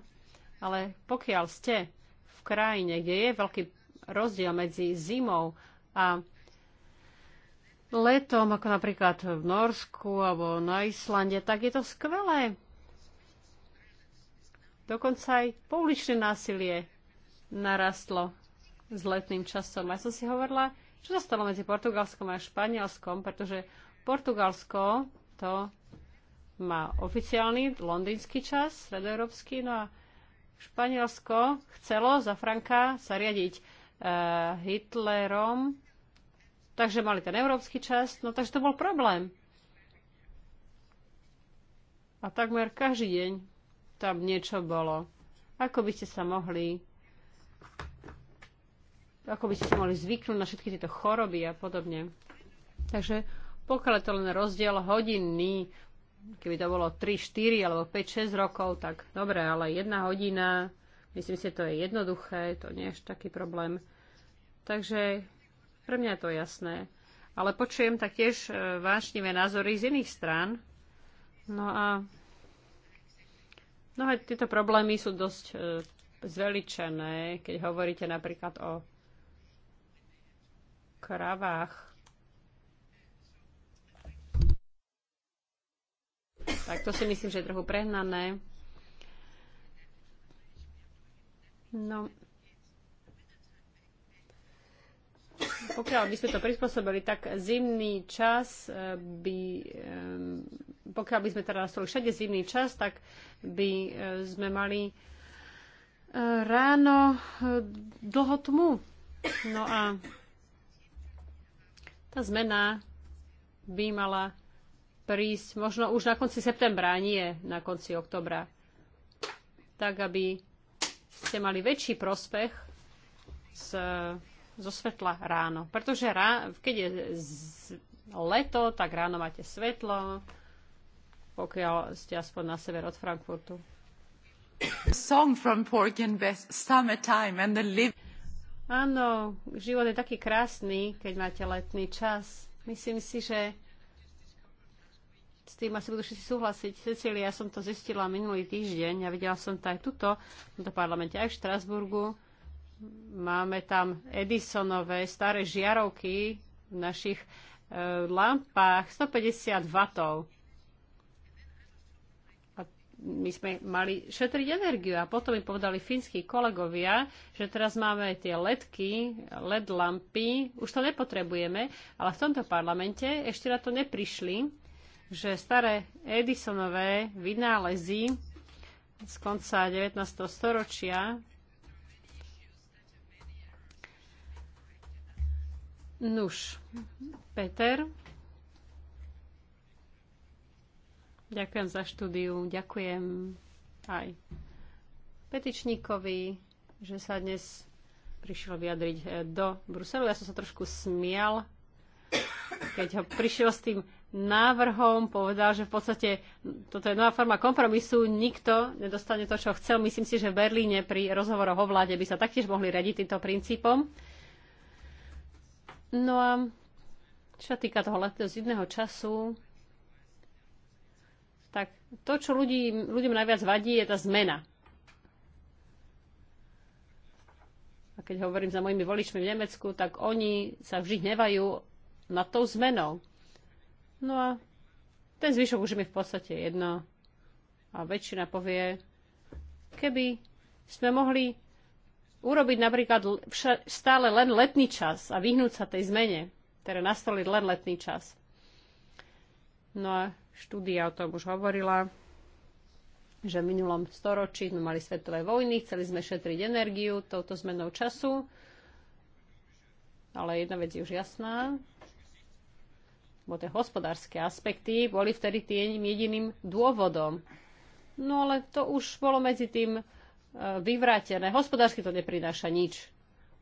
Ale pokiaľ ste v krajine, kde je veľký rozdiel medzi zimou a letom, ako napríklad v Norsku alebo na Islande, tak je to skvelé. Dokonca aj pouličné násilie narastlo s letným časom. Ja som si hovorila, čo sa stalo medzi Portugalskom a Španielskom, pretože Portugalsko to má oficiálny londýnsky čas, stredoeurópsky, no a Španielsko chcelo za Franka sa riadiť e, Hitlerom, takže mali ten európsky čas, no takže to bol problém. A takmer každý deň tam niečo bolo. Ako by ste sa mohli ako by ste si mohli zvyknúť na všetky tieto choroby a podobne. Takže pokiaľ je to len rozdiel hodinný, keby to bolo 3, 4 alebo 5, 6 rokov, tak dobre, ale jedna hodina, myslím si, to je jednoduché, to nie je až taký problém. Takže pre mňa je to jasné. Ale počujem taktiež e, vášnivé názory z iných strán. No a aj tieto problémy sú dosť e, zveličené, keď hovoríte napríklad o kravách. Tak to si myslím, že je trochu prehnané. No. Pokiaľ by sme to prispôsobili, tak zimný čas eh, by, eh, pokiaľ by sme teda nastolili všade zimný čas, tak by eh, sme mali ráno dlho tmu. No a tá zmena by mala prísť možno už na konci septembra, a nie na konci oktobra. Tak, aby ste mali väčší prospech z, zo svetla ráno. Pretože rá, keď je z, leto, tak ráno máte svetlo, pokiaľ ste aspoň na sever od Frankfurtu. Song from Porgy and Bess, Summertime and the Living Áno, život je taký krásny, keď máte letný čas. Myslím si, že s tým asi budú všetci súhlasiť. Cecília, ja som to zistila minulý týždeň a ja videla som to aj tuto, v tomto parlamente, aj v Štrasburgu. Máme tam Edisonové staré žiarovky v našich e, lampách, 150 W my sme mali šetriť energiu a potom mi povedali fínsky kolegovia, že teraz máme tie ledky, led lampy, už to nepotrebujeme, ale v tomto parlamente ešte na to neprišli, že staré Edisonové vynálezy z konca 19. storočia Nuž, Peter, Ďakujem za štúdiu, ďakujem aj petičníkovi, že sa dnes prišiel vyjadriť eh, do Bruselu. Ja som sa trošku smial, keď ho prišiel s tým návrhom, povedal, že v podstate toto je nová forma kompromisu, nikto nedostane to, čo chcel. Myslím si, že v Berlíne pri rozhovoroch o vláde by sa taktiež mohli radiť týmto princípom. No a čo sa týka toho letného z jedného času, to, čo ľudí, ľuďom najviac vadí, je tá zmena. A keď hovorím za mojimi voličmi v Nemecku, tak oni sa vždy hnevajú nad tou zmenou. No a ten zvyšok už je mi v podstate jedno. A väčšina povie, keby sme mohli urobiť napríklad stále len letný čas a vyhnúť sa tej zmene, teda nastoliť len letný čas. No a štúdia o tom už hovorila, že v minulom storočí sme mali svetové vojny, chceli sme šetriť energiu touto zmenou času, ale jedna vec je už jasná, bo tie hospodárske aspekty boli vtedy tým jediným dôvodom. No ale to už bolo medzi tým e, vyvrátené. Hospodársky to neprináša nič.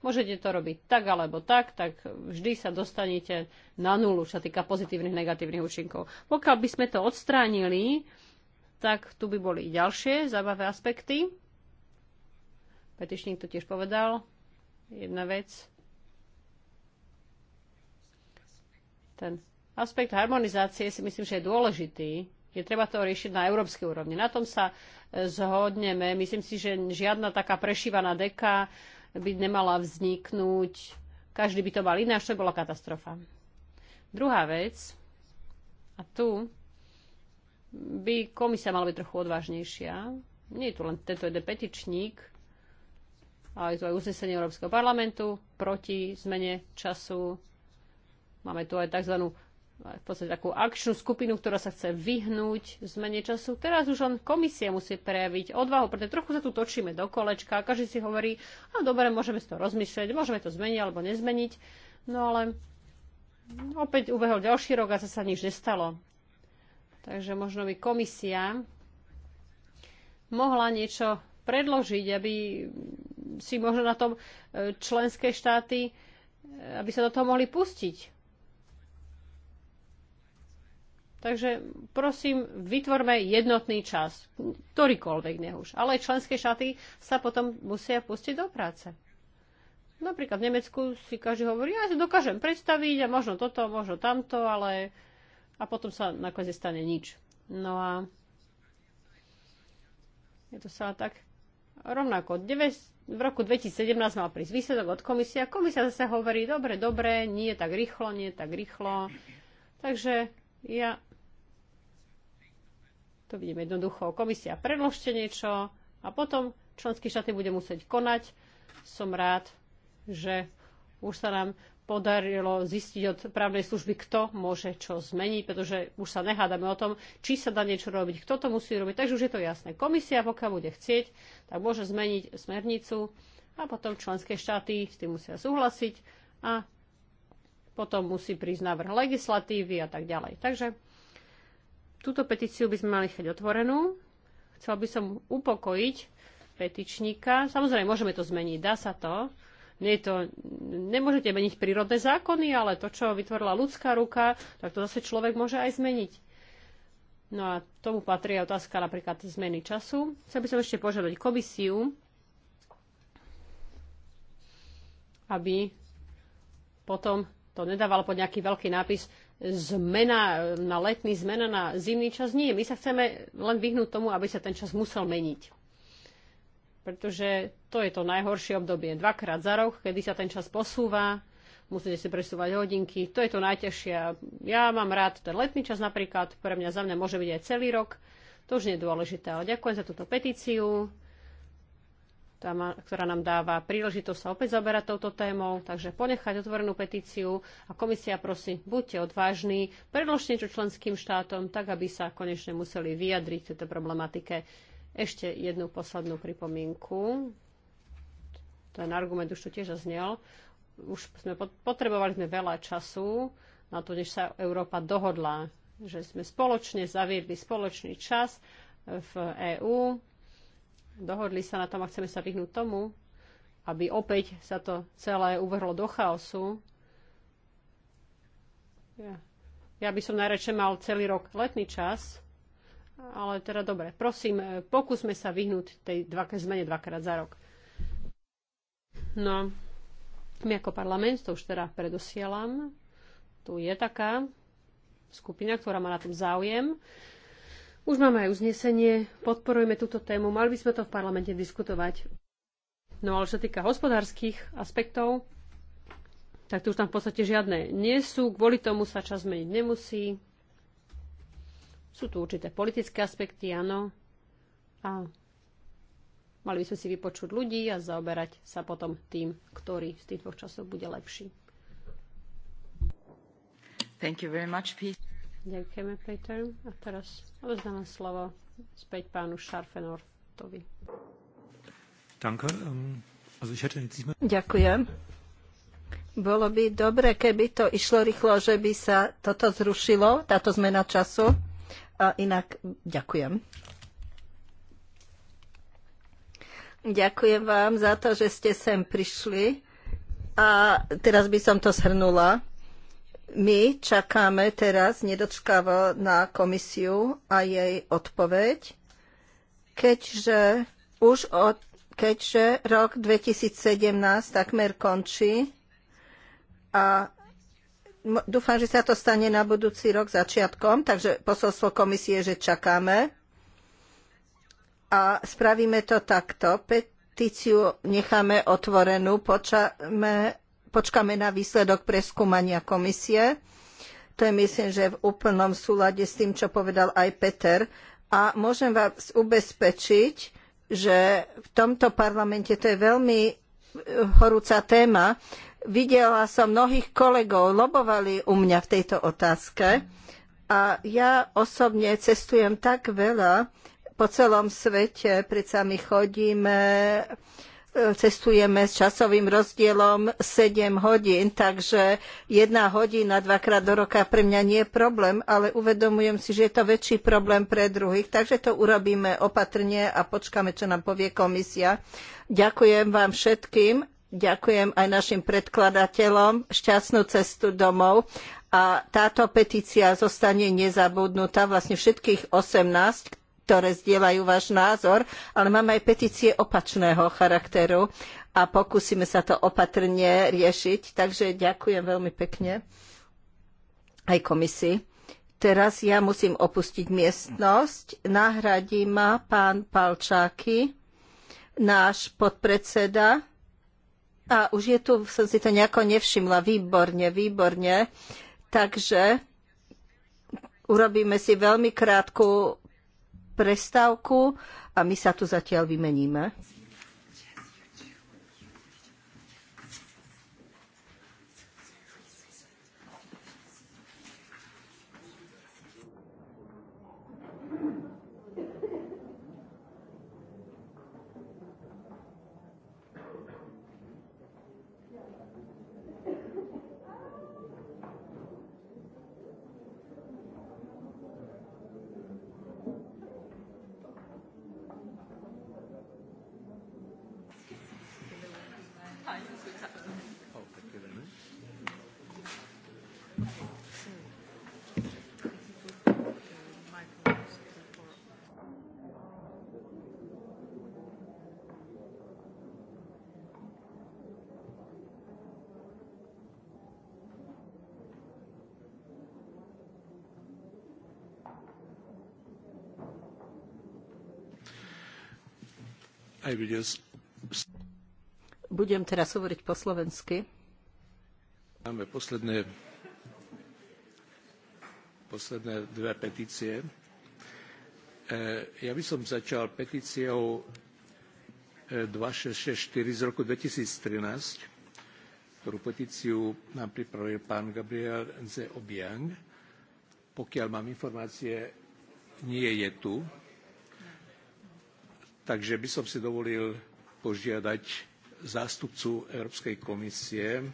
Môžete to robiť tak alebo tak, tak vždy sa dostanete na nulu, čo týka pozitívnych, negatívnych účinkov. Pokiaľ by sme to odstránili, tak tu by boli ďalšie zaujímavé aspekty. Petičník to tiež povedal. Jedna vec. Ten aspekt harmonizácie si myslím, že je dôležitý. Je treba to riešiť na európskej úrovni. Na tom sa zhodneme. Myslím si, že žiadna taká prešívaná deka by nemala vzniknúť. Každý by to mal ináč, to bola katastrofa. Druhá vec, a tu by komisia mala byť trochu odvážnejšia. Nie je tu len tento jeden petičník, ale je tu aj uznesenie Európskeho parlamentu proti zmene času. Máme tu aj tzv v podstate takú akčnú skupinu, ktorá sa chce vyhnúť zmene času. Teraz už len komisia musí prejaviť odvahu, pretože trochu sa tu točíme do kolečka, každý si hovorí, a dobre, môžeme si to rozmýšľať, môžeme to zmeniť alebo nezmeniť, no ale opäť ubehol ďalší rok a sa nič nestalo. Takže možno by komisia mohla niečo predložiť, aby si možno na tom e, členské štáty, e, aby sa do toho mohli pustiť Takže prosím, vytvorme jednotný čas, ktorýkoľvek nehuž. Ale členské šaty sa potom musia pustiť do práce. Napríklad v Nemecku si každý hovorí, ja si dokážem predstaviť a možno toto, možno tamto, ale a potom sa nakoniec stane nič. No a je to sa tak rovnako. v roku 2017 mal prísť výsledok od komisie a komisia zase hovorí, dobre, dobre, nie tak rýchlo, nie tak rýchlo. Takže ja to vidím jednoducho. Komisia predložte niečo a potom členský štáty bude musieť konať. Som rád, že už sa nám podarilo zistiť od právnej služby, kto môže čo zmeniť, pretože už sa nehádame o tom, či sa dá niečo robiť, kto to musí robiť. Takže už je to jasné. Komisia, pokiaľ bude chcieť, tak môže zmeniť smernicu a potom členské štáty s tým musia súhlasiť a potom musí prísť návrh legislatívy a tak ďalej. Takže Túto petíciu by sme mali chať otvorenú. Chcel by som upokojiť petičníka. Samozrejme, môžeme to zmeniť, dá sa to. Nie to, nemôžete meniť prírodné zákony, ale to, čo vytvorila ľudská ruka, tak to zase človek môže aj zmeniť. No a tomu patrí aj otázka napríklad zmeny času. Chcel by som ešte požiadať komisiu, aby potom to nedávalo pod nejaký veľký nápis zmena na letný, zmena na zimný čas. Nie, my sa chceme len vyhnúť tomu, aby sa ten čas musel meniť. Pretože to je to najhoršie obdobie. Dvakrát za rok, kedy sa ten čas posúva, musíte si presúvať hodinky. To je to najťažšie. Ja mám rád ten letný čas napríklad, pre mňa za mňa môže byť aj celý rok. To už nie je dôležité, ale ďakujem za túto petíciu ktorá nám dáva príležitosť sa opäť zaoberať touto témou. Takže ponechať otvorenú petíciu a komisia prosí, buďte odvážni, predložte niečo členským štátom, tak aby sa konečne museli vyjadriť v tejto problematike. Ešte jednu poslednú pripomienku. Ten argument už tu tiež zaznel. Už sme potrebovali sme veľa času na to, než sa Európa dohodla, že sme spoločne zaviedli spoločný čas v EÚ dohodli sa na tom a chceme sa vyhnúť tomu, aby opäť sa to celé uvrhlo do chaosu. Ja, ja by som najradšej mal celý rok letný čas, ale teda dobre, prosím, pokúsme sa vyhnúť tej dva, zmene dvakrát za rok. No, my ako parlament, to už teda predosielam, tu je taká skupina, ktorá má na tom záujem. Už máme aj uznesenie, podporujeme túto tému, mali by sme to v parlamente diskutovať. No ale čo sa týka hospodárskych aspektov, tak to už tam v podstate žiadne nie sú, kvôli tomu sa čas meniť nemusí. Sú tu určité politické aspekty, áno. A mali by sme si vypočuť ľudí a zaoberať sa potom tým, ktorý z tých dvoch časov bude lepší. Thank you very much, Pete. Ďakujeme, Peter. A teraz odozdávam slovo späť pánu Scharfenortovi. Ähm, ďakujem. Bolo by dobre, keby to išlo rýchlo, že by sa toto zrušilo, táto zmena času. A inak ďakujem. Ďakujem vám za to, že ste sem prišli. A teraz by som to shrnula my čakáme teraz nedočkavo na komisiu a jej odpoveď, keďže už od, keďže rok 2017 takmer končí a dúfam, že sa to stane na budúci rok začiatkom, takže posolstvo komisie, že čakáme a spravíme to takto. Petíciu necháme otvorenú, počame počkáme na výsledok preskúmania komisie. To je myslím, že v úplnom súlade s tým, čo povedal aj Peter. A môžem vás ubezpečiť, že v tomto parlamente to je veľmi e, horúca téma. Videla som mnohých kolegov, lobovali u mňa v tejto otázke. A ja osobne cestujem tak veľa po celom svete, predsa my chodíme, cestujeme s časovým rozdielom 7 hodín, takže jedna hodina dvakrát do roka pre mňa nie je problém, ale uvedomujem si, že je to väčší problém pre druhých, takže to urobíme opatrne a počkáme, čo nám povie komisia. Ďakujem vám všetkým, ďakujem aj našim predkladateľom, šťastnú cestu domov a táto petícia zostane nezabudnutá, vlastne všetkých 18, ktoré zdieľajú váš názor, ale máme aj petície opačného charakteru a pokúsime sa to opatrne riešiť. Takže ďakujem veľmi pekne aj komisii. Teraz ja musím opustiť miestnosť. Nahradí ma pán Palčáky, náš podpredseda. A už je tu, som si to nejako nevšimla. Výborne, výborne. Takže urobíme si veľmi krátku prestávku a my sa tu zatiaľ vymeníme. Budem teraz hovoriť po slovensky. Máme posledné, posledné dve petície. E, ja by som začal petíciou 2664 e, z roku 2013, ktorú petíciu nám pripravil pán Gabriel Nze Obiang. Pokiaľ mám informácie, nie je tu Takže by som si dovolil požiadať zástupcu Európskej komisie,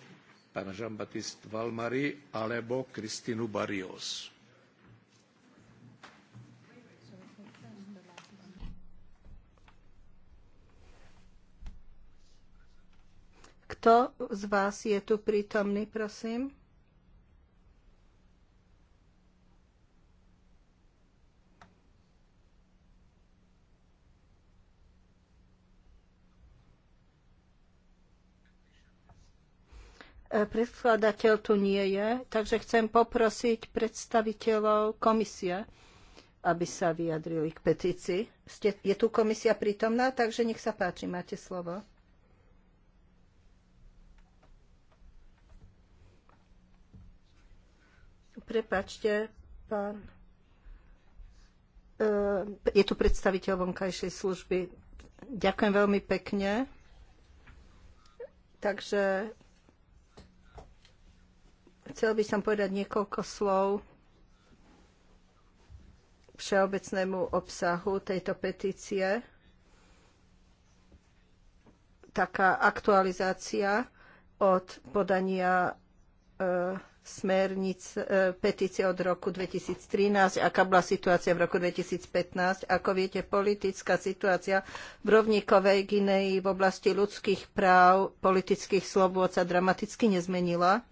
pána Jean-Baptiste Valmary alebo Kristinu Barrios. Kto z vás je tu prítomný, prosím? Predkladateľ tu nie je, takže chcem poprosiť predstaviteľov komisie, aby sa vyjadrili k petícii. je tu komisia prítomná, takže nech sa páči, máte slovo. Prepačte, pán. E, je tu predstaviteľ vonkajšej služby. Ďakujem veľmi pekne. Takže Chcel by som povedať niekoľko slov všeobecnému obsahu tejto petície. Taká aktualizácia od podania e, smernic, e, petície od roku 2013, aká bola situácia v roku 2015. Ako viete, politická situácia v rovníkovej Gineji v oblasti ľudských práv, politických slobôd sa dramaticky nezmenila.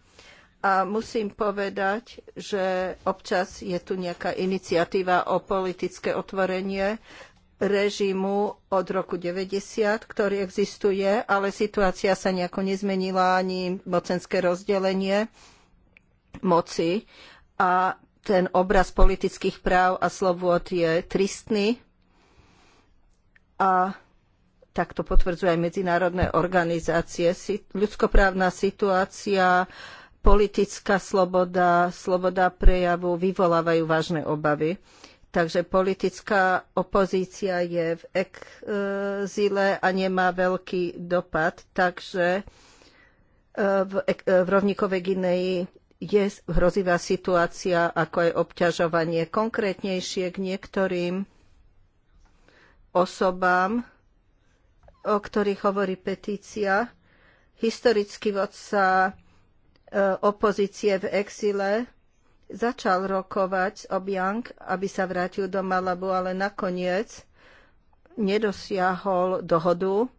A musím povedať, že občas je tu nejaká iniciatíva o politické otvorenie režimu od roku 90, ktorý existuje, ale situácia sa nejako nezmenila ani mocenské rozdelenie moci a ten obraz politických práv a slobôd je tristný a tak to potvrdzujú aj medzinárodné organizácie. Ľudskoprávna situácia politická sloboda, sloboda prejavu vyvolávajú vážne obavy. Takže politická opozícia je v exile a nemá veľký dopad, takže e, v, e, v rovníkovej Gineji je hrozivá situácia, ako aj obťažovanie konkrétnejšie k niektorým osobám, o ktorých hovorí petícia. Historický vodca opozície v exile, začal rokovať s Obiang, aby sa vrátil do Malabu, ale nakoniec nedosiahol dohodu,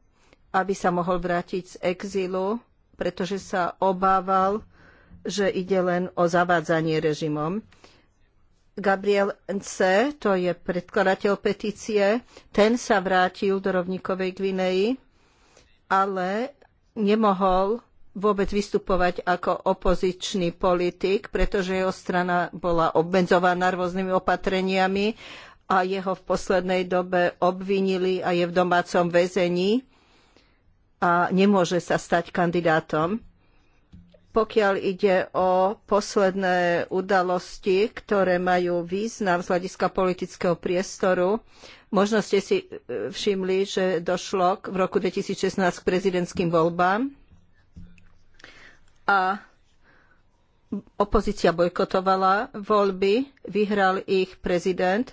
aby sa mohol vrátiť z exílu, pretože sa obával, že ide len o zavádzanie režimom. Gabriel C., to je predkladateľ petície, ten sa vrátil do Rovníkovej Gvineji, ale nemohol vôbec vystupovať ako opozičný politik, pretože jeho strana bola obmedzovaná rôznymi opatreniami a jeho v poslednej dobe obvinili a je v domácom väzení a nemôže sa stať kandidátom. Pokiaľ ide o posledné udalosti, ktoré majú význam z hľadiska politického priestoru, možno ste si e, všimli, že došlo v roku 2016 k prezidentským voľbám a opozícia bojkotovala voľby, vyhral ich prezident,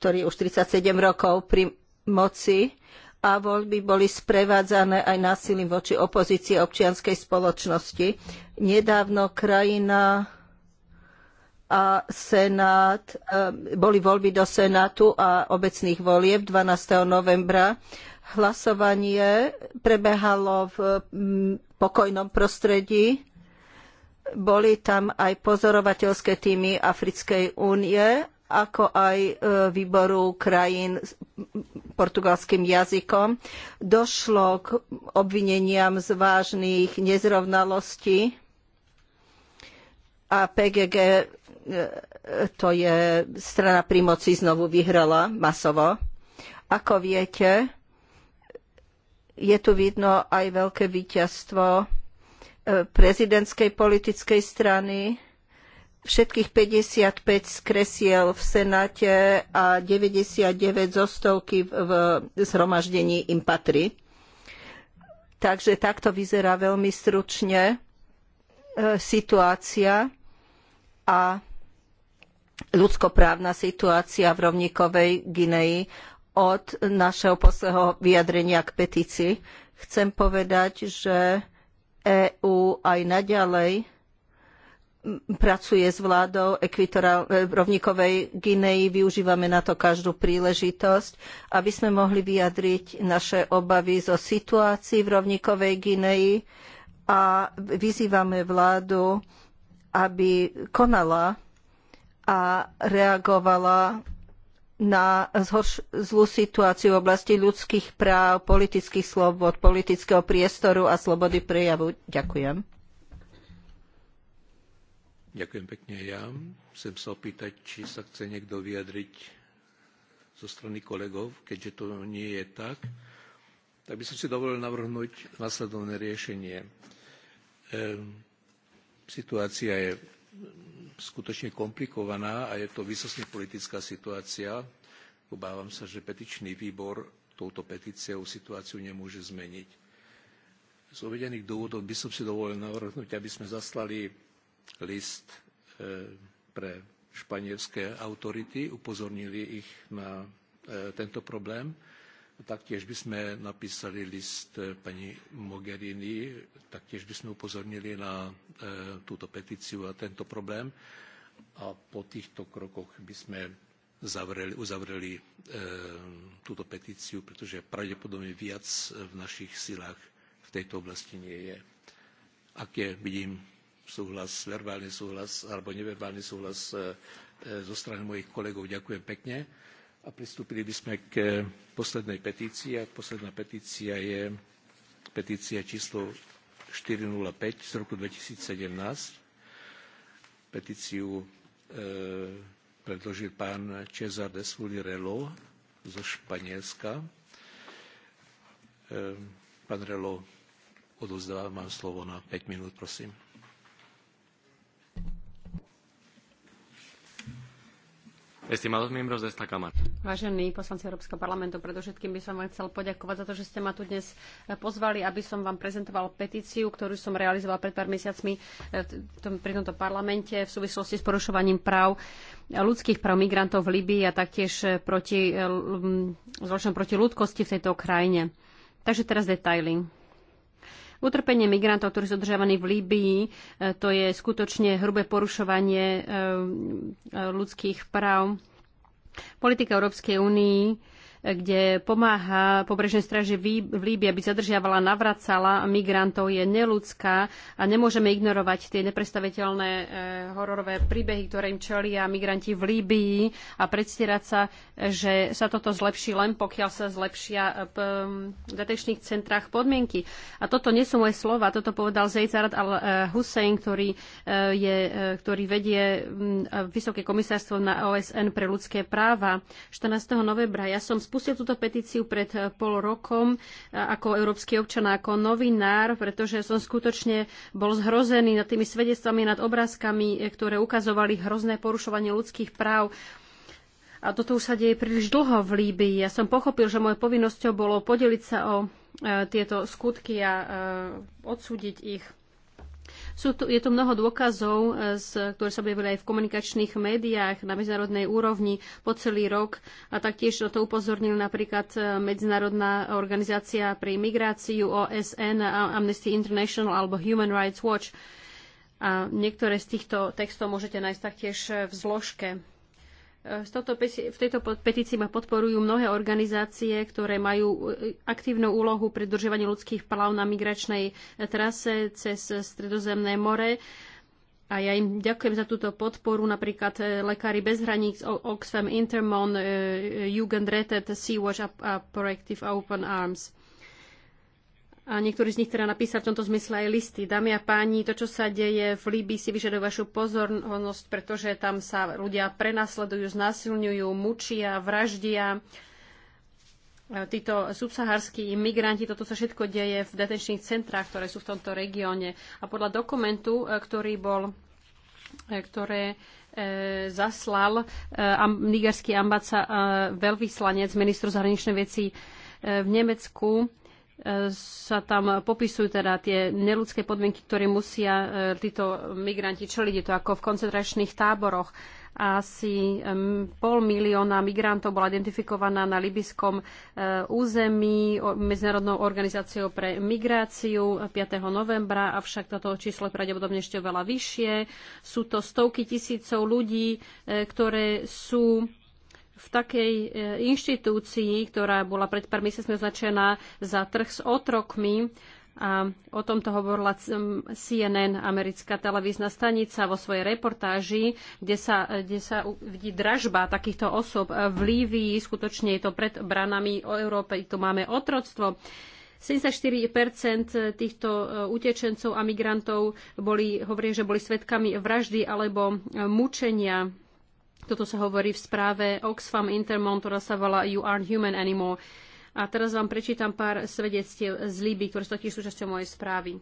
ktorý je už 37 rokov pri moci a voľby boli sprevádzané aj násilím voči opozícii a občianskej spoločnosti. Nedávno krajina a senát, e, boli voľby do senátu a obecných volieb 12. novembra Hlasovanie prebehalo v mm, pokojnom prostredí. Boli tam aj pozorovateľské týmy Africkej únie, ako aj e, výboru krajín s portugalským jazykom. Došlo k obvineniam z vážnych nezrovnalostí a PGG e, to je strana pri moci znovu vyhrala masovo. Ako viete, je tu vidno aj veľké víťazstvo e, prezidentskej politickej strany, všetkých 55 z kresiel v Senáte a 99 zo stovky v zhromaždení im patrí. Takže takto vyzerá veľmi stručne e, situácia a ľudskoprávna situácia v rovníkovej Gineji od našeho posledného vyjadrenia k petícii. Chcem povedať, že EÚ aj naďalej pracuje s vládou e, rovníkovej Gineji, využívame na to každú príležitosť, aby sme mohli vyjadriť naše obavy zo situácií v rovníkovej Gineji a vyzývame vládu, aby konala a reagovala na zhorš- zlú situáciu v oblasti ľudských práv, politických slobod, politického priestoru a slobody prejavu. Ďakujem. Ďakujem pekne ja. Chcem sa opýtať, či sa chce niekto vyjadriť zo strany kolegov, keďže to nie je tak. Tak by som si dovolil navrhnúť nasledovné riešenie. Ehm, situácia je skutočne komplikovaná a je to výsostne politická situácia. Obávam sa, že petičný výbor touto petíciou situáciu nemôže zmeniť. Z uvedených dôvodov by som si dovolil navrhnúť, aby sme zaslali list e, pre španielské autority, upozornili ich na e, tento problém Taktiež by sme napísali list eh, pani Mogherini, taktiež by sme upozornili na eh, túto petíciu a tento problém a po týchto krokoch by sme zavreli, uzavreli eh, túto petíciu, pretože pravdepodobne viac v našich silách v tejto oblasti nie je. Ak je vidím súhlas, verbálny súhlas alebo neverbálny súhlas zo strany mojich kolegov, ďakujem pekne a pristúpili by sme k poslednej petícii. A posledná petícia je petícia číslo 405 z roku 2017. Petíciu e, predložil pán Cesar de Relo zo Španielska. E, pán Relo, odozdávam vám slovo na 5 minút, prosím. Estimados miembros de esta Cámara. Vážení poslanci Európskeho parlamentu, predovšetkým by som vám chcel poďakovať za to, že ste ma tu dnes eh, pozvali, aby som vám prezentoval petíciu, ktorú som realizoval pred pár mesiacmi eh, pri tomto parlamente v súvislosti s porušovaním práv eh, ľudských práv migrantov v Libii a taktiež proti, zločinom proti ľudkosti v tejto krajine. Takže teraz detaily. Utrpenie migrantov, ktorí sú državaní v Líbii, to je skutočne hrubé porušovanie ľudských práv Politika Európskej únii kde pomáha pobrežnej straži v Líbii, aby zadržiavala, navracala migrantov, je neludská a nemôžeme ignorovať tie neprestaviteľné e, hororové príbehy, ktoré im čelia migranti v Líbii a predstierať sa, že sa toto zlepší len pokiaľ sa zlepšia e, v detenčných centrách podmienky. A toto nie sú moje slova, toto povedal Zejzard al-Hussein, e, ktorý, e, je, ktorý vedie Vysoké komisárstvo na OSN pre ľudské práva. 14. novembra ja som spustila spustil túto petíciu pred eh, pol rokom eh, ako európsky občan, ako novinár, pretože som skutočne bol zhrozený nad tými svedectvami, nad obrázkami, eh, ktoré ukazovali hrozné porušovanie ľudských práv. A toto už sa deje príliš dlho v Líbii. Ja som pochopil, že mojou povinnosťou bolo podeliť sa o tieto skutky a odsúdiť ich. Sú tu, je tu mnoho dôkazov, e, z, ktoré sa objavili aj v komunikačných médiách na medzinárodnej úrovni po celý rok a taktiež na to upozornil napríklad e, Medzinárodná organizácia pre migráciu OSN, Amnesty International alebo Human Rights Watch. A niektoré z týchto textov môžete nájsť taktiež v zložke E, v tejto petícii ma podporujú mnohé organizácie, ktoré majú e, aktívnu úlohu pri držovaní ľudských práv na migračnej e, trase cez Stredozemné more. A ja im ďakujem za túto podporu, napríklad Lekári bez hraníc, Oxfam, Intermon, Jugendrettet, Sea-Watch a, a Projective Open Arms a niektorí z nich teda napísali v tomto zmysle aj listy. Dámy a páni, to, čo sa deje v Líbii, si vyžaduje vašu pozornosť, pretože tam sa ľudia prenasledujú, znásilňujú, mučia, vraždia. E, títo subsaharskí imigranti, toto sa všetko deje v detenčných centrách, ktoré sú v tomto regióne. A podľa dokumentu, e, ktorý bol e, ktoré zaslal nigerský ambaca, veľvyslanec, ministru zahraničnej veci v Nemecku, sa tam popisujú teda tie neludské podmienky, ktoré musia e, títo migranti čeliť. Je to ako v koncentračných táboroch. Asi pol milióna migrantov bola identifikovaná na libyskom e, území Medzinárodnou organizáciou pre migráciu 5. novembra, avšak toto číslo je pravdepodobne ešte veľa vyššie. Sú to stovky tisícov ľudí, e, ktoré sú v takej e, inštitúcii, ktorá bola pred pár mesiacmi označená za trh s otrokmi. A o tomto hovorila CNN, americká televízna stanica, vo svojej reportáži, kde sa, kde sa vidí dražba takýchto osob v Lívii. Skutočne je to pred branami o Európe, tu máme otroctvo. 74 týchto e, utečencov a migrantov boli, hovorí, že boli svetkami vraždy alebo e, mučenia toto sa hovorí v správe Oxfam Intermon, ktorá sa volá You aren't human anymore. A teraz vám prečítam pár svedectiev z Líby, ktoré sú totiž súčasťou mojej správy.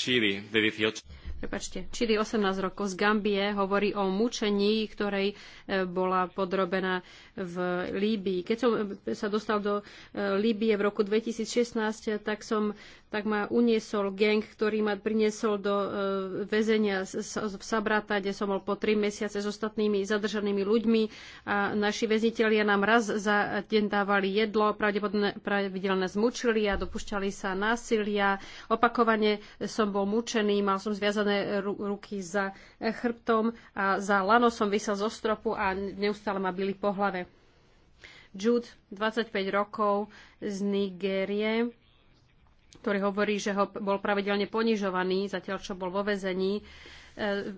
Čili, 98. Prepačte, Čili 18 rokov z Gambie hovorí o mučení, ktorej e, bola podrobená v Líbii. Keď som e, sa dostal do e, Líbie v roku 2016, tak som tak ma uniesol gang, ktorý ma priniesol do e, väzenia v Sabrata, kde som bol po tri mesiace s ostatnými zadržanými ľuďmi a naši väznitelia nám raz za deň dávali jedlo, pravdepodobne pravidelne zmučili a dopušťali sa násilia. Opakovane som bol mučený, mal som zviazané ruky za chrbtom a za lano som vysel zo stropu a neustále ma byli po hlave. Jude, 25 rokov, z Nigérie ktorý hovorí, že ho bol pravidelne ponižovaný, zatiaľ čo bol vo vezení. E,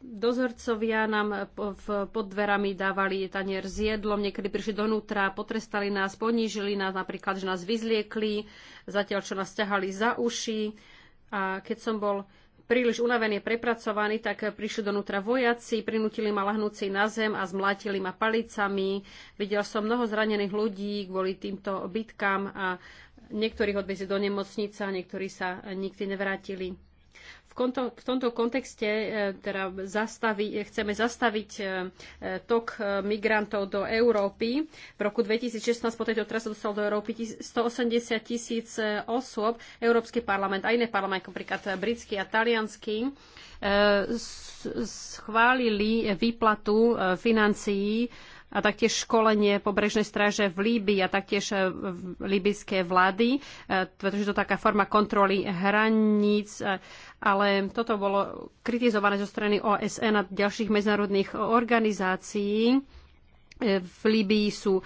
dozorcovia nám pod dverami dávali tanier s jedlom, niekedy prišli donútra, potrestali nás, ponížili nás, napríklad, že nás vyzliekli, zatiaľ čo nás ťahali za uši. A keď som bol príliš unavený, prepracovaný, tak prišli donútra vojaci, prinútili ma lahnúci na zem a zmlátili ma palicami. Videl som mnoho zranených ľudí kvôli týmto bitkám a Niektorých odviezli do nemocnice a niektorí sa e, nikdy nevrátili. V, konto, v tomto kontexte e, teda zastavi, chceme zastaviť e, tok migrantov do Európy. V roku 2016 po tejto trase dostalo do Európy 180 tisíc osôb. Európsky parlament a iné parlamenty, ako napríklad britský a talianský, schválili výplatu financií a taktiež školenie pobrežnej stráže v Líbii a taktiež e, líbyjské vlády, e, pretože to je taká forma kontroly hraníc, e, ale toto bolo kritizované zo strany OSN a ďalších medzinárodných organizácií. V Líbii sú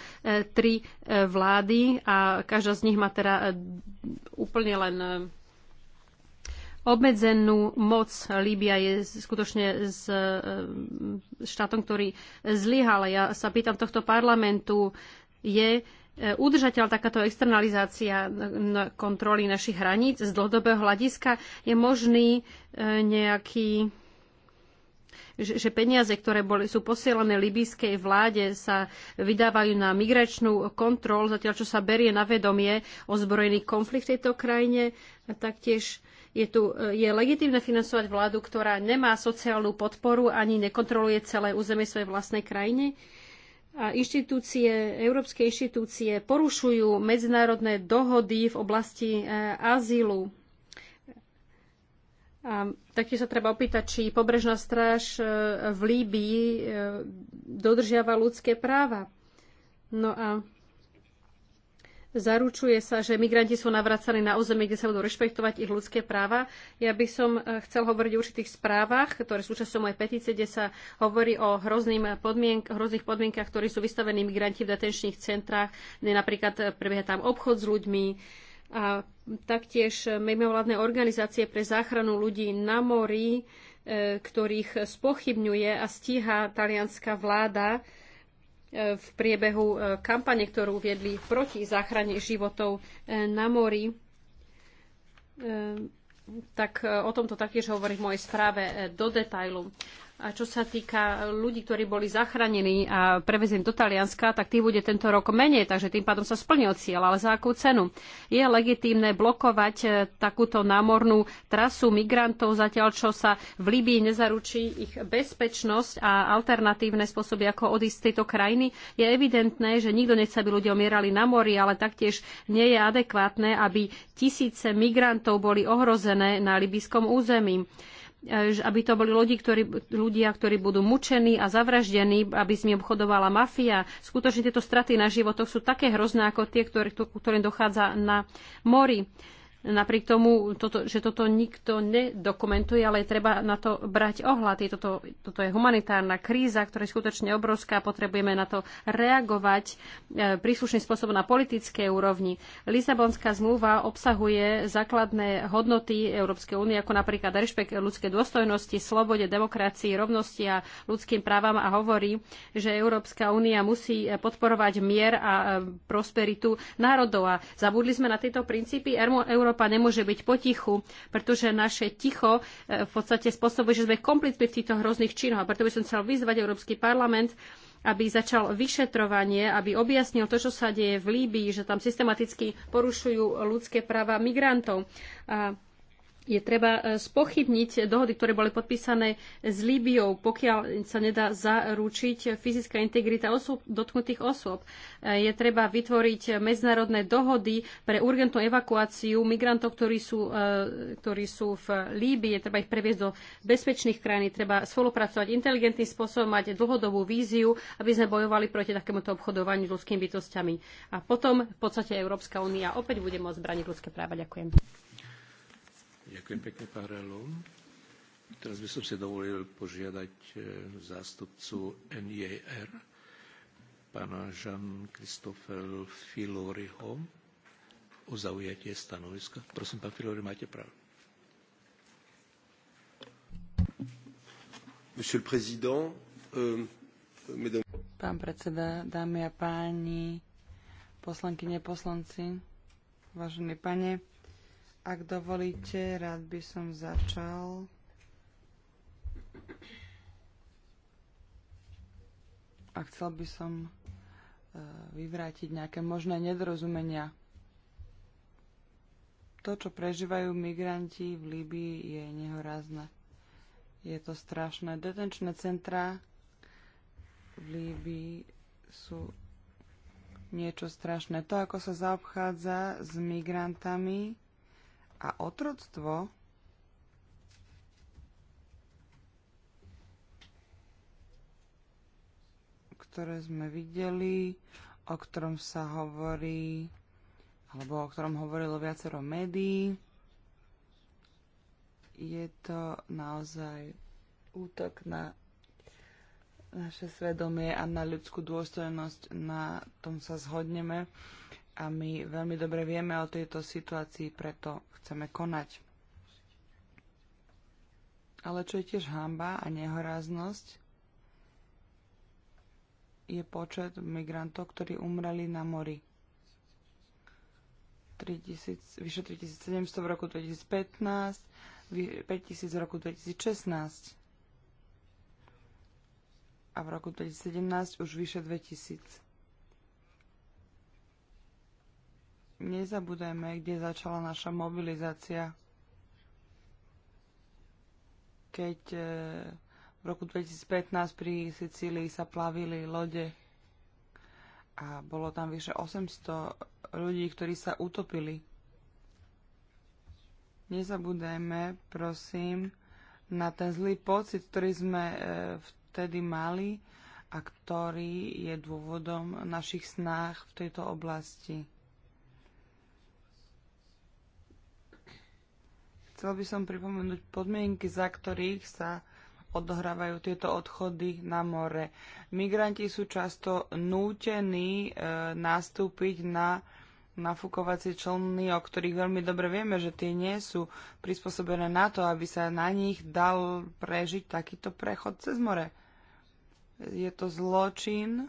tri vlády a každá z nich má teda úplne len obmedzenú moc. Líbia je skutočne s e, štátom, ktorý zlyhal. Ja sa pýtam tohto parlamentu, je e, udržateľ takáto externalizácia kontroly našich hraníc z dlhodobého hľadiska? Je možný e, nejaký že peniaze, ktoré boli, sú posielané libýskej vláde, sa vydávajú na migračnú kontrol, zatiaľ čo sa berie na vedomie ozbrojený konflikt v tejto krajine a taktiež je, tu, je financovať vládu, ktorá nemá sociálnu podporu ani nekontroluje celé územie svojej vlastnej krajine. A inštitúcie, európske inštitúcie porušujú medzinárodné dohody v oblasti azílu. E, azylu. A taktiež sa treba opýtať, či pobrežná stráž e, v Líbii e, dodržiava ľudské práva. No a Zaručuje sa, že migranti sú navracaní na územie, kde sa budú rešpektovať ich ľudské práva. Ja by som eh, chcel hovoriť o určitých správach, ktoré sú mojej petície, kde sa hovorí o podmienk hrozných podmienkach, ktorí sú vystavení migranti v detenčných centrách, kde napríklad eh, prebieha tam obchod s ľuďmi, a taktiež eh, mimovládne organizácie pre záchranu ľudí na mori, ktorých spochybňuje a stíha talianská vláda v priebehu e, kampane, ktorú viedli proti záchrane životov e, na mori. E, tak o tomto taktiež hovorí v mojej správe do detailu. A čo sa týka ľudí, ktorí boli zachránení a prevezení do Talianska, tak tých bude tento rok menej, takže tým pádom sa splnil cieľ. Ale za akú cenu? Je legitímne blokovať e, takúto námornú trasu migrantov, zatiaľ čo sa v Líbii nezaručí ich bezpečnosť a alternatívne spôsoby, ako odísť z tejto krajiny. Je evidentné, že nikto nechce, aby ľudia umierali na mori, ale taktiež nie je adekvátne, aby tisíce migrantov boli ohrozené na libyskom území. E, aby to boli ľudí, ktorí, ľudia, ktorí budú mučení a zavraždení, aby s nimi obchodovala mafia. Skutočne tieto straty na životoch sú také hrozné, ako tie, ktoré, ktorým dochádza na mori. Napriek tomu, toto, že toto nikto nedokumentuje, ale treba na to brať ohľad. Je toto, toto je humanitárna kríza, ktorá je skutočne obrovská. Potrebujeme na to reagovať e, príslušným spôsobom na politickej úrovni. Lisabonská zmluva obsahuje základné hodnoty Európskej únie, ako napríklad rešpekt ľudskej dôstojnosti, slobode, demokracii, rovnosti a ľudským právam a hovorí, že Európska únia musí podporovať mier a e, prosperitu národov. A zabudli sme na tieto princípy. Euró Európa nemôže byť potichu, pretože naše ticho e, v podstate spôsobuje, že sme komplicmi v týchto hrozných činoch. A preto by som chcel vyzvať Európsky parlament, aby začal vyšetrovanie, aby objasnil to, čo sa deje v Líbii, že tam systematicky porušujú ľudské práva migrantov. A je treba e, spochybniť dohody, ktoré boli podpísané s Líbiou, pokiaľ sa nedá zaručiť fyzická integrita osôb, dotknutých osôb. E, je treba vytvoriť medzinárodné dohody pre urgentnú evakuáciu migrantov, ktorí sú, e, ktorí sú v Líbii. Je treba ich previesť do bezpečných krajín. Treba spolupracovať inteligentným spôsobom, mať dlhodobú víziu, aby sme bojovali proti takémuto obchodovaniu s ľudskými bytostiami. A potom v podstate Európska únia opäť bude môcť braniť ľudské práva. Ďakujem. Ďakujem pekne, pán Relom. Teraz by som si dovolil požiadať e, zástupcu NJR, pána Jean-Christophel Filoryho, o zaujatie stanoviska. Prosím, pán Filory, máte pravdu. Monsieur le Président, euh, mesdames... Pán predseda, dámy a páni, poslankyne, poslanci, vážený pane, ak dovolíte, rád by som začal. A chcel by som e, vyvrátiť nejaké možné nedorozumenia. To, čo prežívajú migranti v Líbii, je nehorázne. Je to strašné. Detenčné centrá v Líbii sú niečo strašné. To, ako sa zaobchádza s migrantami, a otroctvo ktoré sme videli, o ktorom sa hovorí, alebo o ktorom hovorilo viacero médií. Je to naozaj útok na naše svedomie a na ľudskú dôstojnosť, na tom sa zhodneme a my veľmi dobre vieme o tejto situácii, preto chceme konať. Ale čo je tiež hamba a nehoráznosť, je počet migrantov, ktorí umreli na mori. 3000, vyše 3700 v roku 2015, 5000 v roku 2016 a v roku 2017 už vyše 2000. nezabúdajme, kde začala naša mobilizácia. Keď e, v roku 2015 pri Sicílii sa plavili lode a bolo tam vyše 800 ľudí, ktorí sa utopili. Nezabúdajme, prosím, na ten zlý pocit, ktorý sme e, vtedy mali a ktorý je dôvodom našich snách v tejto oblasti. Chcel by som pripomenúť podmienky, za ktorých sa odohrávajú tieto odchody na more. Migranti sú často nútení e, nastúpiť na nafúkovacie člny, o ktorých veľmi dobre vieme, že tie nie sú prispôsobené na to, aby sa na nich dal prežiť takýto prechod cez more. Je to zločin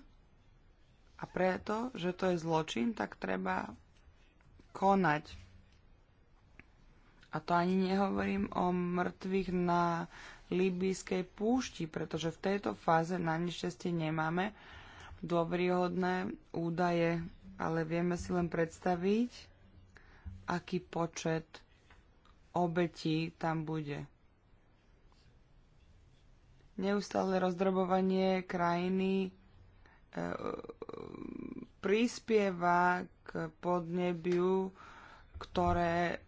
a preto, že to je zločin, tak treba konať. A to ani nehovorím o mŕtvych na libýskej púšti, pretože v tejto fáze na nešťastie nemáme dôveryhodné údaje, ale vieme si len predstaviť, aký počet obetí tam bude. Neustále rozdrobovanie krajiny e, prispieva k podnebiu, ktoré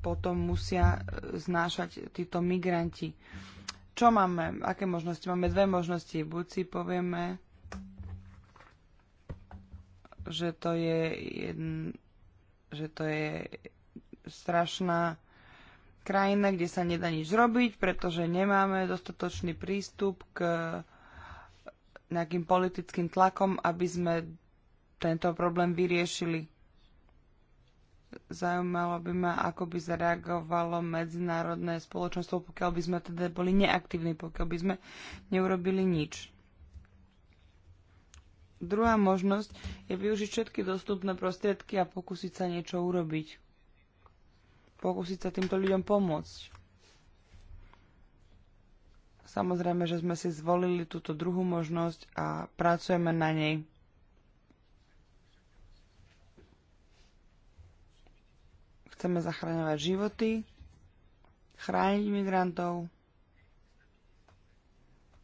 potom musia e, znášať títo migranti. Čo máme? Aké možnosti? Máme dve možnosti. Buď si povieme, že to je, jedn, že to je strašná krajina, kde sa nedá nič robiť, pretože nemáme dostatočný prístup k nejakým politickým tlakom, aby sme tento problém vyriešili. Zaujímalo by ma, ako by zareagovalo medzinárodné spoločenstvo, pokiaľ by sme teda boli neaktívni, pokiaľ by sme neurobili nič. Druhá možnosť je využiť všetky dostupné prostriedky a pokúsiť sa niečo urobiť. Pokúsiť sa týmto ľuďom pomôcť. Samozrejme, že sme si zvolili túto druhú možnosť a pracujeme na nej. Chceme zachraňovať životy, chrániť migrantov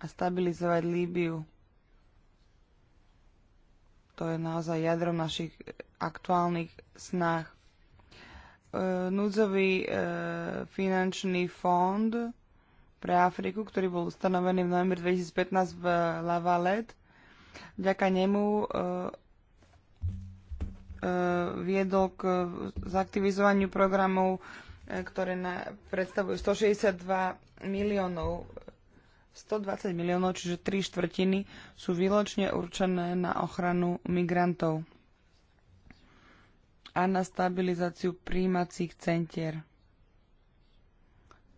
a stabilizovať Líbiu. To je naozaj jadrom našich aktuálnych snách. E, núdzový e, finančný fond pre Afriku, ktorý bol ustanovený v novembri 2015 v Lavalet, vďaka nemu e, viedol k eh, zaktivizovaniu programov, eh, ktoré na, predstavujú 162 miliónov 120 miliónov, čiže tri štvrtiny, sú výločne určené na ochranu migrantov a na stabilizáciu príjmacích centier,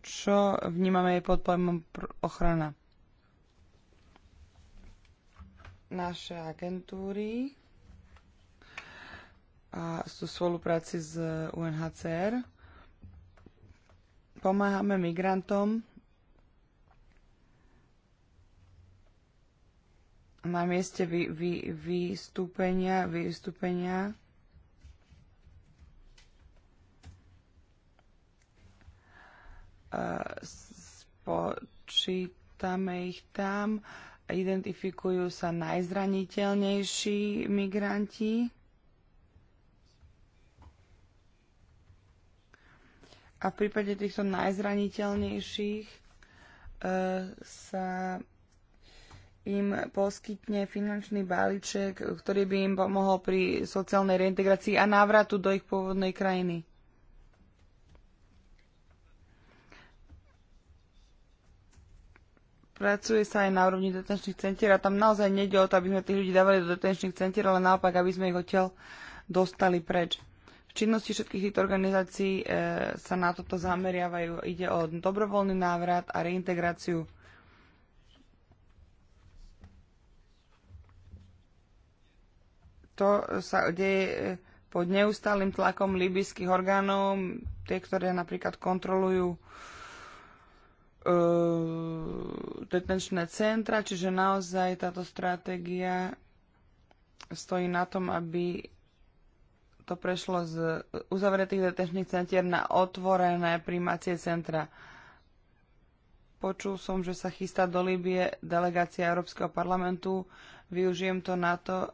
čo vnímame aj pod pojmom ochrana. Naše agentúry a sú v spolupráci s eh, UNHCR. Pomáhame migrantom na mieste vy, vy, vystúpenia, vystúpenia eh, spočítame ich tam, identifikujú sa najzraniteľnejší migranti a v prípade týchto najzraniteľnejších e, sa im poskytne finančný balíček, ktorý by im pomohol pri sociálnej reintegrácii a návratu do ich pôvodnej krajiny. Pracuje sa aj na úrovni detenčných centier a tam naozaj nejde o to, aby sme tých ľudí dávali do detenčných centier, ale naopak, aby sme ich odtiaľ dostali preč. V činnosti všetkých týchto organizácií e, sa na toto zameriavajú. Ide o dobrovoľný návrat a reintegráciu. To sa deje e, pod neustálým tlakom libyských orgánov, tie, ktoré napríklad kontrolujú e, detenčné centra, čiže naozaj táto stratégia stojí na tom, aby to prešlo z uzavretých detenčných centier na otvorené príjmacie centra. Počul som, že sa chystá do Líbie delegácia Európskeho parlamentu. Využijem to na to,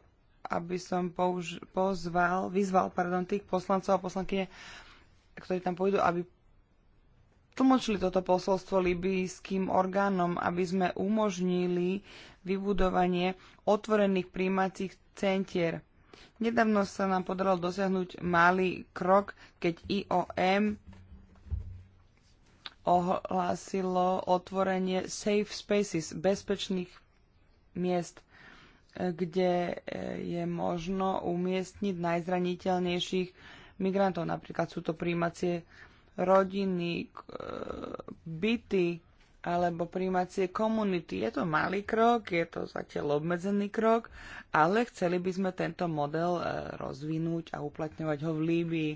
aby som použ- pozval, vyzval pardon, tých poslancov a poslankyne, ktorí tam pôjdu, aby tlmočili toto posolstvo libijským orgánom, aby sme umožnili vybudovanie otvorených príjmacích centier Nedávno sa nám podarilo dosiahnuť malý krok, keď IOM ohlásilo otvorenie safe spaces, bezpečných miest, kde e, je možno umiestniť najzraniteľnejších migrantov. Napríklad sú to príjmacie rodiny, e, byty, alebo príjmacie komunity. Je to malý krok, je to zatiaľ obmedzený krok, ale chceli by sme tento model e, rozvinúť a uplatňovať ho v Líbii.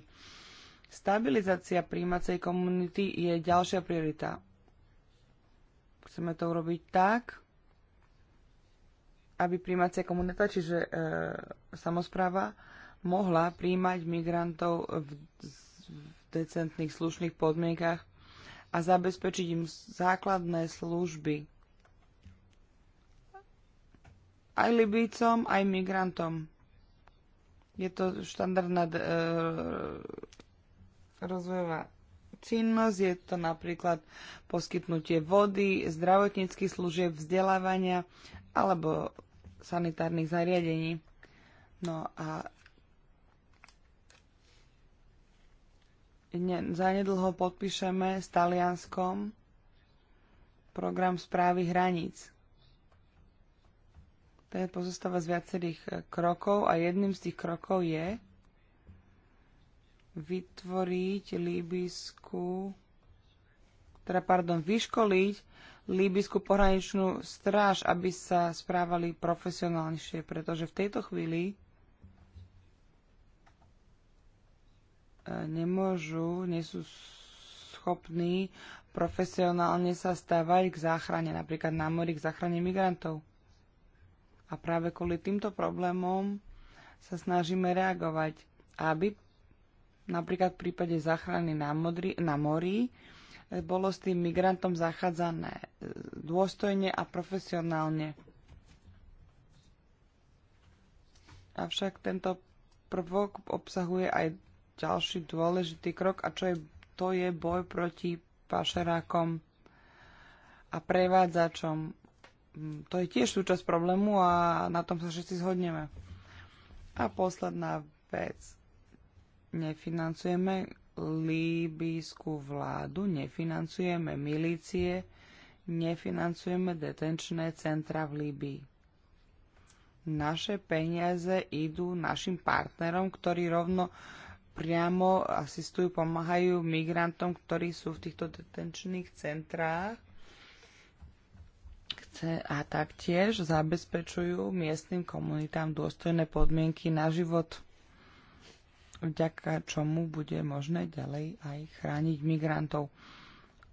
Stabilizácia príjmacej komunity je ďalšia priorita. Chceme to urobiť tak, aby príjmacia komunita, čiže e, samozpráva, mohla príjmať migrantov v, v decentných, slušných podmienkach a zabezpečiť im základné služby. Aj Libícom, aj migrantom. Je to štandardná uh, rozvojová činnosť, je to napríklad poskytnutie vody, zdravotníckých služieb, vzdelávania alebo sanitárnych zariadení. No a ne, zanedlho podpíšeme s Talianskom program správy hraníc. Ten pozostáva z viacerých eh, krokov a jedným z tých krokov je vytvoriť líbisku, teda pardon, vyškoliť líbisku pohraničnú stráž, aby sa správali profesionálnejšie, pretože v tejto chvíli nemôžu, nie sú schopní profesionálne sa stávať k záchrane, napríklad na mori k záchrane migrantov. A práve kvôli týmto problémom sa snažíme reagovať, aby napríklad v prípade záchrany na, modri, na mori e, bolo s tým migrantom zachádzané e, dôstojne a profesionálne. Avšak tento prvok obsahuje aj ďalší dôležitý krok a čo je, to je boj proti pašerákom a prevádzačom. Mm, to je tiež súčasť problému a na tom sa všetci zhodneme. A posledná vec. Nefinancujeme líbískú vládu, nefinancujeme milície, nefinancujeme detenčné centra v Líbii. Naše peniaze idú našim partnerom, ktorí rovno priamo asistujú, pomáhajú migrantom, ktorí sú v týchto detenčných centrách Chce a taktiež zabezpečujú miestnym komunitám dôstojné podmienky na život, vďaka čomu bude možné ďalej aj chrániť migrantov.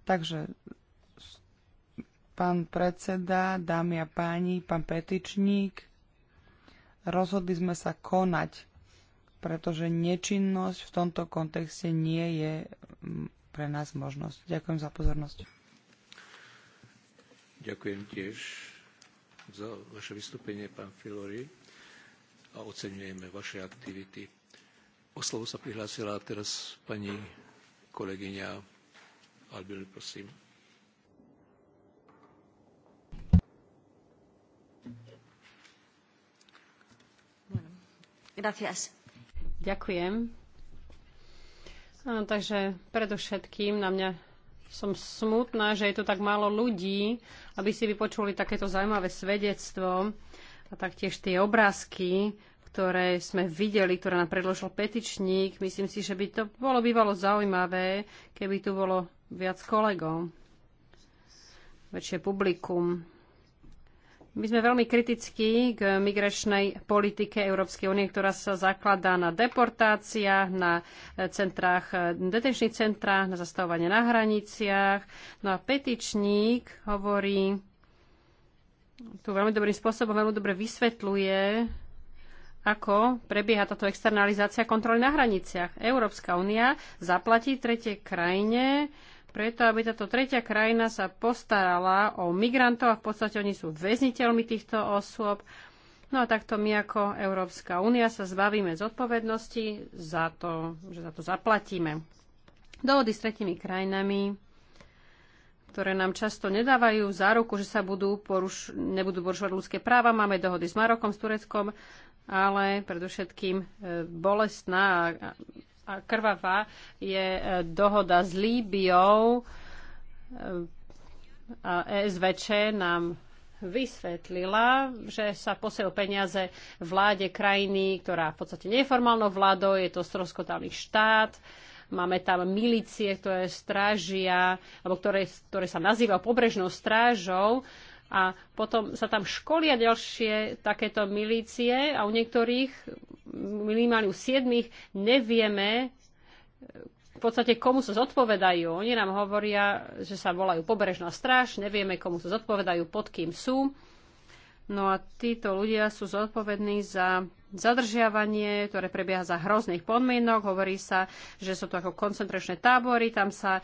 Takže pán predseda, dámy a páni, pán petičník, rozhodli sme sa konať pretože nečinnosť v tomto kontexte nie je mm, pre nás možnosť. Ďakujem za pozornosť. Ďakujem tiež za vaše vystúpenie, pán Filori, a oceňujeme vaše aktivity. O slovo sa prihlásila teraz pani kolegyňa Albili, prosím. Gracias. Ďakujem. No, takže predovšetkým na mňa som smutná, že je tu tak málo ľudí, aby si vypočuli takéto zaujímavé svedectvo a taktiež tie obrázky, ktoré sme videli, ktoré nám predložil petičník. Myslím si, že by to bolo bývalo zaujímavé, keby tu bolo viac kolegov, väčšie publikum. My sme veľmi kritickí k migračnej politike Európskej únie, ktorá sa zakladá na deportáciách, na e, centrách, e, detenčných centrách, na zastavovanie na hraniciach. No a petičník hovorí, tu veľmi dobrým spôsobom veľmi dobre vysvetľuje, ako prebieha táto externalizácia kontroly na hraniciach. Európska únia zaplatí tretie krajine preto, aby táto tretia krajina sa postarala o migrantov a v podstate oni sú väzniteľmi týchto osôb. No a takto my ako Európska únia sa zbavíme zodpovednosti za to, že za to zaplatíme. Dohody s tretimi krajinami, ktoré nám často nedávajú záruku, že sa budú poruš- nebudú porušovať ľudské práva. Máme dohody s Marokom, s Tureckom, ale predovšetkým e, bolestná a a krvavá je e, dohoda s Líbiou e, a e SVČ nám vysvetlila, že sa posiel peniaze vláde krajiny, ktorá v podstate nie je formálnou vládou, je to stroskotaný štát, máme tam milície, ktoré strážia, alebo ktoré, ktoré sa nazýva pobrežnou strážou a potom sa tam školia ďalšie takéto milície a u niektorých, minimálne u siedmých, nevieme v podstate komu sa zodpovedajú. Oni nám hovoria, že sa volajú pobrežná stráž, nevieme komu sa zodpovedajú, pod kým sú. No a títo ľudia sú zodpovední za zadržiavanie, ktoré prebieha za hrozných podmienok. Hovorí sa, že sú to ako koncentračné tábory, tam sa e,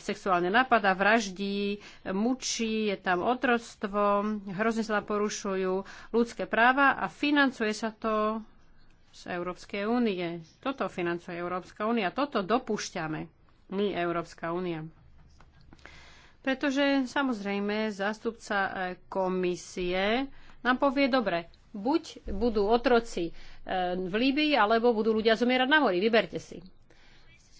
sexuálne napadá, vraždí, mučí, je tam otroctvo, hrozne sa tam porušujú ľudské práva a financuje sa to z Európskej únie. Toto financuje Európska únia, toto dopúšťame my, Európska únia. Pretože samozrejme zástupca eh, komisie nám povie, dobre, buď budú otroci eh, v Líbii, alebo budú ľudia zomierať na mori. Vyberte si.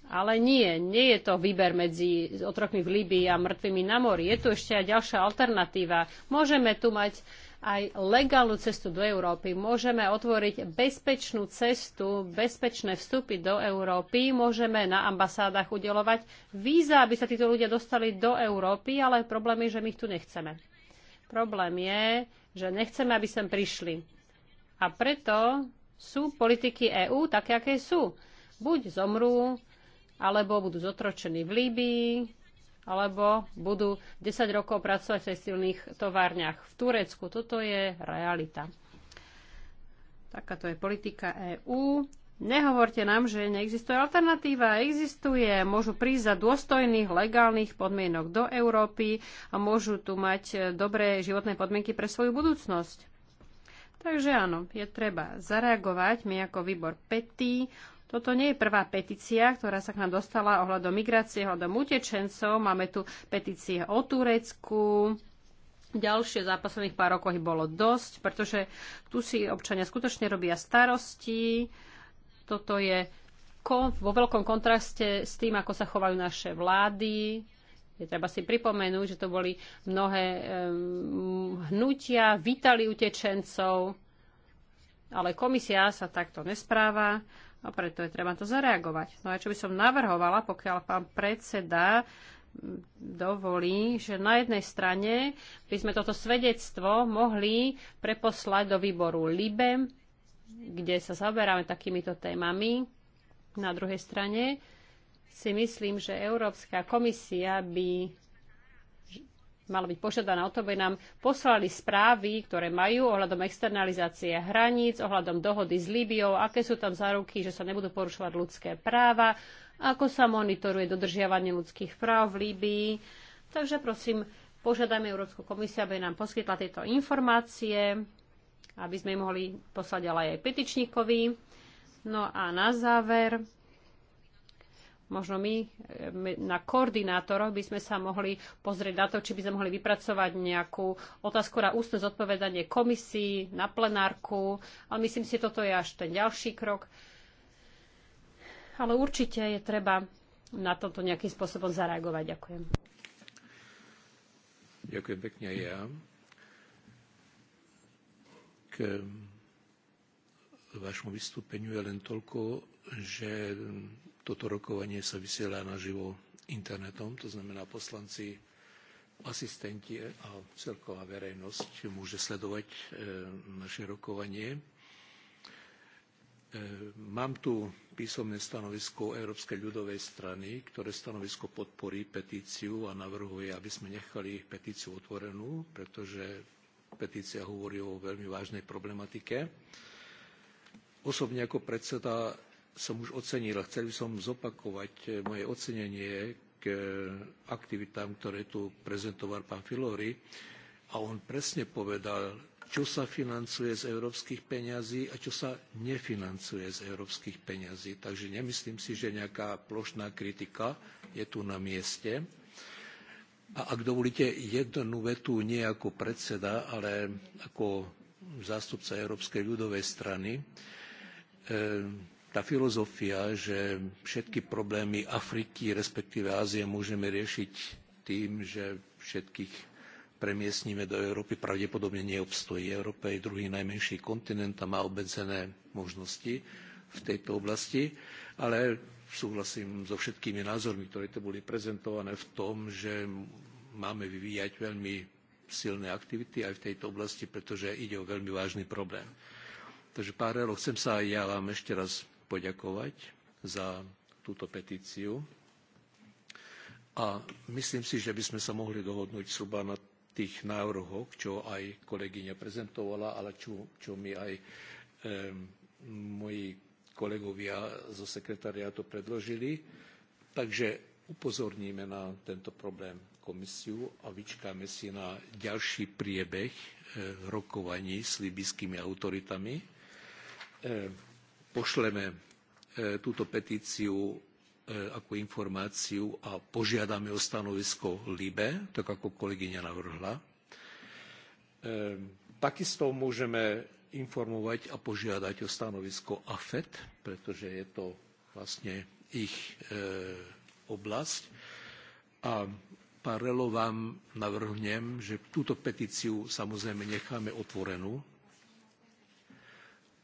Ale nie, nie je to výber medzi otrokmi v Líbii a mŕtvými na mori. Je tu ešte aj ďalšia alternatíva. Môžeme tu mať aj legálnu cestu do Európy. Môžeme otvoriť bezpečnú cestu, bezpečné vstupy do Európy. Môžeme na ambasádach udelovať víza, aby sa títo ľudia dostali do Európy, ale problém je, že my ich tu nechceme. Problém je, že nechceme, aby sem prišli. A preto sú politiky EÚ také, aké sú. Buď zomrú, alebo budú zotročení v Líbii, alebo budú 10 rokov pracovať v textilných továrniach v Turecku. Toto je realita. Takáto je politika EÚ. Nehovorte nám, že neexistuje alternatíva. Existuje. Môžu prísť za dôstojných, legálnych podmienok do Európy a môžu tu mať dobré životné podmienky pre svoju budúcnosť. Takže áno, je treba zareagovať. My ako výbor Petí. Toto nie je prvá petícia, ktorá sa k nám dostala ohľadom migrácie, ohľadom utečencov. Máme tu petície o Turecku. Ďalšie za posledných pár rokov ich bolo dosť, pretože tu si občania skutočne robia starosti. Toto je vo veľkom kontraste s tým, ako sa chovajú naše vlády, je treba si pripomenúť, že to boli mnohé um, hnutia, vítali utečencov, ale komisia sa takto nespráva a preto je treba to zareagovať. No a čo by som navrhovala, pokiaľ pán predseda dovolí, že na jednej strane by sme toto svedectvo mohli preposlať do výboru LIBE, kde sa zaberáme takýmito témami. Na druhej strane si myslím, že Európska komisia by malo byť požiadaná o to, aby nám poslali správy, ktoré majú ohľadom externalizácie hraníc, ohľadom dohody s Líbiou, aké sú tam záruky, že sa nebudú porušovať ľudské práva, ako sa monitoruje dodržiavanie ľudských práv v Líbii. Takže prosím, požiadajme Európsku komisiu, aby nám poskytla tieto informácie, aby sme mohli poslať ďalej aj petičníkovi. No a na záver Možno my na koordinátoroch by sme sa mohli pozrieť na to, či by sme mohli vypracovať nejakú otázku na ústne zodpovedanie komisii, na plenárku, ale myslím si, toto je až ten ďalší krok. Ale určite je treba na toto nejakým spôsobom zareagovať. Ďakujem. Ďakujem pekne ja. K vašmu vystúpeniu je len toľko, že toto rokovanie sa vysiela naživo internetom, to znamená poslanci, asistenti a celková verejnosť môže sledovať e, naše rokovanie. E, mám tu písomné stanovisko Európskej ľudovej strany, ktoré stanovisko podporí petíciu a navrhuje, aby sme nechali petíciu otvorenú, pretože petícia hovorí o veľmi vážnej problematike. Osobne ako predseda som už ocenil. Chcel by som zopakovať e, moje ocenenie k e, aktivitám, ktoré tu prezentoval pán Filori. A on presne povedal, čo sa financuje z európskych peňazí a čo sa nefinancuje z európskych peňazí. Takže nemyslím si, že nejaká plošná kritika je tu na mieste. A ak dovolíte jednu vetu nie ako predseda, ale ako zástupca Európskej ľudovej strany, e, tá filozofia, že všetky problémy Afriky, respektíve Ázie môžeme riešiť tým, že všetkých premiestnime do Európy, pravdepodobne neobstojí. Európa je druhý najmenší kontinent a má obmedzené možnosti v tejto oblasti, ale súhlasím so všetkými názormi, ktoré tu boli prezentované v tom, že máme vyvíjať veľmi silné aktivity aj v tejto oblasti, pretože ide o veľmi vážny problém. Takže pár chcem sa aj ja vám ešte raz poďakovať za túto petíciu. A myslím si, že by sme sa mohli dohodnúť zhruba na tých návrhoch, čo aj kolegyňa prezentovala, ale čo, čo mi aj e, moji kolegovia zo sekretariátu predložili. Takže upozorníme na tento problém komisiu a vyčkáme si na ďalší priebeh eh, rokovaní s libyskými autoritami. E, pošleme e, túto petíciu e, ako informáciu a požiadame o stanovisko LIBE, tak ako kolegyňa navrhla. E, takisto môžeme informovať a požiadať o stanovisko AFET, pretože je to vlastne ich oblasť. A parelo vám navrhnem, že túto petíciu samozrejme necháme otvorenú,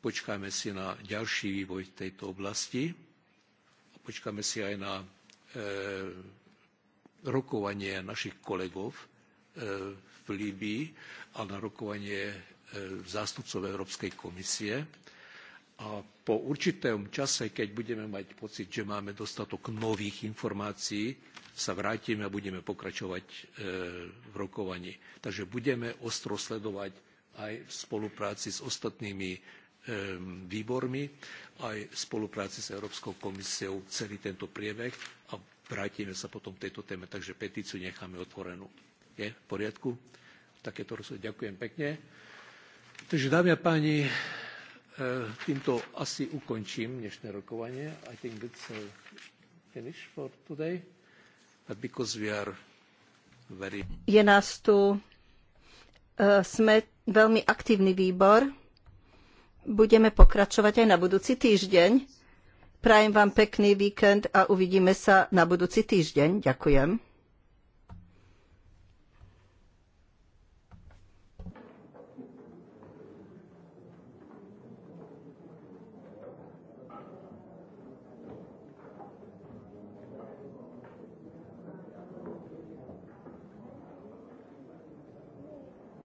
Počkáme si na ďalší vývoj v tejto oblasti a počkáme si aj na e, rokovanie našich kolegov e, v Líbii a na rokovanie e, zástupcov Európskej komisie. A po určitom čase, keď budeme mať pocit, že máme dostatok nových informácií, sa vrátime a budeme pokračovať e, v rokovaní. Takže budeme ostro sledovať aj v spolupráci s ostatnými Ehm, výbormi aj v spolupráci s Európskou komisiou celý tento priebeh a vrátime sa potom k tejto téme. Takže petíciu necháme otvorenú. Je v poriadku? Takéto rozhodnutie. Ďakujem pekne. Takže dámy a páni, ehm, týmto asi ukončím dnešné rokovanie. I think that's a uh, finish for today. But because we are very... Je nás tu, eh, sme veľmi aktívny výbor budeme pokračovať aj na budúci týždeň. Prajem vám pekný víkend a uvidíme sa na budúci týždeň. Ďakujem.